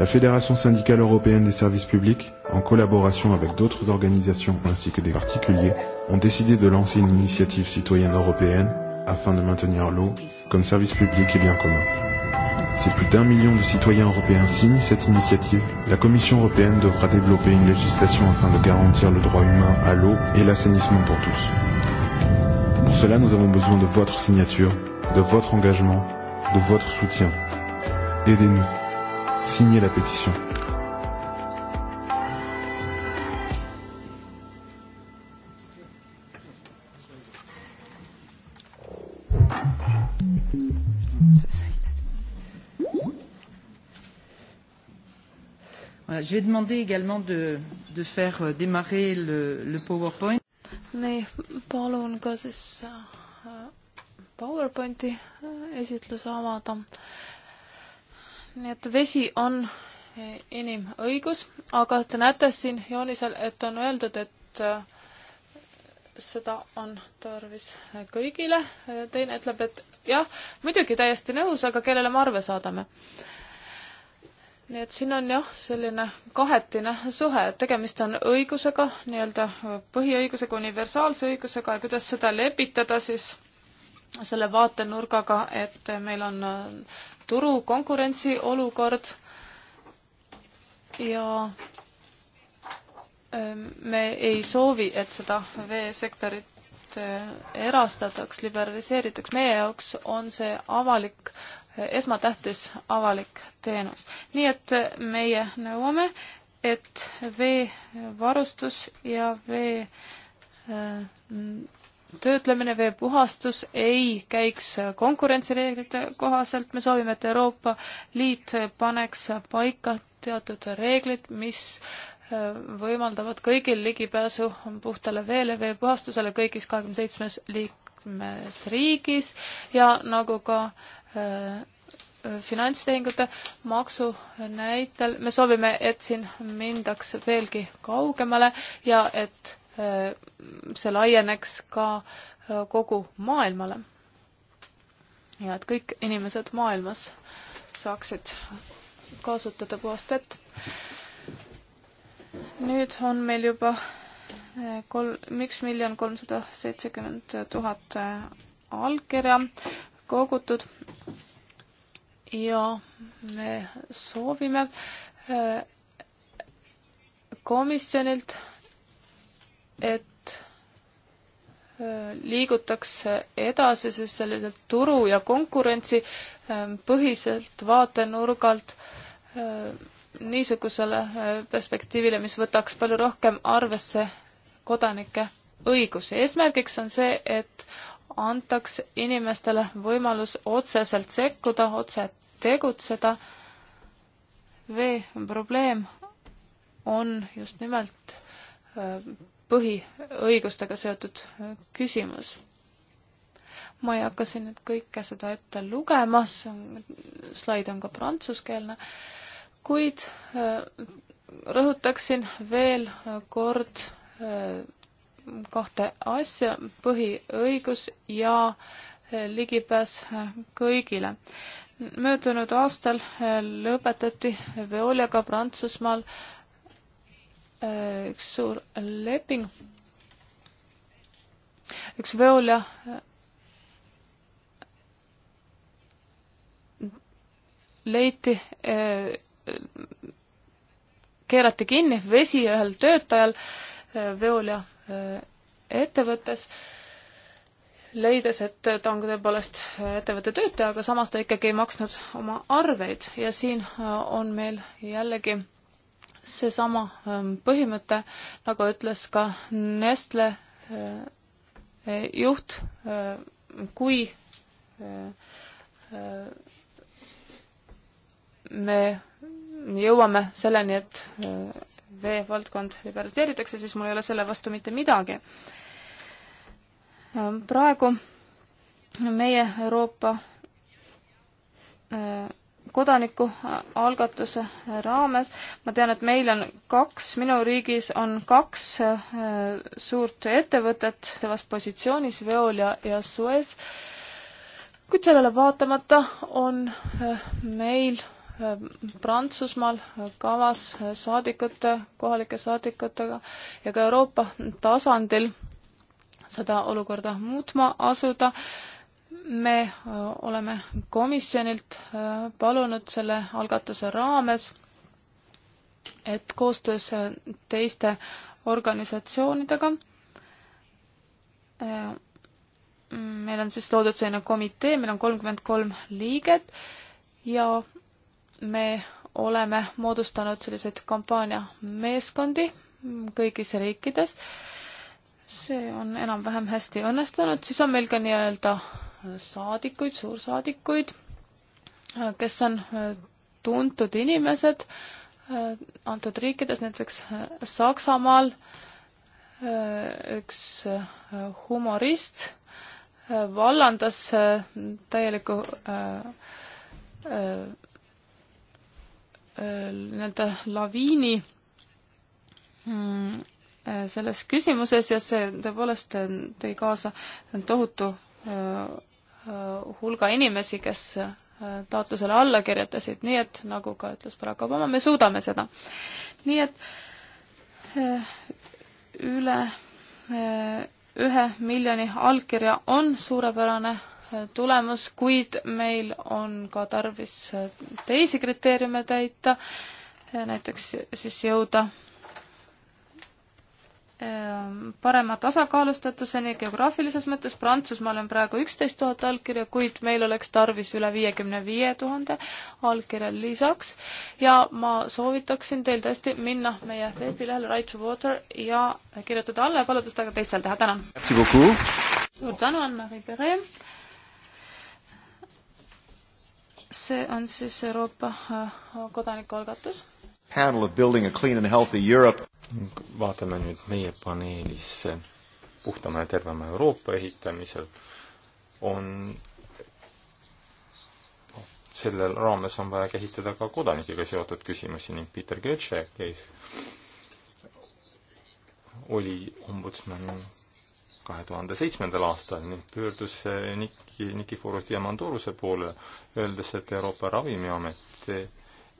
S1: La Fédération syndicale européenne des services publics, en collaboration avec d'autres organisations ainsi que des particuliers, ont décidé de lancer une initiative citoyenne européenne afin de maintenir l'eau comme service public et bien commun. Si plus d'un million de citoyens européens signent cette initiative, la Commission européenne devra développer une législation afin de garantir le droit humain à l'eau et l'assainissement pour tous. Pour cela, nous avons besoin de votre signature, de votre engagement, de votre soutien. Aidez-nous. Signez la pétition.
S5: Euh, Je vais demander également de, de faire euh, démarrer le, le PowerPoint.
S4: Nii, palun ka siis äh, PowerPointi äh, esitluse avada. Nii et vesi on inimõigus, äh, aga te näete siin joonisel, et on öeldud, et seda on tarvis kõigile. Teine ütleb, et jah, muidugi täiesti nõus, aga kellele me arve saadame? nii et siin on jah, selline kahetine suhe, et tegemist on õigusega, nii-öelda põhiõigusega, universaalse õigusega ja kuidas seda lepitada siis selle vaatenurgaga, et meil on äh, turukonkurentsi olukord ja ähm, me ei soovi, et seda veesektorit äh, erastataks, liberaliseeritaks, meie jaoks on see avalik esmatähtis avalik teenus. nii et meie nõuame, et veevarustus ja vee äh, töötlemine, veepuhastus ei käiks konkurentsireeglite kohaselt, me soovime, et Euroopa Liit paneks paika teatud reeglid, mis äh, võimaldavad kõigil ligipääsu puhtale veele, veepuhastusele kõigis kahekümne seitsmes liikmesriigis ja nagu ka Äh, finantstehingute maksu näitel me soovime, et siin mindaks veelgi kaugemale ja et äh, see laieneks ka äh, kogu maailmale. ja et kõik inimesed maailmas saaksid kasutada puhast vett. nüüd on meil juba kolm, üks miljon kolmsada seitsekümmend tuhat allkirja kogutud ja me soovime äh, komisjonilt, et äh, liigutakse edasi siis selliselt turu ja konkurentsi äh, põhiselt vaatenurgalt niisugusele perspektiivile, mis võtaks palju rohkem arvesse kodanike õigusi. eesmärgiks on see, et antaks inimestele võimalus otseselt sekkuda, otse tegutseda. vee probleem on just nimelt äh, põhiõigustega seotud äh, küsimus. ma ei hakka siin nüüd kõike seda ette lugema, slaid on ka prantsuskeelne, kuid äh, rõhutaksin veel kord kahte asja, põhiõigus ja eh, ligipääs eh, kõigile. möödunud aastal eh, lõpetati Veoliaga Prantsusmaal üks suur leping, üks Veolia leiti, keerati kinni vesi ühel töötajal veol ja äh, ettevõttes, leides, et ta on tõepoolest äh, ettevõtte töötaja, aga samas ta ikkagi ei maksnud oma arveid ja siin äh, on meil jällegi seesama ähm, põhimõte, nagu ütles ka Nestle juht, kui me jõuame selleni, et veevaldkond liberaliseeritakse, siis mul ei ole selle vastu mitte midagi. Ähm, praegu meie Euroopa äh, kodanikualgatuse äh, raames, ma tean, et meil on kaks, minu riigis on kaks äh, suurt ettevõtet selles positsioonis, Veolia ja Suez, kuid sellele vaatamata on meil Prantsusmaal kavas saadikute, kohalike saadikutega ja ka Euroopa tasandil seda olukorda muutma asuda. me äh, oleme komisjonilt äh, palunud selle algatuse raames, et koostöös äh, teiste organisatsioonidega meil on siis loodud selline komitee, meil on kolmkümmend kolm liiget ja me oleme moodustanud selliseid kampaaniameeskondi kõigis riikides. see on enam-vähem hästi õnnestunud, siis on meil ka nii-öelda saadikuid, suursaadikuid, kes on äh, tuntud inimesed äh, antud riikides, näiteks äh, Saksamaal üks humorist vallandas täieliku Äh, nii-öelda laviini mm, äh, selles küsimuses ja see tõepoolest äh, tõi kaasa tohutu hulga inimesi, kes taotlusele alla kirjutasid, nii et nagu ka ütles Barack Obama, me suudame seda. nii et üle ühe miljoni allkirja on suurepärane tulemus, kuid meil on ka tarvis teisi kriteeriume täita, näiteks siis jõuda ähm, parema tasakaalustatuseni geograafilises mõttes, Prantsusmaal on praegu üksteist tuhat allkirja, kuid meil oleks tarvis üle viiekümne viie tuhande allkirja lisaks ja ma soovitaksin teil tõesti minna meie veebilehele Right to Water ja kirjutada alla ja paluda seda ka teistel teha, tänan! suur tänu, Anna-Mari Pere! see on siis Euroopa äh, kodanikualgatus.
S1: Panel of building a clean and healthy Europe. vaatame nüüd meie
S2: paneelis puhtama ja tervema Euroopa ehitamisel on sellel raames on vaja käsitleda ka kodanikega seotud küsimusi ning Peter Goethe, kes oli ombudsman kahe tuhande seitsmendal aastal ning pöördus eh, Niki, Nikiforos Diamandoruse poole, öeldes, et Euroopa Ravimiamet eh,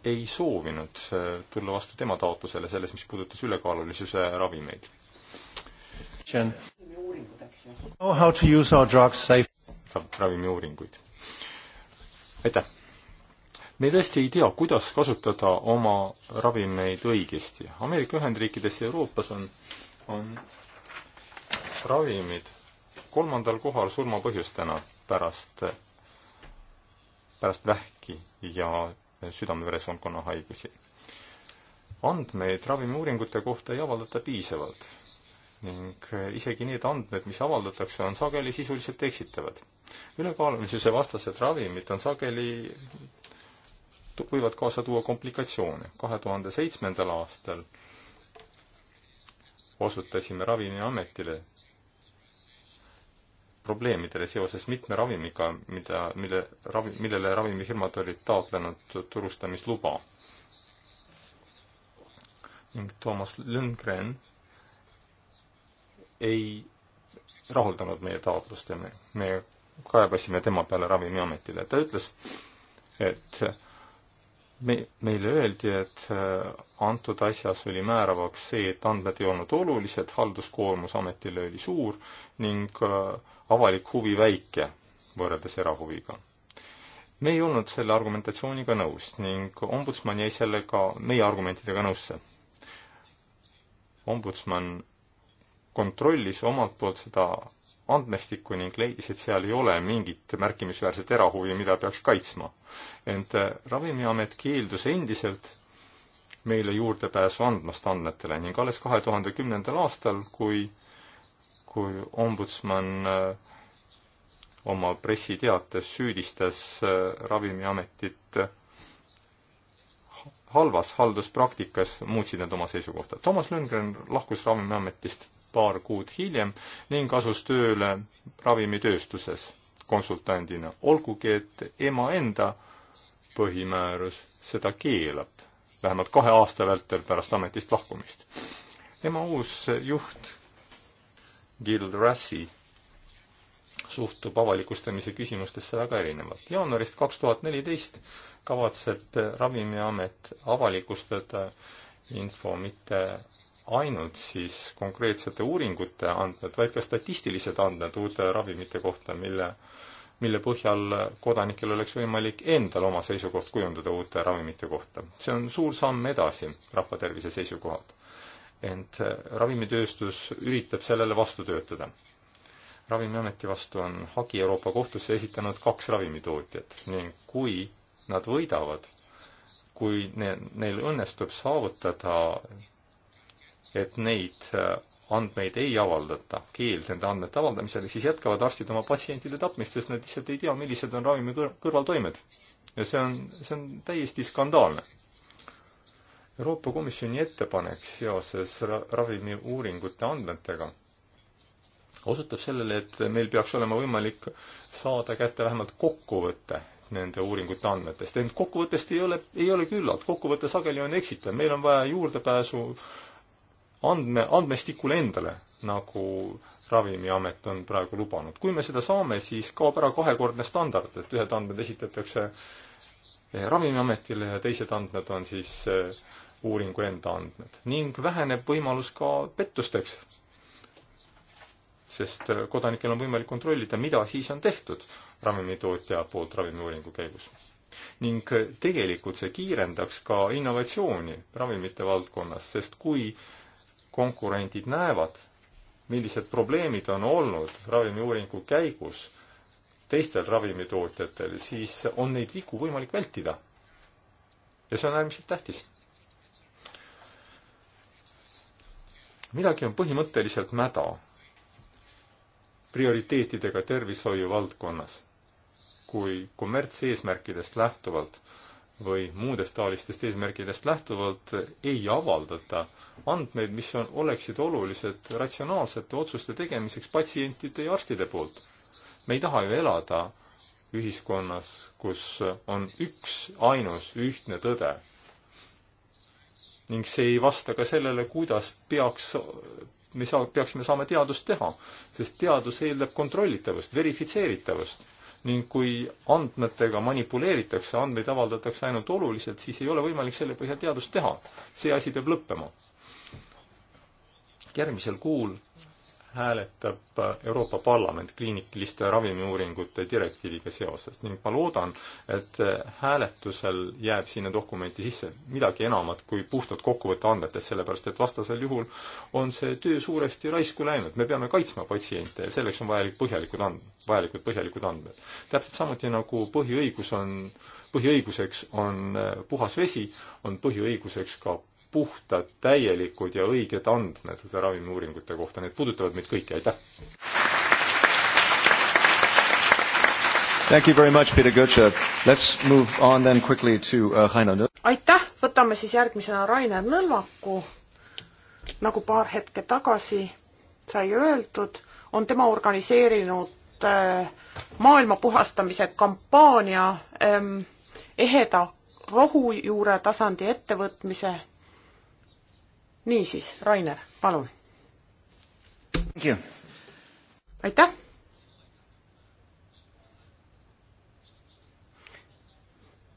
S2: ei soovinud eh, tulla vastu tema taotlusele selles, mis puudutas ülekaalulisuse ravimeid. ravimiuuringuid. aitäh! me tõesti ei tea, kuidas kasutada oma ravimeid õigesti. Ameerika Ühendriikides ja Euroopas on, on ravimid kolmandal kohal surmapõhjustena pärast, pärast vähki ja südame-veresoonkonna haigusi. andmeid ravimiuuringute kohta ei avaldata piisavalt ning isegi need andmed, mis avaldatakse, on sageli sisuliselt eksitavad. ülekaalulisuse vastased ravimid on sageli, võivad kaasa tuua komplikatsioone. kahe tuhande seitsmendal aastal osutasime Ravimiametile probleemidele seoses mitme ravimiga, mida, mille ravi, millele ravimifirmad olid taotlenud turustamisluba. ning Toomas Lundgren ei rahuldanud meie taotlust ja me, me kaebasime tema peale Ravimiametile. ta ütles, et me, meile öeldi, et äh, antud asjas oli määravaks see, et andmed ei olnud olulised, halduskoormus ametile oli suur ning äh, avalik huvi väike võrreldes erahuviga. me ei olnud selle argumentatsiooniga nõus ning ombudsman jäi sellega, meie argumentidega nõusse. ombudsman kontrollis omalt poolt seda andmestikku ning leidis, et seal ei ole mingit märkimisväärset erahuvi, mida peaks kaitsma. ent Ravimiamet keeldus endiselt meile juurdepääsu andmast andmetele ning alles kahe tuhande kümnendal aastal, kui kui ombudsman äh, oma pressiteates süüdistas äh, Ravimiametit äh, halvas halduspraktikas, muutsid nad oma seisukohta. Toomas Lundgren lahkus Ravimiametist paar kuud hiljem ning asus tööle ravimitööstuses konsultandina, olgugi et ema enda põhimäärus seda keelab, vähemalt kahe aasta vältel pärast ametist lahkumist. ema uus juht Gil Rassi suhtub avalikustamise küsimustesse väga erinevalt. jaanuarist kaks tuhat neliteist kavatseb Ravimiamet avalikustada info mitte ainult siis konkreetsete uuringute andmed, vaid ka statistilised andmed uute ravimite kohta, mille, mille põhjal kodanikel oleks võimalik endal oma seisukoht kujundada uute ravimite kohta. see on suur samm edasi rahvatervise seisukohalt ent äh, ravimitööstus üritab sellele vastu töötada. ravimiameti vastu on hagi Euroopa kohtusse esitanud kaks ravimitootjat ning kui nad võidavad, kui ne-, neil õnnestub saavutada, et neid äh, andmeid ei avaldata, keeld nende andmete avaldamisele, siis jätkavad arstid oma patsientide tapmist, sest nad lihtsalt ei tea, millised on ravimi kõr-, kõrvaltoimed. ja see on, see on täiesti skandaalne Euroopa Komisjoni ettepanek seoses ravimiuuringute andmetega osutab sellele, et meil peaks olema võimalik saada kätte vähemalt kokkuvõte nende uuringute andmetest, ent kokkuvõttest ei ole, ei ole küllalt, kokkuvõte sageli on eksitav, meil on vaja juurdepääsu andme, andmestikule endale, nagu Ravimiamet on praegu lubanud. kui me seda saame, siis kaob ära kahekordne standard, et ühed andmed esitatakse eh, Ravimiametile ja teised andmed on siis äh, uuringu enda andmed ning väheneb võimalus ka pettusteks, sest äh, kodanikel on võimalik kontrollida, mida siis on tehtud ravimitootja poolt ravimiuuringu käigus. ning äh, tegelikult see kiirendaks ka innovatsiooni ravimite valdkonnas, sest kui konkurendid näevad, millised probleemid on olnud ravimiuuringu käigus teistel ravimitootjatel, siis on neid vigu võimalik vältida. ja see on äärmiselt tähtis midagi on põhimõtteliselt mäda prioriteetidega tervishoiu valdkonnas, kui kommertseesmärkidest lähtuvalt või muudest taolistest eesmärkidest lähtuvalt ei avaldata andmeid, mis on, oleksid olulised ratsionaalsete otsuste tegemiseks patsientide ja arstide poolt. me ei taha ju elada ühiskonnas, kus on üks ainus ühtne tõde ning see ei vasta ka sellele, kuidas peaks, me saa-, peaksime saama teadust teha, sest teadus eeldab kontrollitavust, verifitseeritavust. ning kui andmetega manipuleeritakse, andmeid avaldatakse ainult oluliselt, siis ei ole võimalik selle põhjal teadust teha. see asi peab lõppema. järgmisel kuul hääletab Euroopa Parlament kliiniliste ravimiuuringute direktiiviga seoses ning ma loodan, et hääletusel jääb sinna dokumenti sisse midagi enamat kui puhtalt kokkuvõtte andmetest, sellepärast et vastasel juhul on see töö suuresti raisku läinud. me peame kaitsma patsiente ja selleks on vajalik põhjalikud and-, vajalikud põhjalikud andmed. täpselt samuti nagu põhiõigus on, põhiõiguseks on puhas vesi, on põhiõiguseks ka puhtad, täielikud ja õiged andmed ravimiuuringute kohta, need puudutavad meid kõiki, aitäh!
S1: Thank you very much, Peter Götze. Let's move on then quickly to uh, Rainer Nõlvaku.
S2: aitäh, võtame
S3: siis järgmisena Rainer Nõlvaku. nagu paar hetke tagasi sai öeldud, on tema organiseerinud äh, maailma puhastamise kampaania ähm, eheda rohujuure tasandi ettevõtmise niisiis, Rainer, palun. aitäh.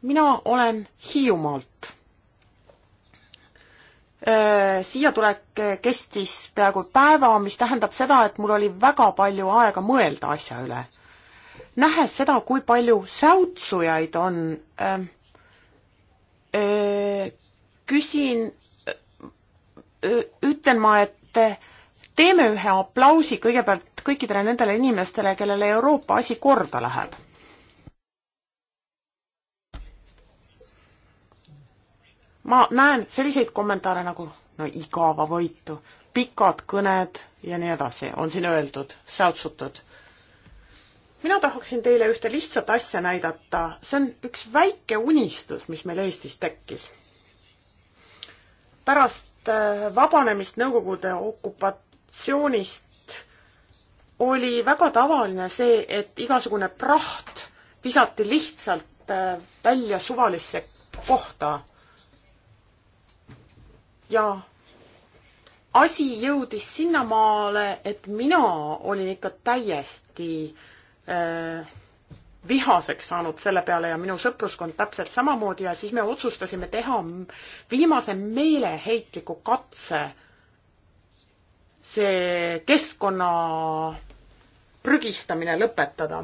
S3: mina olen Hiiumaalt. siia tulek kestis peaaegu päeva, mis tähendab seda, et mul oli väga palju aega mõelda asja üle. nähes seda, kui palju säutsujaid on, küsin ütlen ma, et teeme ühe aplausi kõigepealt kõikidele nendele inimestele, kellele Euroopa asi korda läheb. ma näen selliseid kommentaare nagu no igavavõitu, pikad kõned ja nii edasi, on siin öeldud, säutsutud. mina tahaksin teile ühte lihtsat asja näidata, see on üks väike unistus, mis meil Eestis tekkis. pärast Äh, vabanemist Nõukogude okupatsioonist oli väga tavaline see, et igasugune praht visati lihtsalt äh, välja suvalisse kohta. ja asi jõudis sinnamaale, et mina olin ikka täiesti äh, vihaseks saanud selle peale ja minu sõpruskond täpselt samamoodi ja siis me otsustasime teha viimase meeleheitliku katse see keskkonna prügistamine lõpetada.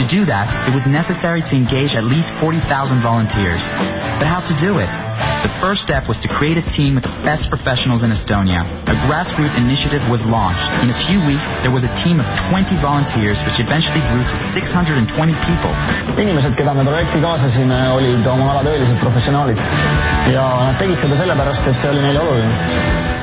S5: To do that, it was necessary to engage at least 40,000 volunteers. But how to do it? The first step was to create a team with the best professionals in Estonia. A grassroots initiative was launched. In a few weeks, there was a team of 20 volunteers, which eventually grew to 620 people. inimesed, keda me projekti kaasasime, olid oma ala töölised professionaalid ja nad tegid seda sellepärast, et see oli neile oluline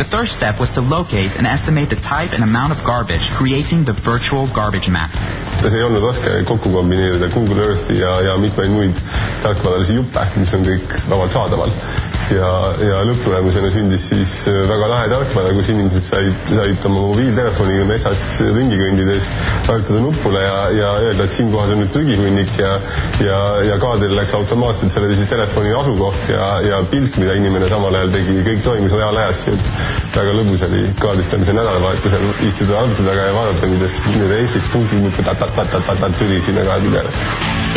S5: The third step was to locate and estimate the type and amount of garbage, creating the virtual garbage map.
S2: see ei olnud raske kokku kombineerida Google Earthi ja, ja mitmeid muid tarkvaralisi juppe, mis on kõik vabalt saadaval. ja, ja lõpptulemusena sündis siis väga lahe tarkvara, kus inimesed said, said oma mobiiltelefoniga metsas ringi kõndides vajutada
S1: nupule ja, ja öelda, et siinkohas on nüüd trügihunnik ja ja, ja kaadril läks automaatselt selle siis telefoni asukoht ja, ja pilt, mida inimene samal ajal tegi, kõik toimis reaalajas väga lõbus oli kaardistamise nädalavahetusel istuda arvuti taga ja vaadata, kuidas need Eestit punkid muudkui ta-ta-ta-ta-ta tuli sinna kaardi peale.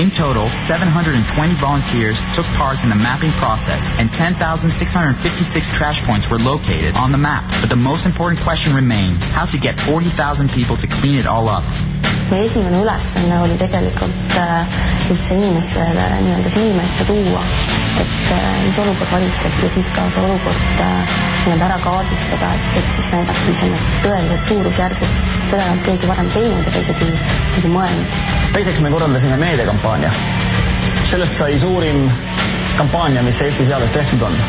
S5: In total, 720 volunteers took part in the mapping process, and 10,656 trash points were located on the map. But the most important question remains how to get 40,000 people to clean it all up
S4: meie esimene ülesanne oli tegelikult äh, üldse inimestele nii-öelda silme ette tuua, et äh, mis olukord valitseb ja siis ka see olukord äh, nii-öelda ära kaardistada, et, et siis näidata, mis on need tõelised suurusjärgud. seda ei olnud keegi varem teinud ega isegi, isegi mõelnud.
S5: teiseks me korraldasime meediakampaania. sellest sai suurim kampaania, mis Eestis eales tehtud on.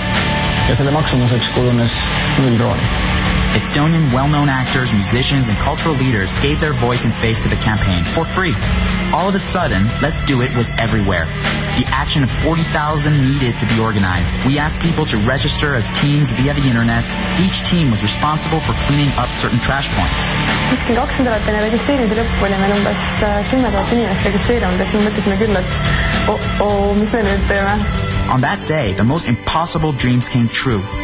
S5: ja selle maksumuseks kujunes null krooni Estonian well-known actors, musicians, and cultural leaders gave their voice and face to the campaign for free. All of a sudden, Let's Do It was everywhere. The action of 40,000 needed to be organized. We asked people to register as teams via the internet. Each team was responsible for cleaning up certain trash points.
S4: kuskil kaks nädalat enne registreerimise lõppu oli meil
S5: umbes äh, kümme tuhat inimest registreerunud ja siis me mõtlesime küll, et oo oh, -oh, mis me nüüd teeme. On that day, the most impossible dreams came true.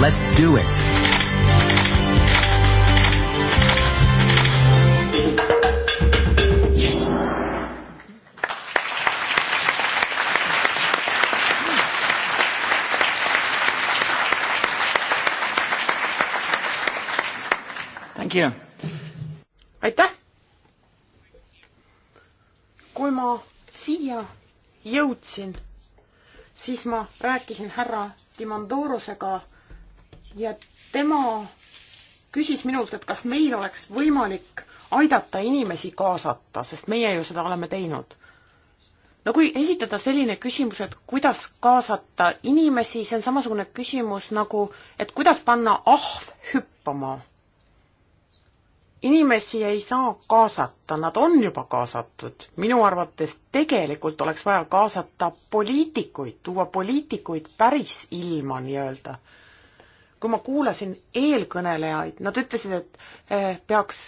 S5: Let's do it. Thank you.
S3: aitäh! kui ma siia jõudsin, siis ma rääkisin härra Dimandorosega ja tema küsis minult, et kas meil oleks võimalik aidata inimesi kaasata, sest meie ju seda oleme teinud. no kui esitada selline küsimus, et kuidas kaasata inimesi, see on samasugune küsimus nagu, et kuidas panna ahv hüppama. inimesi ei saa kaasata, nad on juba kaasatud. minu arvates tegelikult oleks vaja kaasata poliitikuid, tuua poliitikuid päris ilma nii-öelda kui ma kuulasin eelkõnelejaid, nad ütlesid, et eh, peaks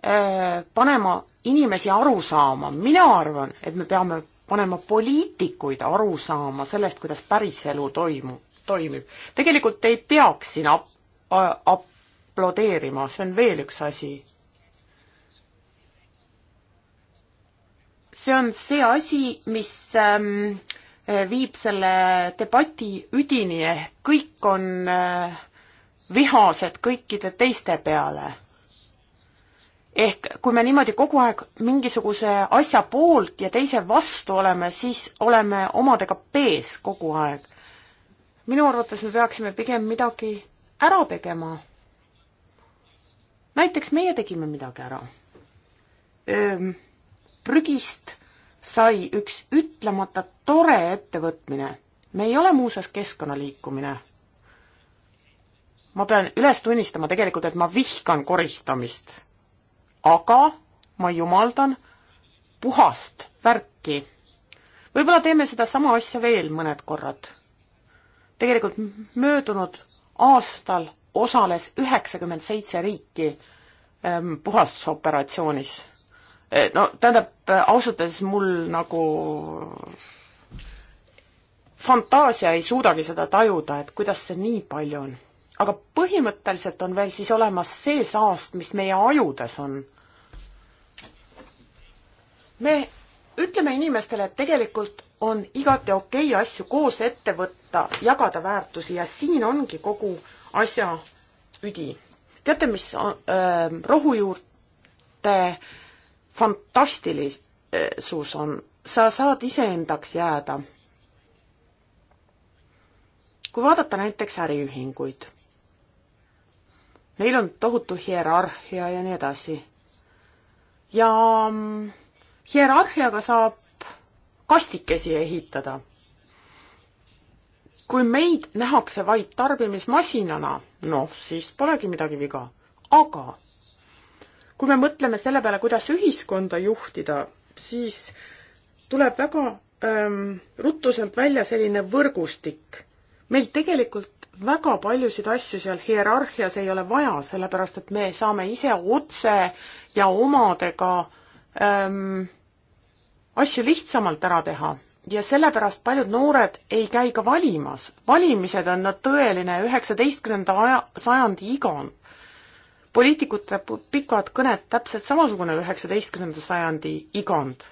S3: eh, panema inimesi aru saama, mina arvan, et me peame panema poliitikuid aru saama sellest, kuidas päriselu toimu-, toimib. tegelikult ei peaks siin ap-, aplodeerima, see on veel üks asi. see on see asi, mis ähm, viib selle debati üdini ehk kõik on äh, vihased kõikide teiste peale. ehk kui me niimoodi kogu aeg mingisuguse asja poolt ja teise vastu oleme, siis oleme omadega pees kogu aeg. minu arvates me peaksime pigem midagi ära tegema. näiteks meie tegime midagi ära. prügist sai üks ütlemata tore ettevõtmine. me ei ole muuseas keskkonnaliikumine. ma pean üles tunnistama tegelikult, et ma vihkan koristamist. aga ma jumaldan puhast värki. võib-olla teeme sedasama asja veel mõned korrad. tegelikult möödunud aastal osales üheksakümmend seitse riiki ähm, puhastusoperatsioonis Eh, no tähendab, eh, ausalt öeldes mul nagu fantaasia ei suudagi seda tajuda, et kuidas see nii palju on. aga põhimõtteliselt on veel siis olemas see saast, mis meie ajudes on. me ütleme inimestele, et tegelikult on igati okei okay asju koos ette võtta, jagada väärtusi ja siin ongi kogu asja üdi. teate, mis on, äh, öö, rohujuurte öö, fantastilisus eh, on, sa saad iseendaks jääda. kui vaadata näiteks äriühinguid, neil on tohutu hierarhia ja nii edasi. ja mm, hierarhiaga saab kastikesi ehitada. kui meid nähakse vaid tarbimismasinana, noh, siis polegi midagi viga, aga kui me mõtleme selle peale, kuidas ühiskonda juhtida, siis tuleb väga ähm, ruttu sealt välja selline võrgustik. meil tegelikult väga paljusid asju seal hierarhias ei ole vaja, sellepärast et me saame ise otse ja omadega ähm, asju lihtsamalt ära teha ja sellepärast paljud noored ei käi ka valimas. valimised on nad tõeline üheksateistkümnenda aja, sajandi igan poliitikute pikad kõned täpselt samasugune üheksateistkümnenda sajandi igand.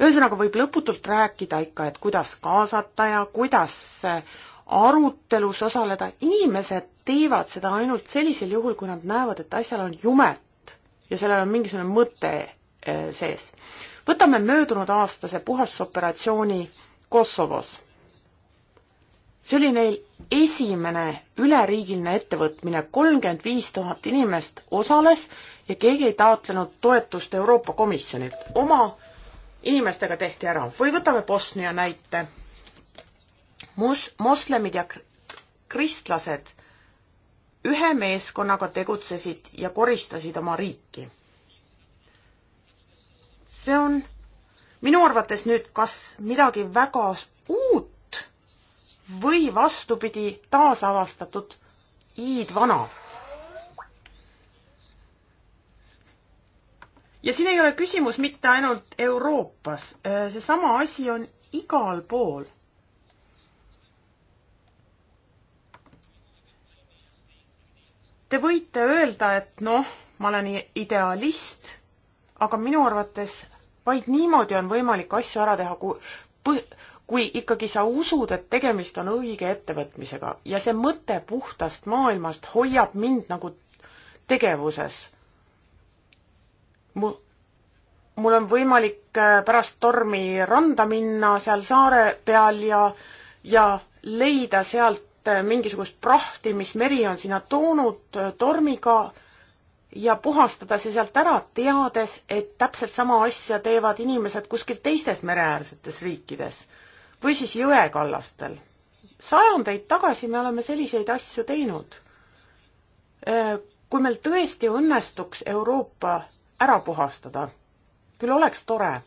S3: ühesõnaga, võib lõputult rääkida ikka, et kuidas kaasata ja kuidas äh, arutelus osaleda, inimesed teevad seda ainult sellisel juhul, kui nad näevad, et asjal on jumet ja sellel on mingisugune mõte äh, sees. võtame möödunud aastase puhasoperatsiooni Kosovos see oli neil esimene üleriigiline ettevõtmine, kolmkümmend viis tuhat inimest osales ja keegi ei taotlenud toetust Euroopa Komisjonilt. oma inimestega tehti ära. või võtame Bosnia näite. Mus-, moslemid ja kristlased ühe meeskonnaga tegutsesid ja koristasid oma riiki. see on minu arvates nüüd kas midagi väga uut, või vastupidi, taasavastatud iidvana. ja siin ei ole küsimus mitte ainult Euroopas, äh, seesama asi on igal pool. Te võite öelda, et noh, ma olen idealist, aga minu arvates vaid niimoodi on võimalik asju ära teha, kui kui ikkagi sa usud, et tegemist on õige ettevõtmisega ja see mõte puhtast maailmast hoiab mind nagu tegevuses. mu, mul on võimalik äh, pärast tormi randa minna seal saare peal ja, ja leida sealt äh, mingisugust prahti, mis meri on sinna toonud äh, tormiga ja puhastada see sealt ära, teades, et täpselt sama asja teevad inimesed kuskil teistes mereäärsetes riikides või siis jõekallastel. sajandeid tagasi me oleme selliseid asju teinud. Äh, kui meil tõesti õnnestuks Euroopa ära puhastada, küll oleks tore.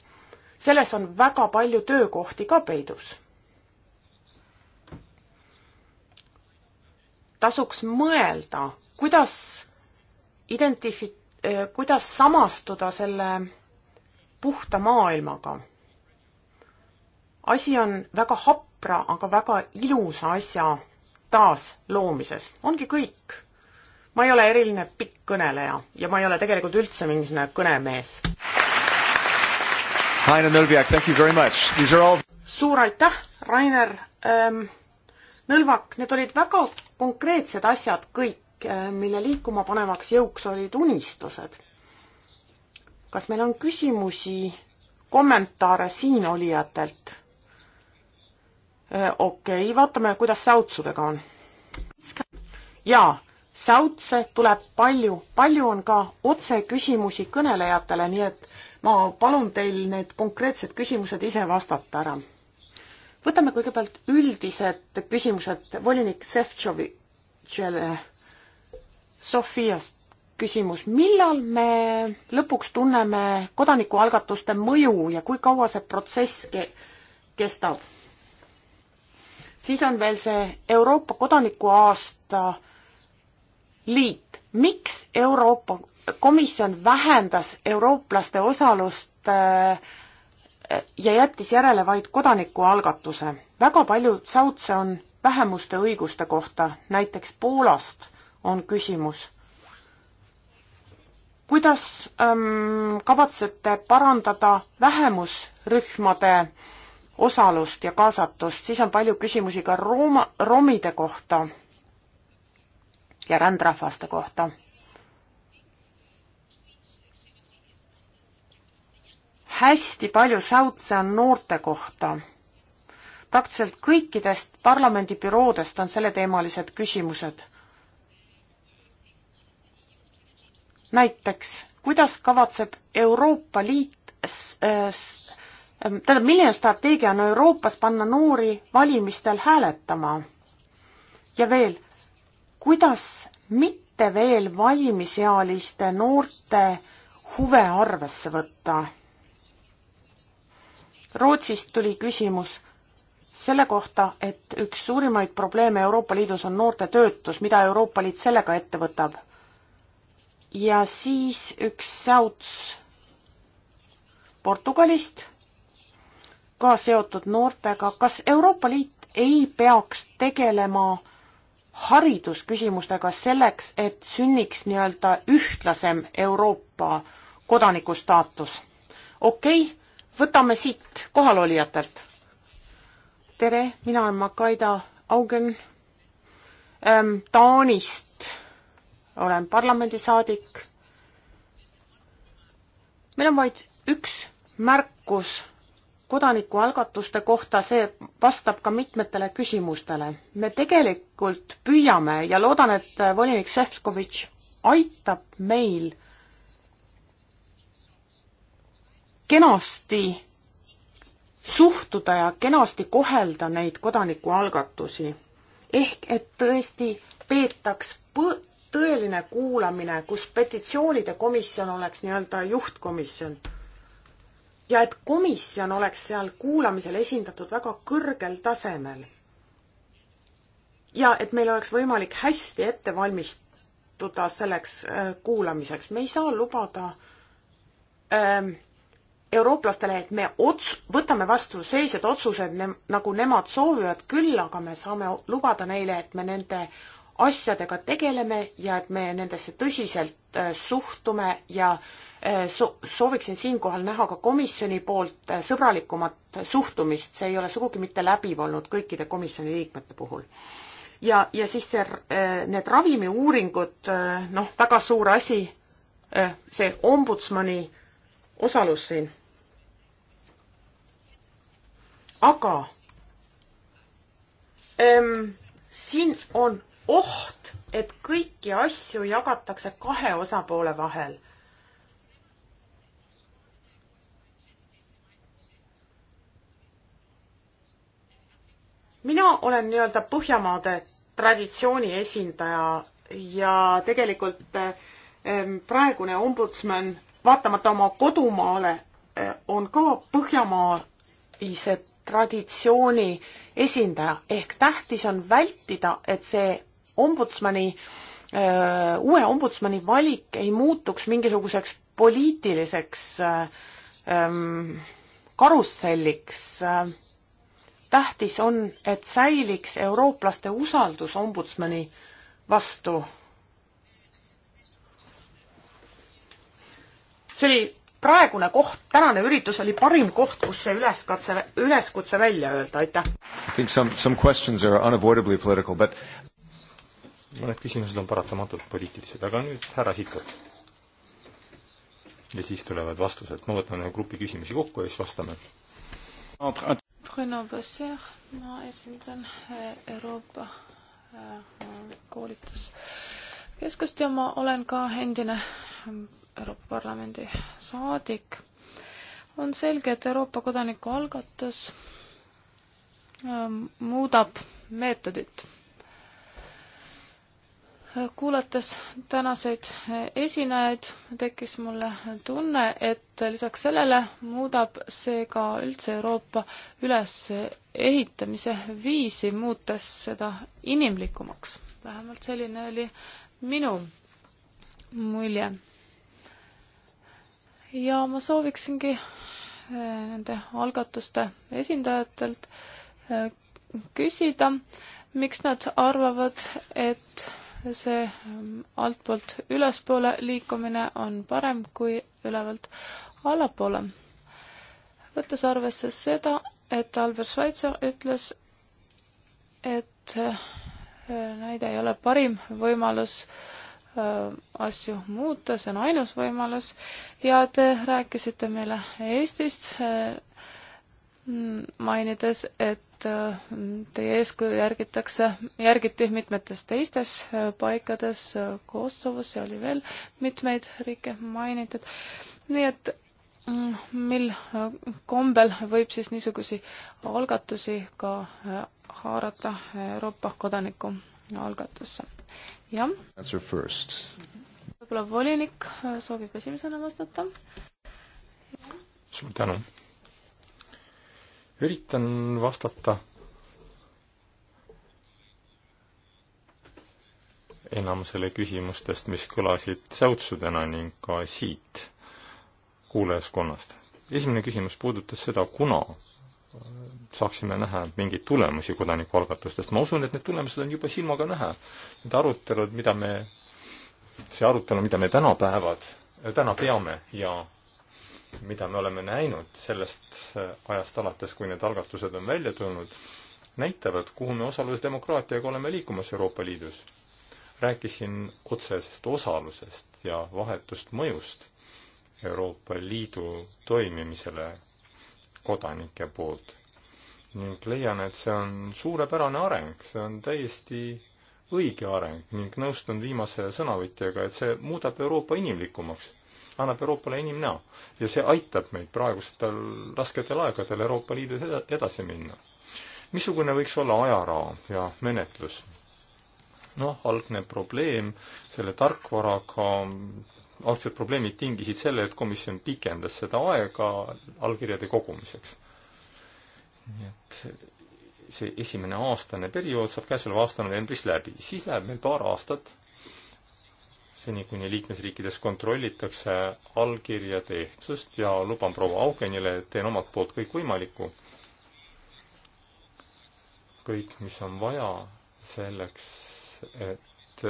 S3: selles on väga palju töökohti ka peidus. tasuks mõelda, kuidas identifi-, äh, kuidas samastuda selle puhta maailmaga asi on väga hapra, aga väga ilusa asja taasloomises, ongi kõik. ma ei ole eriline pikk kõneleja ja ma ei ole tegelikult üldse mingisugune kõnemees.
S1: Rainer Nõlvjak, thank you very much, these are all suur
S3: aitäh, Rainer ähm, Nõlvak, need olid väga konkreetsed asjad kõik äh,, mille liikuma panevaks jõuks olid unistused. kas meil on küsimusi, kommentaare siinolijatelt? Äh, okei okay,, vaatame, kuidas säutsudega on. jaa, säutse tuleb palju, palju on ka otseküsimusi kõnelejatele, nii et ma palun teil need konkreetsed küsimused ise vastata ära. võtame kõigepealt üldised küsimused volinik Sefcovitšele. Sofiast küsimus, millal me lõpuks tunneme kodanikualgatuste mõju ja kui kaua see protsess ke kestab? siis on veel see Euroopa kodanikuaasta liit. miks Euroopa Komisjon vähendas eurooplaste osalust äh, ja jättis järele vaid kodanikualgatuse? väga palju säutse on vähemuste õiguste kohta, näiteks Poolast on küsimus. kuidas ähm, kavatsete parandada vähemusrühmade äh, osalust ja kaasatust, siis on palju küsimusi ka rooma, romide kohta ja rändrahvaste kohta. hästi palju säutse on noorte kohta. praktiliselt kõikidest parlamendibüroodest on selleteemalised küsimused. näiteks, kuidas kavatseb Euroopa Liit Ehm, tähendab, milline strateegia on Euroopas panna noori valimistel hääletama? ja veel, kuidas mitte veel valimisealiste noorte huve arvesse võtta? Rootsist tuli küsimus selle kohta, et üks suurimaid probleeme Euroopa Liidus on noorte töötus, mida Euroopa Liit sellega ette võtab. ja siis üks säuts Portugalist ka seotud noortega, kas Euroopa Liit ei peaks tegelema haridusküsimustega selleks, et sünniks nii-öelda ühtlasem Euroopa kodaniku staatus? okei okay,, võtame siit kohalolijatelt. tere, mina olen Makaida Augen ähm, Taanist, olen parlamendisaadik. meil on vaid üks märkus kodanikualgatuste kohta, see vastab ka mitmetele küsimustele. me tegelikult püüame ja loodan, et volinik Šefčovitš aitab meil kenasti suhtuda ja kenasti kohelda neid kodanikualgatusi. ehk et tõesti peetaks põ-, tõeline kuulamine, kus petitsioonide komisjon oleks nii-öelda juhtkomisjon ja et komisjon oleks seal kuulamisel esindatud väga kõrgel tasemel. ja et meil oleks võimalik hästi ette valmistuda selleks äh, kuulamiseks, me ei saa lubada ähm, eurooplastele, et me ots-, võtame vastu sellised otsused ne-, nagu nemad soovivad, küll aga me saame lubada neile, et me nende asjadega tegeleme ja et me nendesse tõsiselt äh, suhtume ja äh, so-, sooviksin siinkohal näha ka komisjoni poolt äh, sõbralikumat suhtumist, see ei ole sugugi mitte läbiv olnud kõikide komisjoni liikmete puhul. ja, ja siis see, need ravimiuuringud, noh, väga suur asi, see ombudsmani osalus siin. aga ähm, siin on oht, et kõiki asju jagatakse kahe osapoole vahel. mina olen nii-öelda Põhjamaade traditsiooni esindaja ja tegelikult praegune ombudsman, vaatamata oma kodumaale, e, on ka põhjamaalise traditsiooni esindaja ehk tähtis on vältida, et see ombudsmani, äh, uue ombudsmani valik ei muutuks mingisuguseks poliitiliseks äh, ähm, karusselliks. tähtis on, et säiliks eurooplaste usaldus ombudsmani vastu. see oli praegune koht, tänane üritus oli parim koht, kus see üleskatse, üleskutse välja öelda, aitäh.
S1: I think some, some questions are unavoidably political, but mõned küsimused
S2: on paratamatult poliitilised, aga nüüd härra Sikkut. ja siis tulevad vastused, ma võtan ühe grupi küsimusi kokku ja siis vastame.
S4: Bruno Bossier, ma esindan eh, Euroopa eh, koolituskeskust ja ma olen ka endine eh, Euroopa Parlamendi saadik. on selge, et Euroopa kodanikualgatus muudab meetodit kuulates tänaseid esinejaid, tekkis mulle tunne, et lisaks sellele muudab see ka üldse Euroopa ülesehitamise viisi, muutes seda inimlikumaks. vähemalt selline oli minu mulje. ja ma sooviksingi eh, nende algatuste esindajatelt eh, küsida, miks nad arvavad, et see ähm, altpoolt ülespoole liikumine on parem kui ülevalt allapoole. võttes arvesse seda, et Albert Schweitzer ütles, et äh, näide ei ole parim võimalus äh, asju muuta, see on ainus võimalus ja te rääkisite meile Eestist, äh, mainides, et äh, teie eeskuju järgitakse, järgiti mitmetes teistes äh, paikades, äh, Kosovos ja oli veel mitmeid riike mainitud, nii et mm, mil kombel võib siis niisugusi algatusi ka haarata Euroopa kodaniku algatusse? jah. võib-olla volinik soovib esimesena vastata.
S2: suur tänu üritan vastata enamusele küsimustest, mis kõlasid säutsudena ning ka siit kuulajaskonnast. esimene küsimus puudutas seda, kuna saaksime näha mingeid tulemusi kodanikualgatustest. ma usun, et need tulemused on juba silmaga näha. Need arutelud, mida me, see arutelu, mida me täna päevad, täna peame ja mida me oleme näinud sellest äh, ajast alates, kui need algatused on välja tulnud, näitavad, kuhu me osalusdemokraatiaga oleme liikumas Euroopa Liidus. rääkisin otsesest osalusest ja vahetust mõjust Euroopa Liidu toimimisele kodanike poolt ning leian, et see on suurepärane areng, see on täiesti õige areng ning nõustun viimase sõnavõtjaga, et see muudab Euroopa inimlikumaks annab Euroopale inimnäo. ja see aitab meid praegustel rasketel aegadel Euroopa Liidus edasi minna. missugune võiks olla ajaraam ja menetlus? noh, algne probleem selle tarkvaraga, algsed probleemid tingisid selle, et komisjon pikendas seda aega allkirjade kogumiseks. nii et see esimene aastane periood saab käesoleva aasta novembris läbi, siis läheb meil paar aastat seni, kuni liikmesriikides kontrollitakse allkirjade ehtsust ja luban proua Aukenile, et teen omalt poolt kõik võimalikku, kõik, mis on vaja selleks, et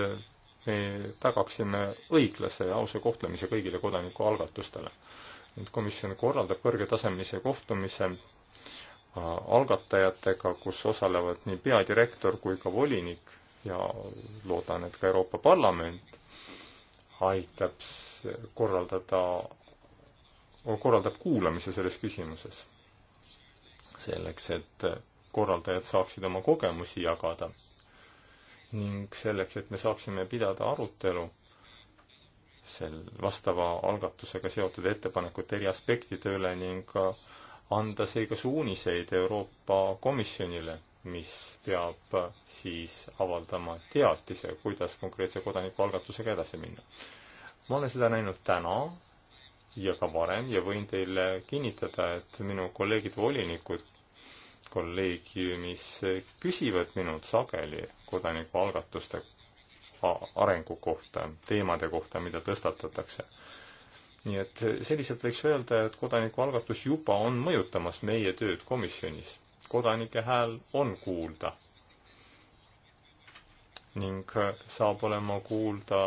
S2: me tagaksime õiglase ja ausa kohtlemise kõigile kodanikualgatustele. nüüd komisjon korraldab kõrgetasemelise kohtumise äh, algatajatega, kus osalevad nii peadirektor kui ka volinik ja loodan, et ka Euroopa Parlament aitab korraldada, korraldab kuulamise selles küsimuses. selleks, et korraldajad saaksid oma kogemusi jagada ning selleks, et me saaksime pidada arutelu sel vastava algatusega seotud ettepanekute eri aspektide üle ning ka anda seega suuniseid Euroopa Komisjonile mis peab siis avaldama teatise, kuidas konkreetse kodanikualgatusega edasi minna. ma olen seda näinud täna ja ka varem ja võin teile kinnitada, et minu kolleegid volinikud kolleegiumis küsivad minult sageli kodanikualgatuste arengu kohta, teemade kohta, mida tõstatatakse. nii et selliselt võiks öelda, et kodanikualgatus juba on mõjutamas meie tööd komisjonis kodanike hääl on kuulda ning äh, saab olema kuulda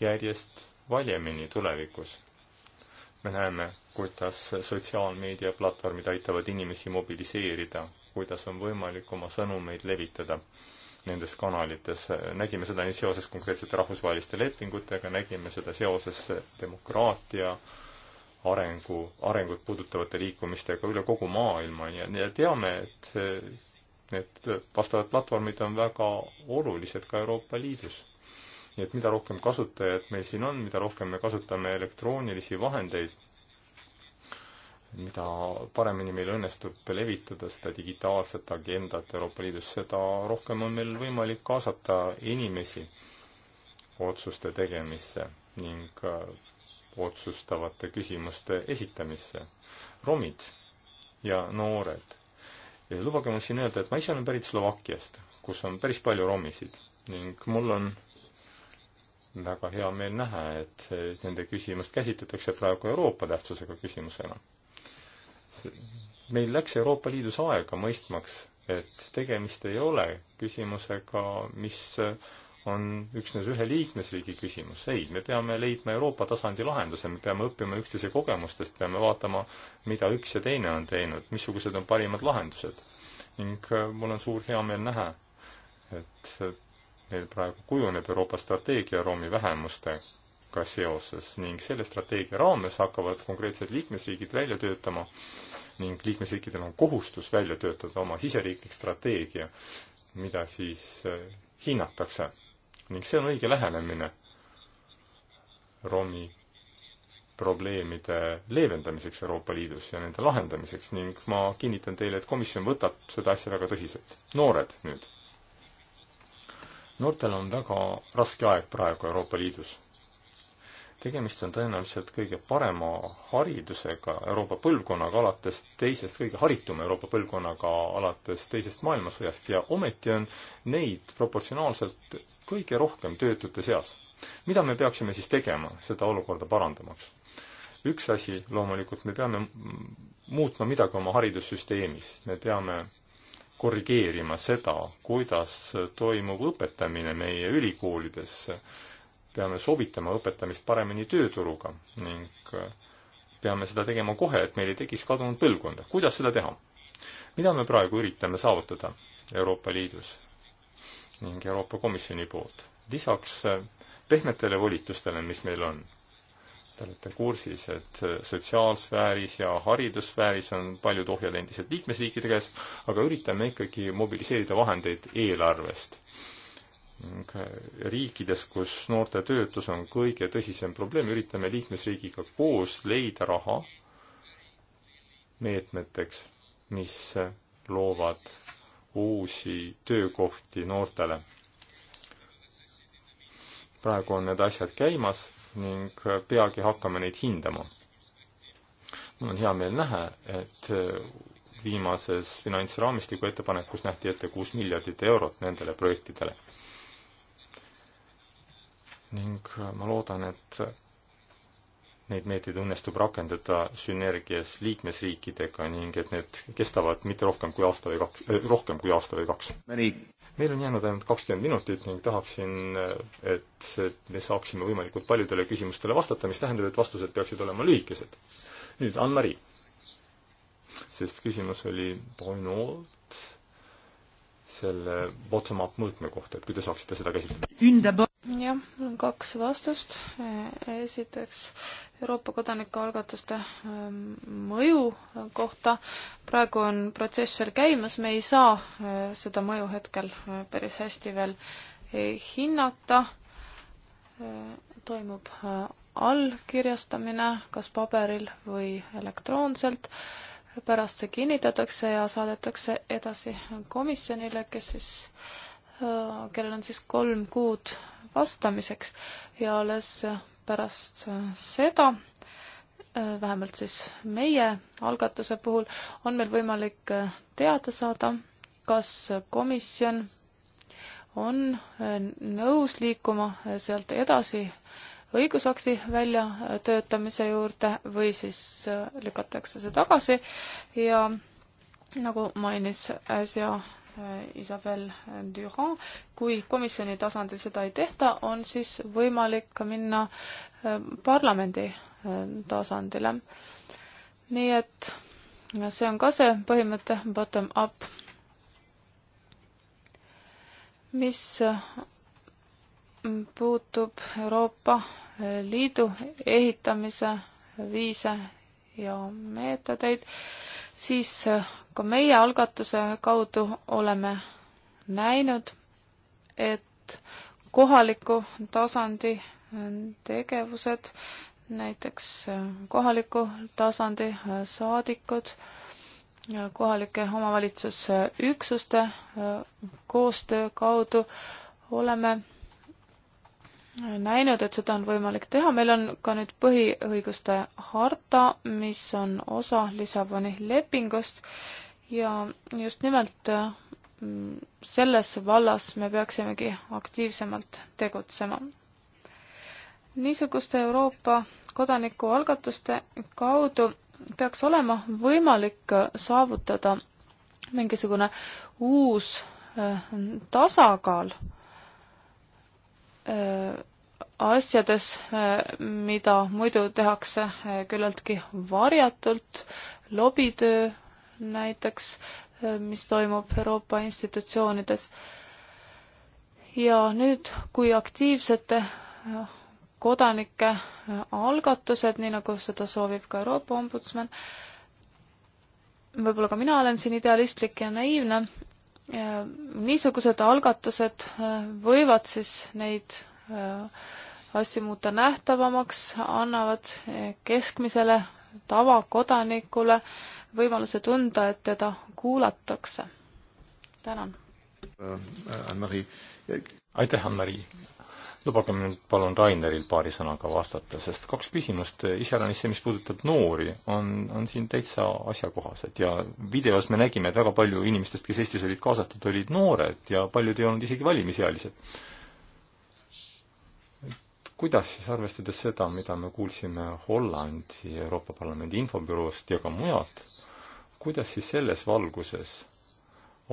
S2: järjest valjemini tulevikus. me näeme, kuidas sotsiaalmeediaplatvormid aitavad inimesi mobiliseerida, kuidas on võimalik oma sõnumeid levitada nendes kanalites. nägime seda seoses konkreetsete rahvusvaheliste lepingutega, nägime seda seoses demokraatia äh, arengu, arengut puudutavate liikumistega üle kogu maailma ja, ja teame, et need vastavad platvormid on väga olulised ka Euroopa Liidus. nii et mida rohkem kasutajaid meil siin on, mida rohkem me kasutame elektroonilisi vahendeid, mida paremini meil õnnestub levitada seda digitaalset agendat Euroopa Liidus, seda rohkem on meil võimalik kaasata inimesi otsuste tegemisse ning otsustavate küsimuste esitamisse. romid ja noored. ja lubage mul siin öelda, et ma ise olen pärit Slovakkiast, kus on päris palju romisid ning mul on väga hea meel näha, et nende küsimust käsitletakse praegu Euroopa tähtsusega küsimusena. meil läks Euroopa Liidus aega mõistmaks, et tegemist ei ole küsimusega, mis on üksnes ühe liikmesriigi küsimus. ei, me peame leidma Euroopa tasandi lahenduse, me peame õppima üksteise kogemustest, peame vaatama, mida üks ja teine on teinud, missugused on parimad lahendused. ning äh, mul on suur heameel näha, et äh, meil praegu kujuneb Euroopa strateegia Romi vähemustega seoses ning selle strateegia raames hakkavad konkreetsed liikmesriigid välja töötama ning liikmesriikidel on kohustus välja töötada oma siseriiklik strateegia, mida siis äh, hinnatakse ning see on õige lähenemine romi probleemide leevendamiseks Euroopa Liidus ja nende lahendamiseks ning ma kinnitan teile, et komisjon võtab seda asja väga tõsiselt. noored nüüd. noortel on väga raske aeg praegu Euroopa Liidus tegemist on tõenäoliselt kõige parema haridusega Euroopa põlvkonnaga alates teisest, kõige harituma Euroopa põlvkonnaga alates teisest maailmasõjast ja ometi on neid proportsionaalselt kõige rohkem töötute seas. mida me peaksime siis tegema seda olukorda parandamaks? üks asi loomulikult, me peame muutma midagi oma haridussüsteemis, me peame korrigeerima seda, kuidas toimub õpetamine meie ülikoolides peame sobitama õpetamist paremini tööturuga ning äh, peame seda tegema kohe, et meil ei tekiks kadunud põlvkonda. kuidas seda teha? mida me praegu üritame saavutada Euroopa Liidus ning Euroopa Komisjoni poolt? lisaks äh, pehmetele volitustele, mis meil on, te olete kursis, et äh, sotsiaalsfääris ja haridussfääris on paljud ohjad endiselt liikmesriikide käes, aga üritame ikkagi mobiliseerida vahendeid eelarvest riikides, kus noorte töötus on kõige tõsisem probleem, üritame liikmesriigiga koos leida raha meetmeteks, mis loovad uusi töökohti noortele. praegu on need asjad käimas ning peagi hakkame neid hindama. mul on hea meel näha, et viimases finantsraamistiku ettepanekus nähti ette kuus miljardit eurot nendele projektidele ning äh, ma loodan, et neid meetmeid õnnestub rakendada sünergias liikmesriikidega ning et need kestavad mitte rohkem kui aasta või kaks eh,, rohkem kui aasta või kaks. meil on jäänud ainult kakskümmend minutit ning tahaksin, et, äh, et me saaksime võimalikult paljudele küsimustele vastata, mis tähendab, et vastused peaksid olema lühikesed. nüüd Ann-Mari. sest küsimus oli Brunolt selle bottom-up mõõtme kohta, et kui te saaksite seda
S4: käsitleda? jah, mul on kaks vastust. esiteks Euroopa kodanikualgatuste ähm, mõju kohta. praegu on protsess veel käimas, me ei saa äh, seda mõju hetkel äh, päris hästi veel äh, hinnata. toimub allkirjastamine kas paberil või elektroonselt. pärast see kinnitatakse ja saadetakse edasi komisjonile, kes siis, kellel on siis kolm kuud vastamiseks ja alles pärast seda, äh, vähemalt siis meie algatuse puhul, on meil võimalik äh, teada saada, kas komisjon on äh, nõus liikuma sealt edasi õigusakti väljatöötamise juurde või siis lükatakse see tagasi ja nagu mainis äsja Äh, Isabel Durand. kui komisjoni tasandil seda ei tehta, on siis võimalik ka minna äh, parlamendi äh, tasandile. nii et see on ka see põhimõte bottom-up, mis puutub Euroopa Liidu ehitamise viise ja meetodeid, siis ka meie algatuse kaudu oleme näinud, et kohaliku tasandi tegevused, näiteks äh, kohaliku tasandi äh, saadikud, kohalike omavalitsusüksuste äh, koostöö kaudu oleme näinud, et seda on võimalik teha, meil on ka nüüd põhiõiguste harta, mis on osa Lissaboni lepingust ja just nimelt äh, selles vallas me peaksimegi aktiivsemalt tegutsema. niisuguste Euroopa kodanikualgatuste kaudu peaks olema võimalik äh, saavutada mingisugune uus äh, tasakaal asjades, mida muidu tehakse küllaltki varjatult, lobitöö näiteks, äh, mis toimub Euroopa institutsioonides. ja nüüd, kui aktiivsete äh, kodanike äh, algatused, nii nagu seda soovib ka Euroopa ombudsman, võib-olla ka mina olen siin idealistlik ja naiivne, niisugused algatused võivad siis neid asju muuta nähtavamaks, annavad keskmisele tavakodanikule äh, võimaluse tunda, et teda kuulatakse. tänan.
S2: aitäh, Ann-Mari. lubage mul palun Raineril paari sõnaga vastata, sest kaks küsimust, iseäranis see, mis puudutab noori, on, on siin täitsa asjakohased ja videos me nägime, et väga palju inimestest, kes Eestis olid kaasatud, olid noored ja paljud ei olnud isegi valimisealised kuidas siis arvestades seda, mida me kuulsime Hollandi Euroopa Parlamendi infobüroost ja ka mujalt, kuidas siis selles valguses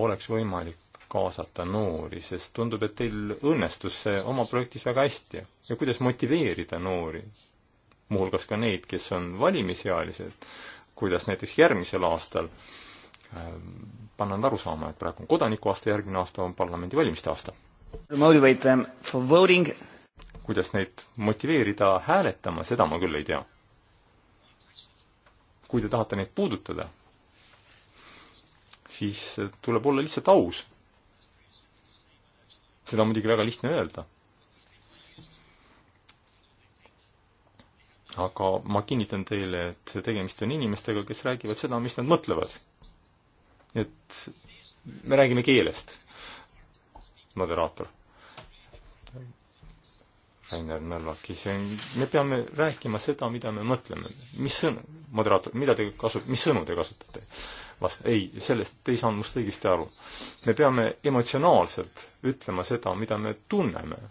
S2: oleks võimalik kaasata noori, sest tundub, et teil õnnestus see oma projektis väga hästi. ja kuidas motiveerida noori, muuhulgas ka neid, kes on valimisealised, kuidas näiteks järgmisel aastal äh, panna nad aru saama, et praegu on kodanikuaasta, järgmine aasta on parlamendivalimiste aasta? Motivate them for voting kuidas neid motiveerida hääletama, seda ma küll ei tea. kui te tahate neid puudutada, siis tuleb olla lihtsalt aus. seda on muidugi väga lihtne öelda. aga ma kinnitan teile, et tegemist on inimestega, kes räägivad seda, mis nad mõtlevad. et me räägime keelest, moderaator Rainer Nõlvakis, me peame rääkima seda, mida me mõtleme. mis sõna, moderaator, mida te kasut-, mis sõnu te kasutate? vast-, ei, sellest te ei saanud must õigesti aru. me peame emotsionaalselt ütlema seda, mida me tunneme.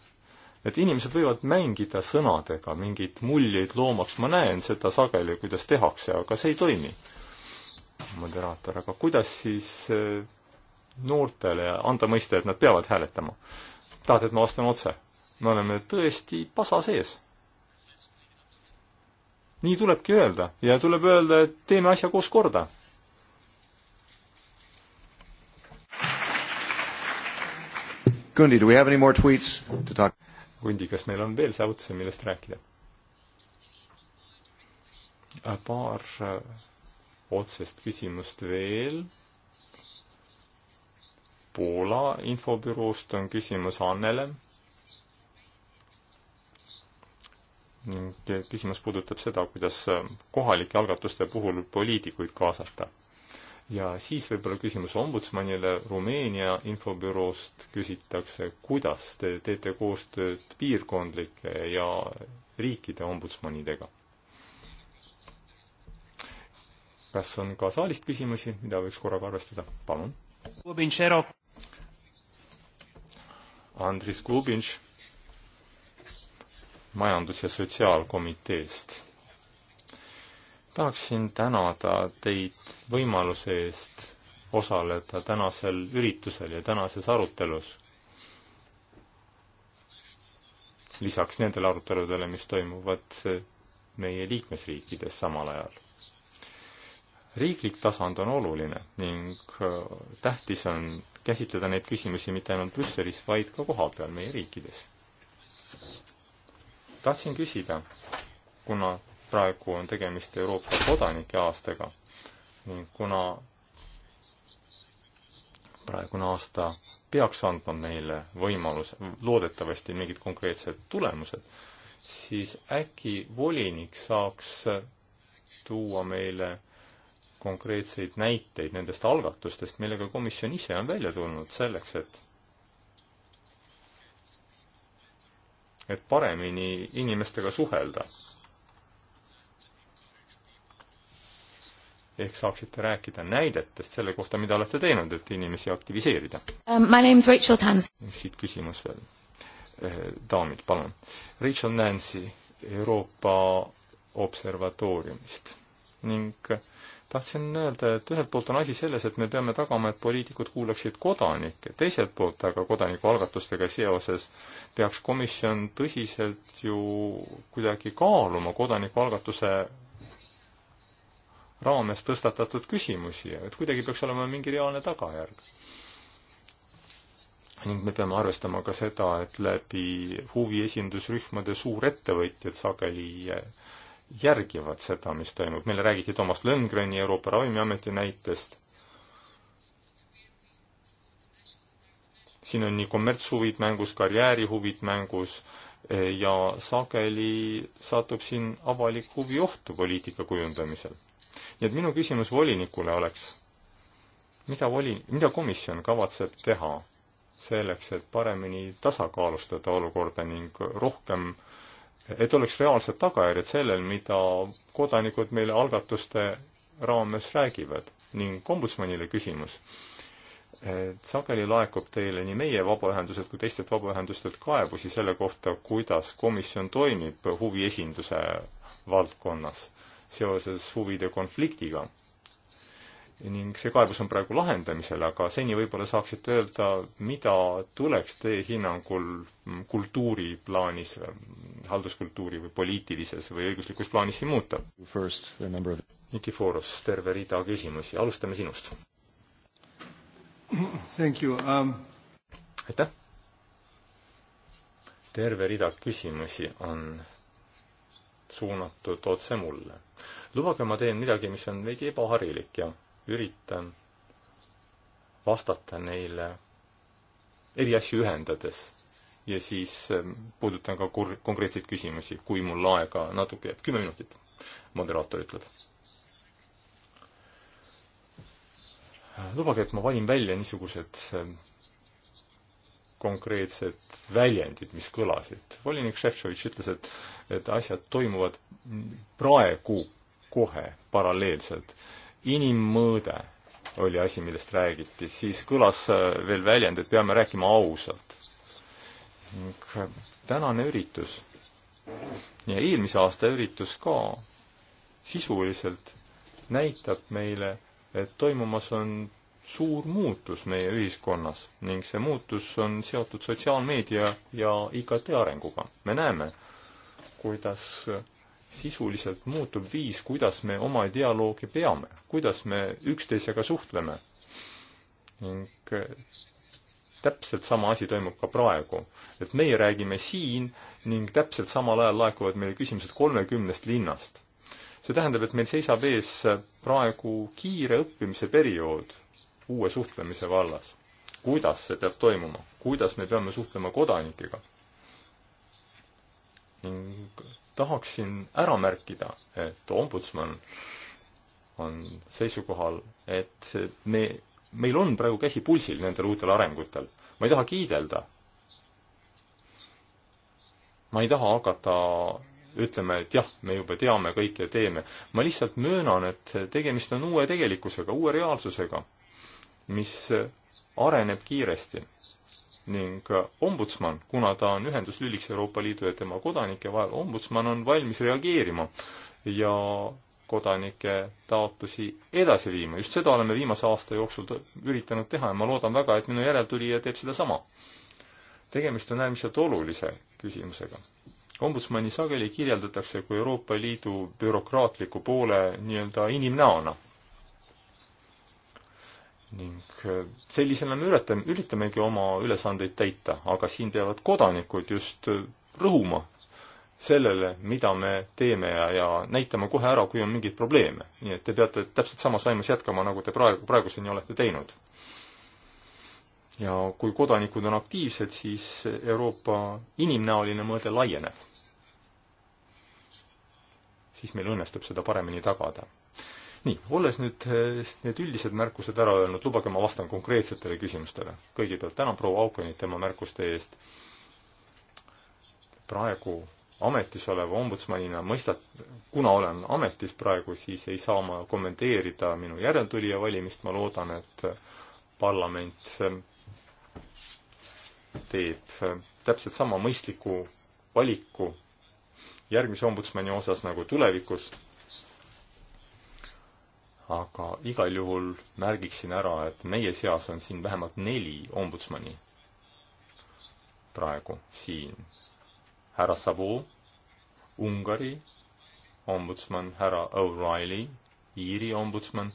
S2: et inimesed võivad mängida sõnadega, mingeid muljeid loomaks, ma näen seda sageli, kuidas tehakse, aga see ei toimi. moderaator, aga kuidas siis eh, noortele anda mõista, et nad peavad hääletama? tahad, et ma vastan otse? me oleme tõesti pasa sees. nii tulebki öelda ja tuleb öelda, et teeme asja koos korda.
S1: Gundi, do we have any more tweets to talk? Gundi, kas
S2: meil on veel saavutusi, millest rääkida? Äh, paar äh, otsest küsimust veel. Poola infobüroost on küsimus Annele ning küsimus puudutab seda, kuidas kohalike algatuste puhul poliitikuid kaasata. ja siis võib-olla küsimus ombudsmanile Rumeenia infobüroost küsitakse, kuidas te teete koostööd piirkondlike ja riikide ombudsmanidega? kas on ka saalist küsimusi, mida võiks korraga arvestada? palun. Andris Kubinš majandus- ja sotsiaalkomiteest. tahaksin tänada teid võimaluse eest osaleda tänasel üritusel ja tänases arutelus. lisaks nendele aruteludele, mis toimuvad meie liikmesriikides samal ajal. riiklik tasand on oluline ning äh, tähtis on käsitleda neid küsimusi mitte ainult Brüsselis, vaid ka kohapeal meie riikides tahtsin küsida, kuna praegu on tegemist Euroopa kodanike aastaga ning kuna praegune aasta peaks andma meile võimaluse, loodetavasti mingid konkreetsed tulemused, siis äkki volinik saaks tuua meile konkreetseid näiteid nendest algatustest, millega komisjon ise on välja tulnud selleks, et et paremini inimestega suhelda. ehk saaksite rääkida näidetest selle kohta, mida olete teinud, et inimesi aktiviseerida
S5: um,? My name is Rachel Tans-.
S2: siit küsimus veel eh, daamid, palun. Rachel Nancy Euroopa observatooriumist ning tahtsin öelda, et ühelt poolt on asi selles, et me peame tagama, et poliitikud kuulaksid kodanikke, teiselt poolt aga kodanikualgatustega seoses peaks komisjon tõsiselt ju kuidagi kaaluma kodanikualgatuse raames tõstatatud küsimusi, et kuidagi peaks olema mingi reaalne tagajärg. ning me peame arvestama ka seda, et läbi huviesindusrühmade suurettevõtjad sageli järgivad seda, mis toimub. meile räägiti Toomas Löngreni Euroopa Ravimiameti näitest. siin on nii kommertshuvid mängus, karjäärihuvid mängus eh, ja sageli satub siin avalik huvi ohtu poliitika kujundamisel. nii et minu küsimus volinikule oleks, mida voli, mida komisjon kavatseb teha selleks, et paremini tasakaalustada olukorda ning rohkem äh, et oleks reaalsed tagajärjed sellel, mida kodanikud meile algatuste raames räägivad ning ombudsmanile küsimus. et sageli laekub teile nii meie vabaühenduselt kui teistelt vabaühendustelt kaebusi selle kohta, kuidas komisjon toimib huviesinduse valdkonnas seoses huvide konfliktiga ning see kaebus on praegu lahendamisel, aga seni võib-olla saaksite öelda, mida tuleks teie hinnangul kultuuri plaanis, halduskultuuri või poliitilises või õiguslikus plaanis siin muuta? Of... Nikiforos, terve rida küsimusi, alustame sinust. Um... aitäh! terve rida küsimusi on suunatud otse mulle. lubage, ma teen midagi, mis on veidi ebaharilik ja üritan vastata neile eri asju ühendades ja siis ähm, puudutan ka kur-, konkreetseid küsimusi, kui mul aega natuke jääb, kümme minutit, moderaator ütleb. lubage, et ma valin välja niisugused ähm, konkreetsed väljendid, mis kõlasid. volinik Šefčovitš ütles, et, et asjad toimuvad praegu kohe paralleelselt inimmõõde oli asi, millest räägiti, siis kõlas äh, veel väljend, et peame rääkima ausalt. tänane üritus ja eelmise aasta üritus ka sisuliselt näitab meile, et toimumas on suur muutus meie ühiskonnas ning see muutus on seotud sotsiaalmeedia ja IKT arenguga. me näeme, kuidas sisuliselt muutub viis, kuidas me oma dialoogi peame, kuidas me üksteisega suhtleme. ning äh, täpselt sama asi toimub ka praegu. et meie räägime siin ning täpselt samal ajal laekuvad meile küsimused kolmekümnest linnast. see tähendab, et meil seisab ees äh, praegu kiire õppimise periood uue suhtlemise vallas. kuidas see peab toimuma, kuidas me peame suhtlema kodanikega? ning tahaksin ära märkida, et ombudsman on seisukohal, et me, meil on praegu käsi pulsil nendel uutel arengutel. ma ei taha kiidelda. ma ei taha hakata ütleme, et jah, me juba teame kõike ja teeme. ma lihtsalt möönan, et tegemist on uue tegelikkusega, uue reaalsusega, mis areneb kiiresti ning äh, ombudsman, kuna ta on ühenduslüliks Euroopa Liidu ja tema kodanike vahel, ombudsman on valmis reageerima ja kodanike taotlusi edasi viima. just seda oleme viimase aasta jooksul üritanud teha ja ma loodan väga, et minu järeltulija teeb sedasama. tegemist on äärmiselt olulise küsimusega. ombudsmani sageli kirjeldatakse kui Euroopa Liidu bürokraatliku poole nii-öelda inimnäona ning äh, sellisena me üritame, üritamegi oma ülesandeid täita, aga siin peavad kodanikud just äh, rõhuma sellele, mida me teeme ja, ja näitama kohe ära, kui on mingeid probleeme. nii et te peate täpselt samas vaimus jätkama, nagu te praegu, praeguseni olete teinud. ja kui kodanikud on aktiivsed, siis Euroopa inimnäoline mõõde laieneb. siis meil õnnestub seda paremini tagada nii, olles nüüd eh, need üldised märkused ära öelnud, lubage, ma vastan konkreetsetele küsimustele. kõigepealt tänan proua Aukonit tema märkuste eest. praegu ametis oleva ombudsmanina mõistat-, kuna olen ametis praegu, siis ei saa ma kommenteerida minu järeltulija valimist, ma loodan, et parlament eh, teeb eh, täpselt sama mõistliku valiku järgmise ombudsmani osas nagu tulevikus aga igal juhul märgiksin ära, et meie seas on siin vähemalt neli ombudsmani praegu siin. härra Savo, Ungari ombudsman, härra O'Reilly, Iiri ombudsman,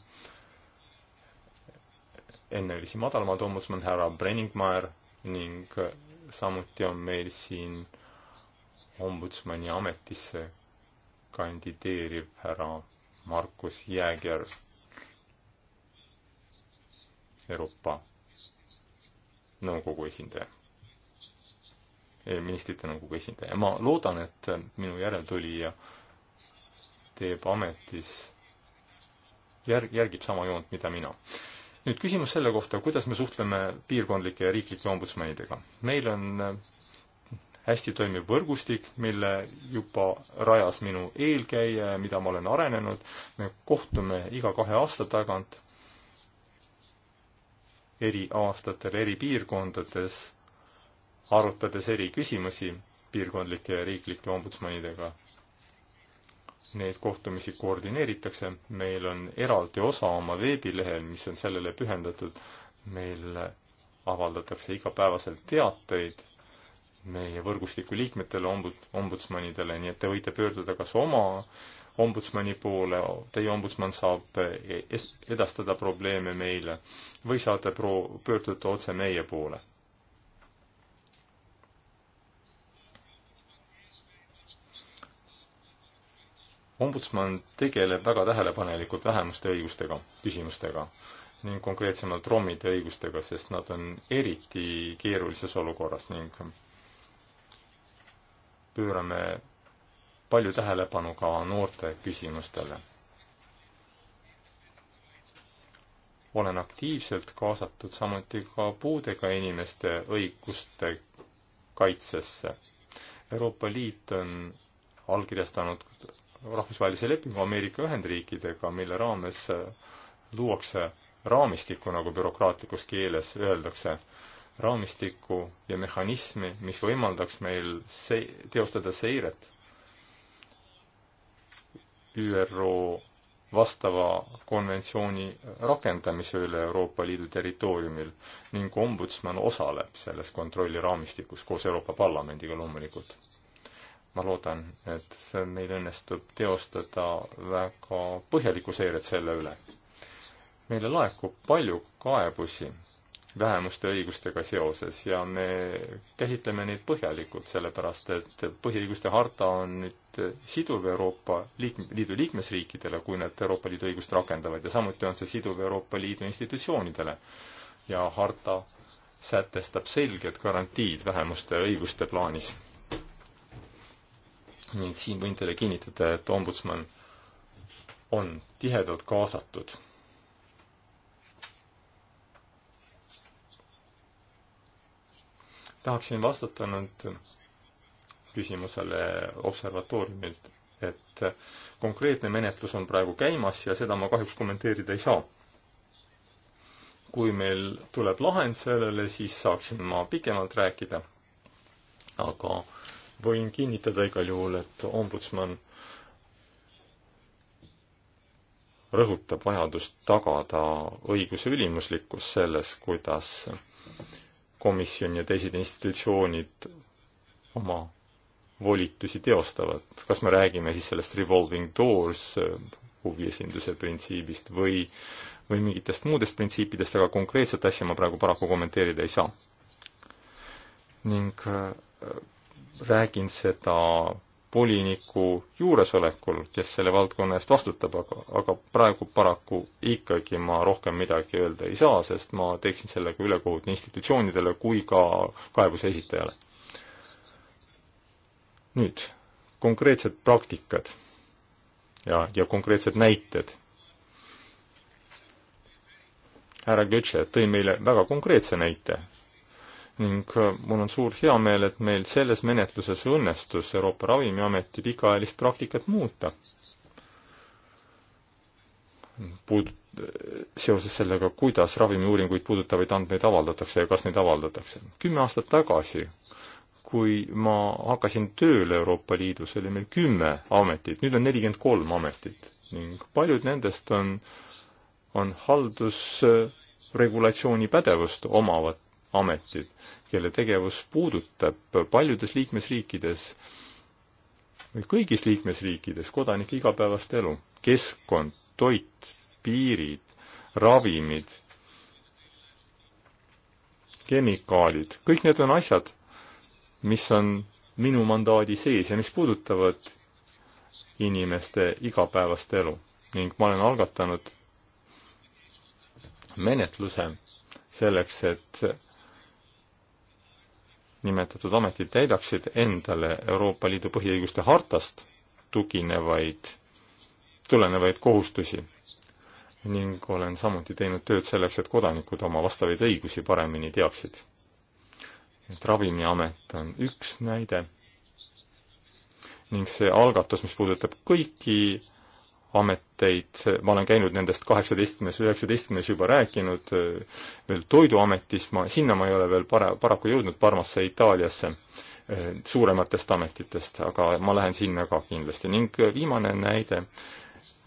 S2: enne oli siin madalamad ombudsman, härra Brenningmaier ning samuti on meil siin ombudsmani ametisse kandideeriv härra Markus Jääger Euroopa Nõukogu esindaja, eh, ministrite nõukogu esindaja. ma loodan, et minu järeltulija teeb ametis, järg, järgib sama joont, mida mina. nüüd küsimus selle kohta, kuidas me suhtleme piirkondlike ja riiklike ombudsmanidega. meil on eh, hästi toimiv võrgustik, mille juba rajas minu eelkäija ja mida ma olen arenenud. me kohtume iga kahe aasta tagant eri aastatel eri piirkondades, arutades eri küsimusi piirkondlike ja riiklike ombudsmanidega. Neid kohtumisi koordineeritakse, meil on eraldi osa oma veebilehel, mis on sellele pühendatud, meil avaldatakse igapäevaselt teateid meie võrgustiku liikmetele, ombud, ombudsmanidele, nii et te võite pöörduda kas oma ombudsmani poole, teie ombudsman saab eh, edastada probleeme meile või saate pro-, pöörduda otse meie poole. ombudsman tegeleb väga tähelepanelikult vähemuste õigustega, küsimustega ning konkreetsemalt romide õigustega, sest nad on eriti keerulises olukorras ning pöörame palju tähelepanu ka noorte küsimustele. olen aktiivselt kaasatud samuti ka puudega inimeste õiguste kaitsesse. Euroopa Liit on allkirjastanud rahvusvahelise lepingu Ameerika Ühendriikidega, mille raames luuakse raamistikku, nagu bürokraatlikus keeles öeldakse, raamistikku ja mehhanismi, mis võimaldaks meil se-, teostada seiret ÜRO vastava konventsiooni rakendamise üle Euroopa Liidu territooriumil ning ombudsman osaleb selles kontrolliraamistikus koos Euroopa Parlamendiga loomulikult. ma loodan, et see meil õnnestub teostada väga põhjalikku seiret selle üle. meile laekub palju kaebusi vähemuste õigustega seoses ja me käsitleme neid põhjalikult, sellepärast et põhiõiguste harta on nüüd siduv Euroopa liik-, Liidu liikmesriikidele, kui nad Euroopa Liidu õigust rakendavad, ja samuti on see siduv Euroopa Liidu institutsioonidele. ja harta sätestab selged garantiid vähemuste õiguste plaanis. nii et siin võin teile kinnitada, et ombudsman on tihedalt kaasatud tahaksin vastata nüüd küsimusele observatooriumilt, et konkreetne menetlus on praegu käimas ja seda ma kahjuks kommenteerida ei saa. kui meil tuleb lahend sellele, siis saaksin ma pikemalt rääkida. aga võin kinnitada igal juhul, et ombudsman rõhutab vajadust tagada õiguse ülimuslikkus selles, kuidas komisjon ja teised institutsioonid oma volitusi teostavad, kas me räägime siis sellest revolving doors äh, huviesinduse printsiibist või, või mingitest muudest printsiipidest, aga konkreetset asja ma praegu paraku kommenteerida ei saa. ning äh, räägin seda voliniku juuresolekul, kes selle valdkonna eest vastutab, aga, aga praegu paraku ikkagi ma rohkem midagi öelda ei saa, sest ma teeksin sellega ülekohut nii institutsioonidele kui ka kaebuse esitajale. nüüd, konkreetsed praktikad ja, ja konkreetsed näited. härra Götze tõi meile väga konkreetse näite ning äh, mul on suur heameel, et meil selles menetluses õnnestus Euroopa Ravimiameti pikaajalist praktikat muuta. puud-, seoses sellega, kuidas ravimiuuringuid puudutavaid andmeid avaldatakse ja kas neid avaldatakse. kümme aastat tagasi, kui ma hakkasin tööle Euroopa Liidus, oli meil kümme ametit, nüüd on nelikümmend kolm ametit ning paljud nendest on, on haldusregulatsiooni pädevust omavad ametid, kelle tegevus puudutab paljudes liikmesriikides või kõigis liikmesriikides kodanike igapäevast elu. keskkond, toit, piirid, ravimid, kemikaalid, kõik need on asjad, mis on minu mandaadi sees ja mis puudutavad inimeste igapäevast elu ning ma olen algatanud menetluse selleks, et nimetatud ametid täidaksid endale Euroopa Liidu põhiõiguste hartast tuginevaid, tulenevaid kohustusi ning olen samuti teinud tööd selleks, et kodanikud oma vastavaid õigusi paremini teaksid. et Ravimiamet on üks näide ning see algatus, mis puudutab kõiki ameteid, ma olen käinud nendest kaheksateistkümnes, üheksateistkümnes juba rääkinud, veel Toiduametis, ma, sinna ma ei ole veel para-, paraku jõudnud, Parmasse, Itaaliasse, suurematest ametitest, aga ma lähen sinna ka kindlasti ning viimane näide,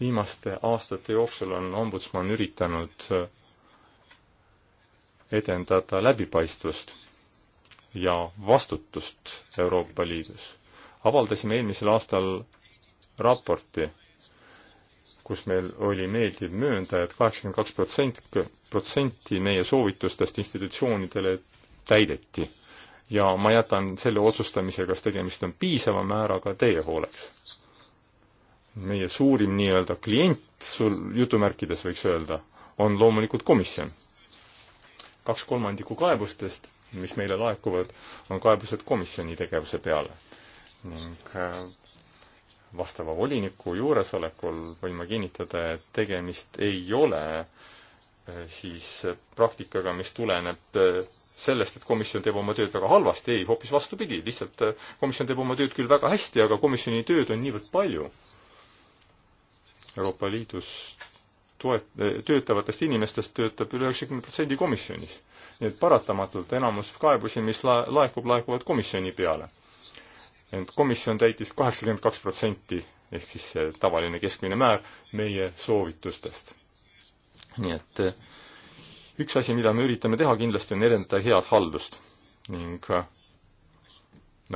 S2: viimaste aastate jooksul on ombudsman üritanud edendada läbipaistvust ja vastutust Euroopa Liidus. avaldasime eelmisel aastal raporti kus meil oli meeldiv möönda et, et kaheksakümmend kaks protsent, protsenti meie soovitustest institutsioonidele täideti. ja ma jätan selle otsustamise, kas tegemist on piisava määraga, teie hooleks. meie suurim nii-öelda klient, sul jutumärkides võiks öelda, on loomulikult komisjon. kaks kolmandikku kaebustest, mis meile laekuvad, on kaebused komisjoni tegevuse peale ning äh, vastava voliniku juuresolekul võin ma kinnitada, et tegemist ei ole eh, siis praktikaga, mis tuleneb eh, sellest, et komisjon teeb oma tööd väga halvasti, ei, hoopis vastupidi, lihtsalt eh, komisjon teeb oma tööd küll väga hästi, aga komisjoni tööd on niivõrd palju. Euroopa Liidus toet-, töötavatest inimestest töötab üle üheksakümne protsendi komisjonis. nii et paratamatult enamus kaebusi, mis la-, laekub, laekuvad komisjoni peale ent komisjon täitis kaheksakümmend kaks protsenti ehk siis see tavaline keskmine määr meie soovitustest. nii et eh, üks asi, mida me üritame teha kindlasti, on edendada head haldust ning eh,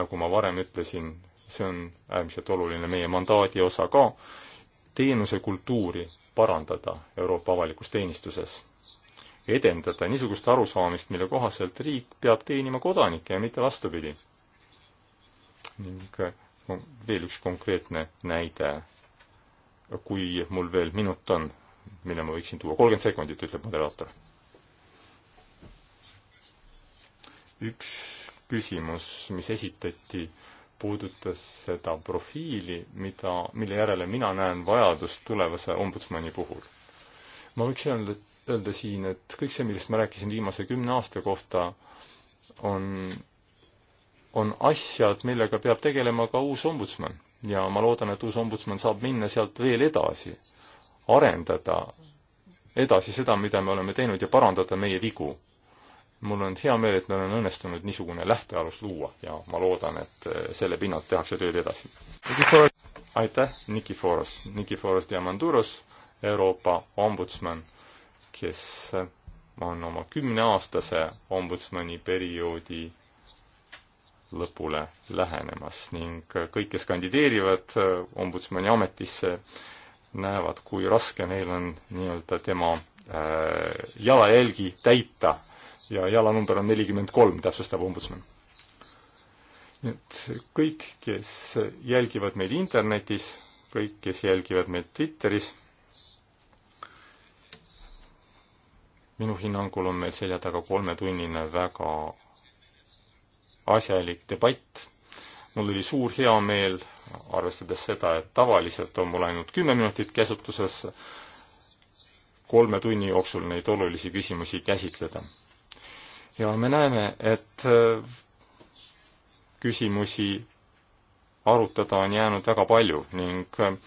S2: nagu ma varem ütlesin, see on äärmiselt oluline meie mandaadi osa ka, teenusekultuuri parandada Euroopa avalikus teenistuses. edendada niisugust arusaamist, mille kohaselt riik peab teenima kodanikke ja mitte vastupidi ning veel üks konkreetne näide, kui mul veel minut on, mille ma võiksin tuua, kolmkümmend sekundit, ütleb moderaator. üks küsimus, mis esitati, puudutas seda profiili, mida, mille järele mina näen vajadust tulevase ombudsmani puhul. ma võiks öelda, öelda siin, et kõik see, millest ma rääkisin viimase kümne aasta kohta, on on asjad, millega peab tegelema ka uus ombudsman. ja ma loodan, et uus ombudsman saab minna sealt veel edasi, arendada edasi seda, mida me oleme teinud ja parandada meie vigu. mul on hea meel, et meil on õnnestunud niisugune lähtealus luua ja ma loodan, et eh, selle pinnalt tehakse tööd edasi. aitäh, Nikiforos, Nikiforos Diamanduros, Euroopa ombudsman, kes on oma kümneaastase ombudsmani perioodi lõpule lähenemas ning kõik, kes kandideerivad äh, ombudsmani ametisse, näevad, kui raske neil on nii-öelda tema äh, jalajälgi täita ja jalanumber on nelikümmend kolm, täpsustab ombudsman. nii et kõik, kes jälgivad meid internetis, kõik, kes jälgivad meid Twitteris, minu hinnangul on meil selja taga kolmetunnine väga asjalik debatt. mul oli suur heameel, arvestades seda, et tavaliselt on mul ainult kümme minutit käsutuses, kolme tunni jooksul neid olulisi küsimusi käsitleda. ja me näeme, et äh, küsimusi arutada on jäänud väga palju ning äh,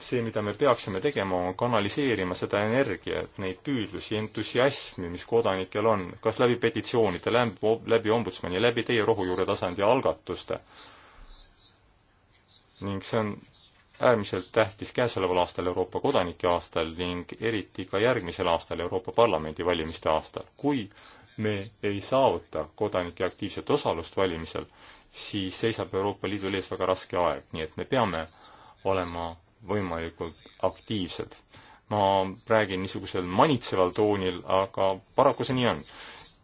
S2: see, mida me peaksime tegema, on kanaliseerima seda energiat, neid püüdlusi, entusiasmi, mis kodanikel on, kas läbi petitsioonide, läbi, läbi ombudsmani, läbi teie rohujuure tasandi algatuste. ning see on äärmiselt tähtis käesoleval aastal Euroopa kodanike aastal ning eriti ka järgmisel aastal Euroopa Parlamendi valimiste aastal. kui me ei saavuta kodanike aktiivset osalust valimisel, siis seisab Euroopa Liidul ees väga raske aeg, nii et me peame olema võimalikult aktiivsed. ma räägin niisugusel manitseval toonil, aga paraku see nii on.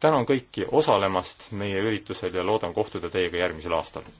S2: tänan kõiki osalemast meie üritusel ja loodan kohtuda teiega järgmisel aastal!